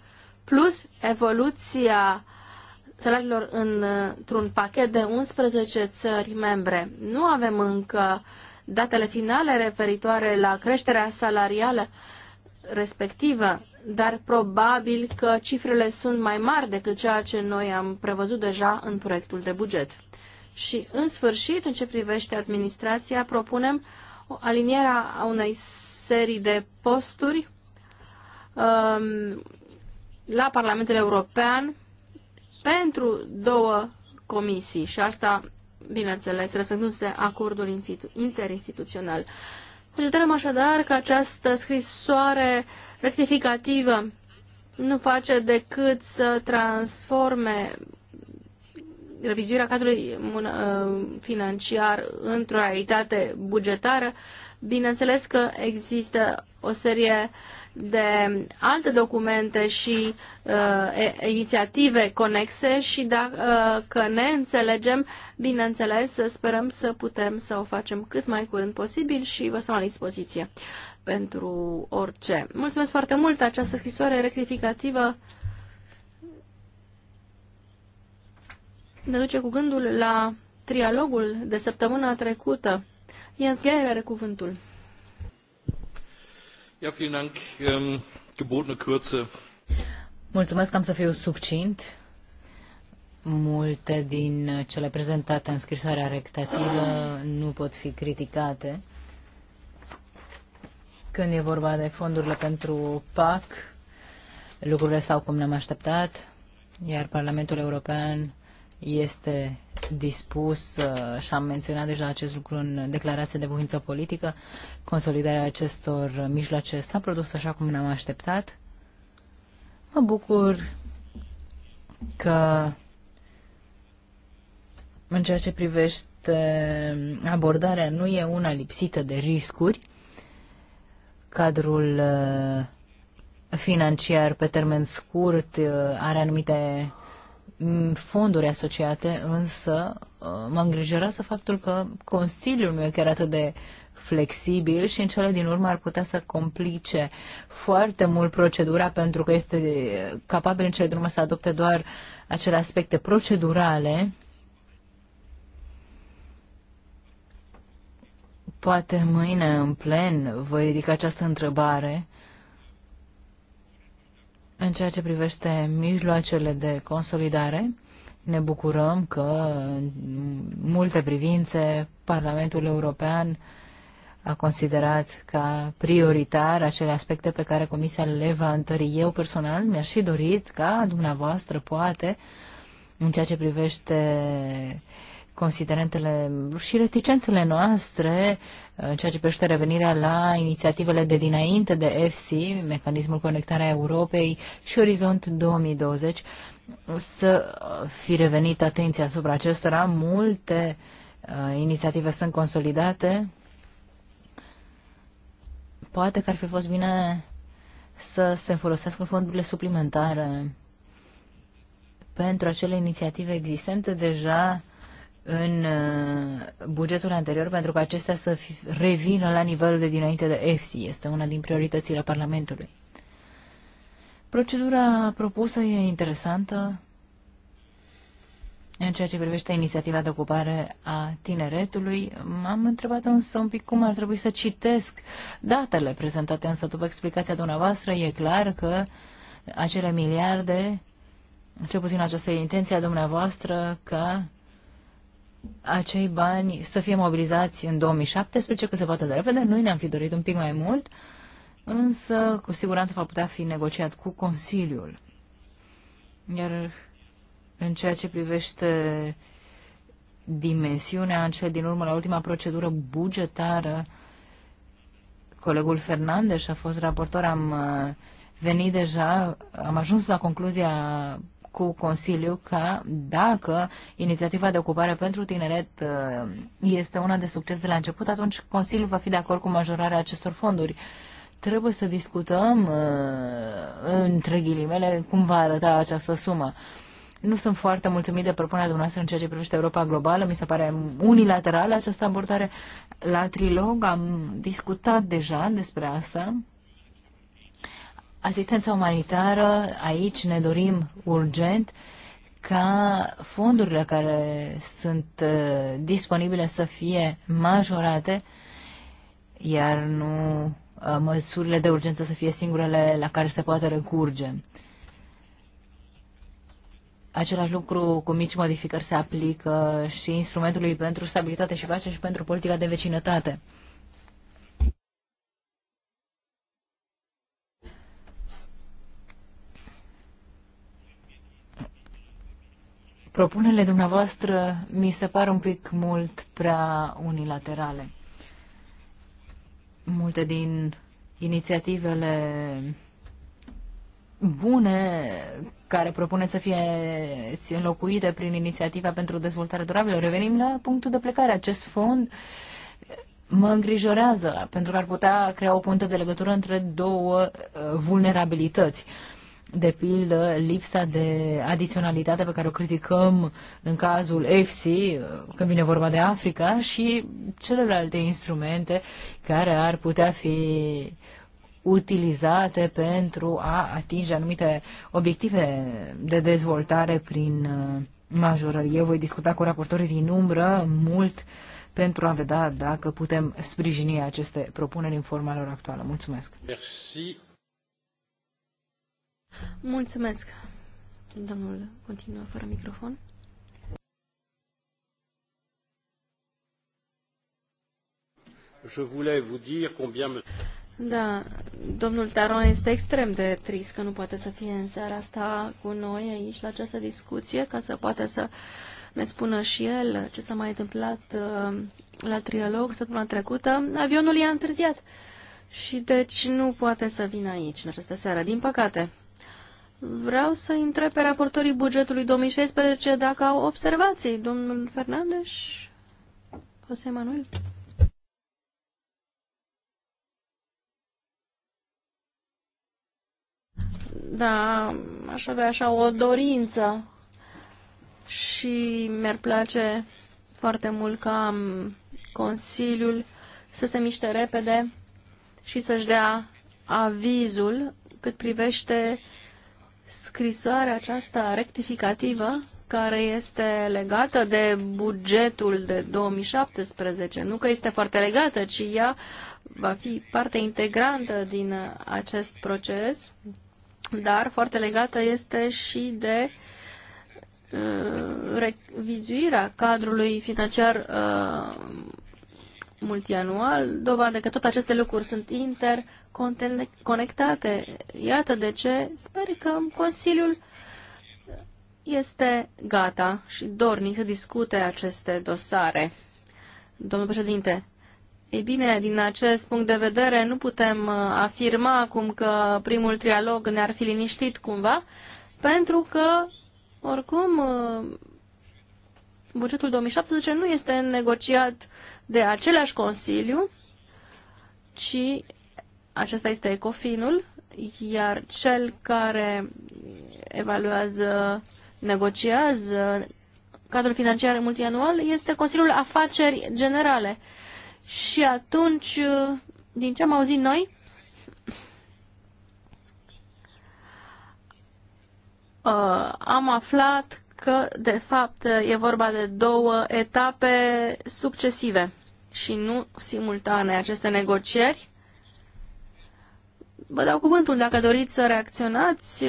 plus evoluția salariilor într-un pachet de 11 țări membre. Nu avem încă datele finale referitoare la creșterea salarială respectivă, dar probabil că cifrele sunt mai mari decât ceea ce noi am prevăzut deja în proiectul de buget. Și, în sfârșit, în ce privește administrația, propunem alinierea a unei serii de posturi um, la Parlamentul European pentru două comisii și asta, bineînțeles, respectându-se acordul interinstituțional. Considerăm așadar că această scrisoare rectificativă nu face decât să transforme revizuirea cadrului uh, financiar într-o realitate bugetară, bineînțeles că există o serie de alte documente și uh, inițiative conexe și dacă uh, ne înțelegem, bineînțeles, sperăm să putem să o facem cât mai curând posibil și vă stăm la dispoziție pentru orice. Mulțumesc foarte mult! Această scrisoare rectificativă ne duce cu gândul la trialogul de săptămâna trecută. Jens Geier are cuvântul. Ja, vielen Dank. Ähm, gebotene Kürze. Mulțumesc, am să fiu succint. Multe din cele prezentate în scrisoarea rectativă nu pot fi criticate. Când e vorba de fondurile pentru PAC, lucrurile stau cum ne-am așteptat, iar Parlamentul European este dispus uh, și am menționat deja acest lucru în declarația de voință politică. Consolidarea acestor mijloace s-a produs așa cum ne-am așteptat. Mă bucur că în ceea ce privește abordarea nu e una lipsită de riscuri. Cadrul uh, financiar pe termen scurt uh, are anumite Mm, fonduri asociate, însă uh, mă îngrijorează faptul că Consiliul meu e chiar atât de flexibil și în cele din urmă ar putea să complice foarte mult procedura pentru că este capabil în cele din urmă să adopte doar acele aspecte procedurale. Poate mâine în plen voi ridica această întrebare în ceea ce privește mijloacele de consolidare, ne bucurăm că în multe privințe Parlamentul European a considerat ca prioritar acele aspecte pe care Comisia le va întări. Eu personal mi-aș fi dorit ca dumneavoastră, poate, în ceea ce privește considerentele și reticențele noastre uh, în ceea ce privește revenirea la inițiativele de dinainte de EFSI, Mecanismul Conectarea Europei și Orizont 2020, să fi revenit atenția asupra acestora. Multe uh, inițiative sunt consolidate. Poate că ar fi fost bine să se folosească fondurile suplimentare pentru acele inițiative existente deja în uh, bugetul anterior pentru ca acesta să revină la nivelul de dinainte de EFSI. Este una din prioritățile Parlamentului. Procedura propusă e interesantă în ceea ce privește inițiativa de ocupare a tineretului. M-am întrebat însă un pic cum ar trebui să citesc datele prezentate, însă după explicația dumneavoastră e clar că acele miliarde, cel puțin această intenție a dumneavoastră, că acei bani să fie mobilizați în 2017, că se poate de repede. Noi ne-am fi dorit un pic mai mult, însă cu siguranță va putea fi negociat cu Consiliul. Iar în ceea ce privește dimensiunea în cele din urmă la ultima procedură bugetară, colegul Fernandes a fost raportor, am uh, venit deja, am ajuns la concluzia cu Consiliu că dacă inițiativa de ocupare pentru tineret uh, este una de succes de la început, atunci Consiliul va fi de acord cu majorarea acestor fonduri. Trebuie să discutăm, uh, între ghilimele, cum va arăta această sumă. Nu sunt foarte mulțumit de propunerea dumneavoastră în ceea ce privește Europa globală. Mi se pare unilaterală această abordare. La trilog am discutat deja despre asta asistența umanitară, aici ne dorim urgent ca fondurile care sunt uh, disponibile să fie majorate, iar nu uh, măsurile de urgență să fie singurele la care se poate recurge. Același lucru cu mici modificări se aplică și instrumentului pentru stabilitate și pace și pentru politica de vecinătate. Propunerile dumneavoastră mi se par un pic mult prea unilaterale. Multe din inițiativele bune care propune să fie înlocuite prin inițiativa pentru dezvoltare durabilă. Revenim la punctul de plecare. Acest fond mă îngrijorează pentru că ar putea crea o punte de legătură între două uh, vulnerabilități de pildă lipsa de adiționalitate pe care o criticăm în cazul EFSI, când vine vorba de Africa, și celelalte instrumente care ar putea fi utilizate pentru a atinge anumite obiective de dezvoltare prin uh, majorări. Eu voi discuta cu raportorii din umbră mult pentru a vedea dacă putem sprijini aceste propuneri în forma lor actuală. Mulțumesc! Merci. Mulțumesc. Domnul continuă fără microfon. Je voulais vous dire combien me... Da, domnul Taron este extrem de trist că nu poate să fie în seara asta cu noi aici la această discuție, ca să poate să ne spună și el ce s-a mai întâmplat uh, la trialog săptămâna trecută. Avionul i-a întârziat și deci nu poate să vină aici în această seară, din păcate. Vreau să întreb pe raportorii bugetului 2016 dacă au observații. Domnul Fernandez, José Manuel? Da, aș avea așa o dorință și mi-ar place foarte mult ca Consiliul să se miște repede și să-și dea avizul cât privește scrisoarea aceasta rectificativă care este legată de bugetul de 2017. Nu că este foarte legată, ci ea va fi parte integrantă din acest proces, dar foarte legată este și de uh, revizuirea cadrului financiar uh, multianual, dovadă că tot aceste lucruri sunt interconectate. Iată de ce sper că Consiliul este gata și dornic să discute aceste dosare. Domnul președinte, ei bine, din acest punct de vedere nu putem uh, afirma acum că primul trialog ne-ar fi liniștit cumva, pentru că, oricum, uh, bugetul 2017 nu este negociat de același Consiliu, ci acesta este Ecofinul, iar cel care evaluează, negociază cadrul financiar multianual este Consiliul Afaceri Generale. Și atunci, din ce am auzit noi, uh, am aflat că, de fapt, e vorba de două etape succesive și nu simultane aceste negocieri. Vă dau cuvântul dacă doriți să reacționați.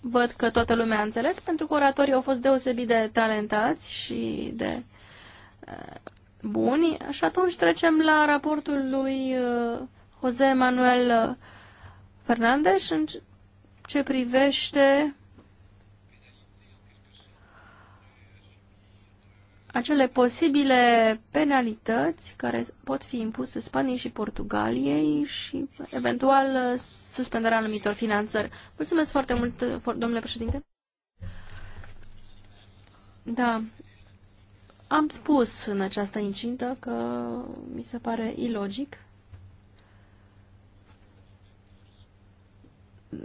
Văd că toată lumea a înțeles, pentru că oratorii au fost deosebit de talentați și de eh, buni. Și atunci trecem la raportul lui eh, José Manuel Fernandez în ce privește acele posibile penalități care pot fi impuse Spaniei și Portugaliei și eventual suspendarea anumitor finanțări. Mulțumesc foarte mult, domnule președinte. Da, am spus în această incintă că mi se pare ilogic.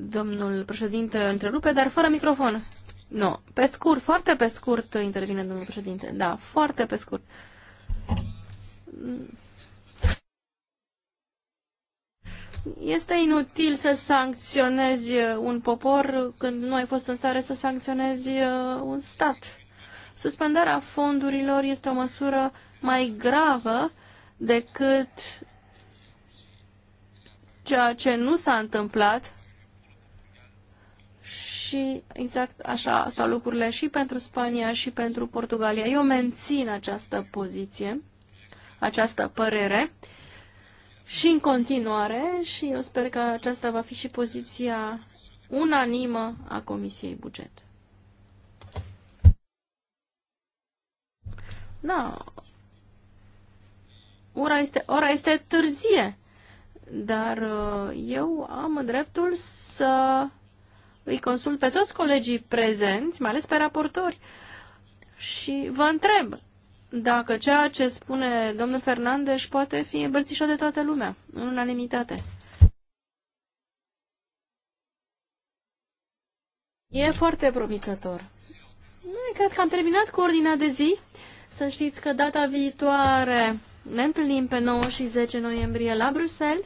Domnul președinte întrerupe, dar fără microfon. No, pe scurt, foarte pe scurt intervine domnul președinte. Da, foarte pe scurt. Este inutil să sancționezi uh, un popor când nu ai fost în stare să sancționezi uh, un stat. Suspendarea fondurilor este o măsură mai gravă decât ceea ce nu s-a întâmplat și exact așa stau lucrurile și pentru Spania și pentru Portugalia. Eu mențin această poziție, această părere și în continuare și eu sper că aceasta va fi și poziția unanimă a Comisiei Buget. Da, ora este, ora este târzie, dar uh, eu am dreptul să îi consult pe toți colegii prezenți, mai ales pe raportori, și vă întreb dacă ceea ce spune domnul Fernandez poate fi îmbrățișat de toată lumea, în unanimitate. E foarte promițător. Cred că am terminat cu ordinea de zi. Să știți că data viitoare ne întâlnim pe 9 și 10 noiembrie la Bruxelles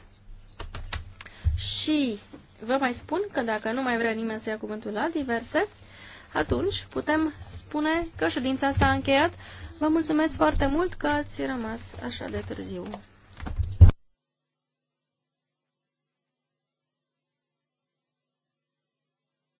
și Vă mai spun că dacă nu mai vrea nimeni să ia cuvântul la diverse, atunci putem spune că ședința s-a încheiat. Vă mulțumesc foarte mult că ați rămas așa de târziu.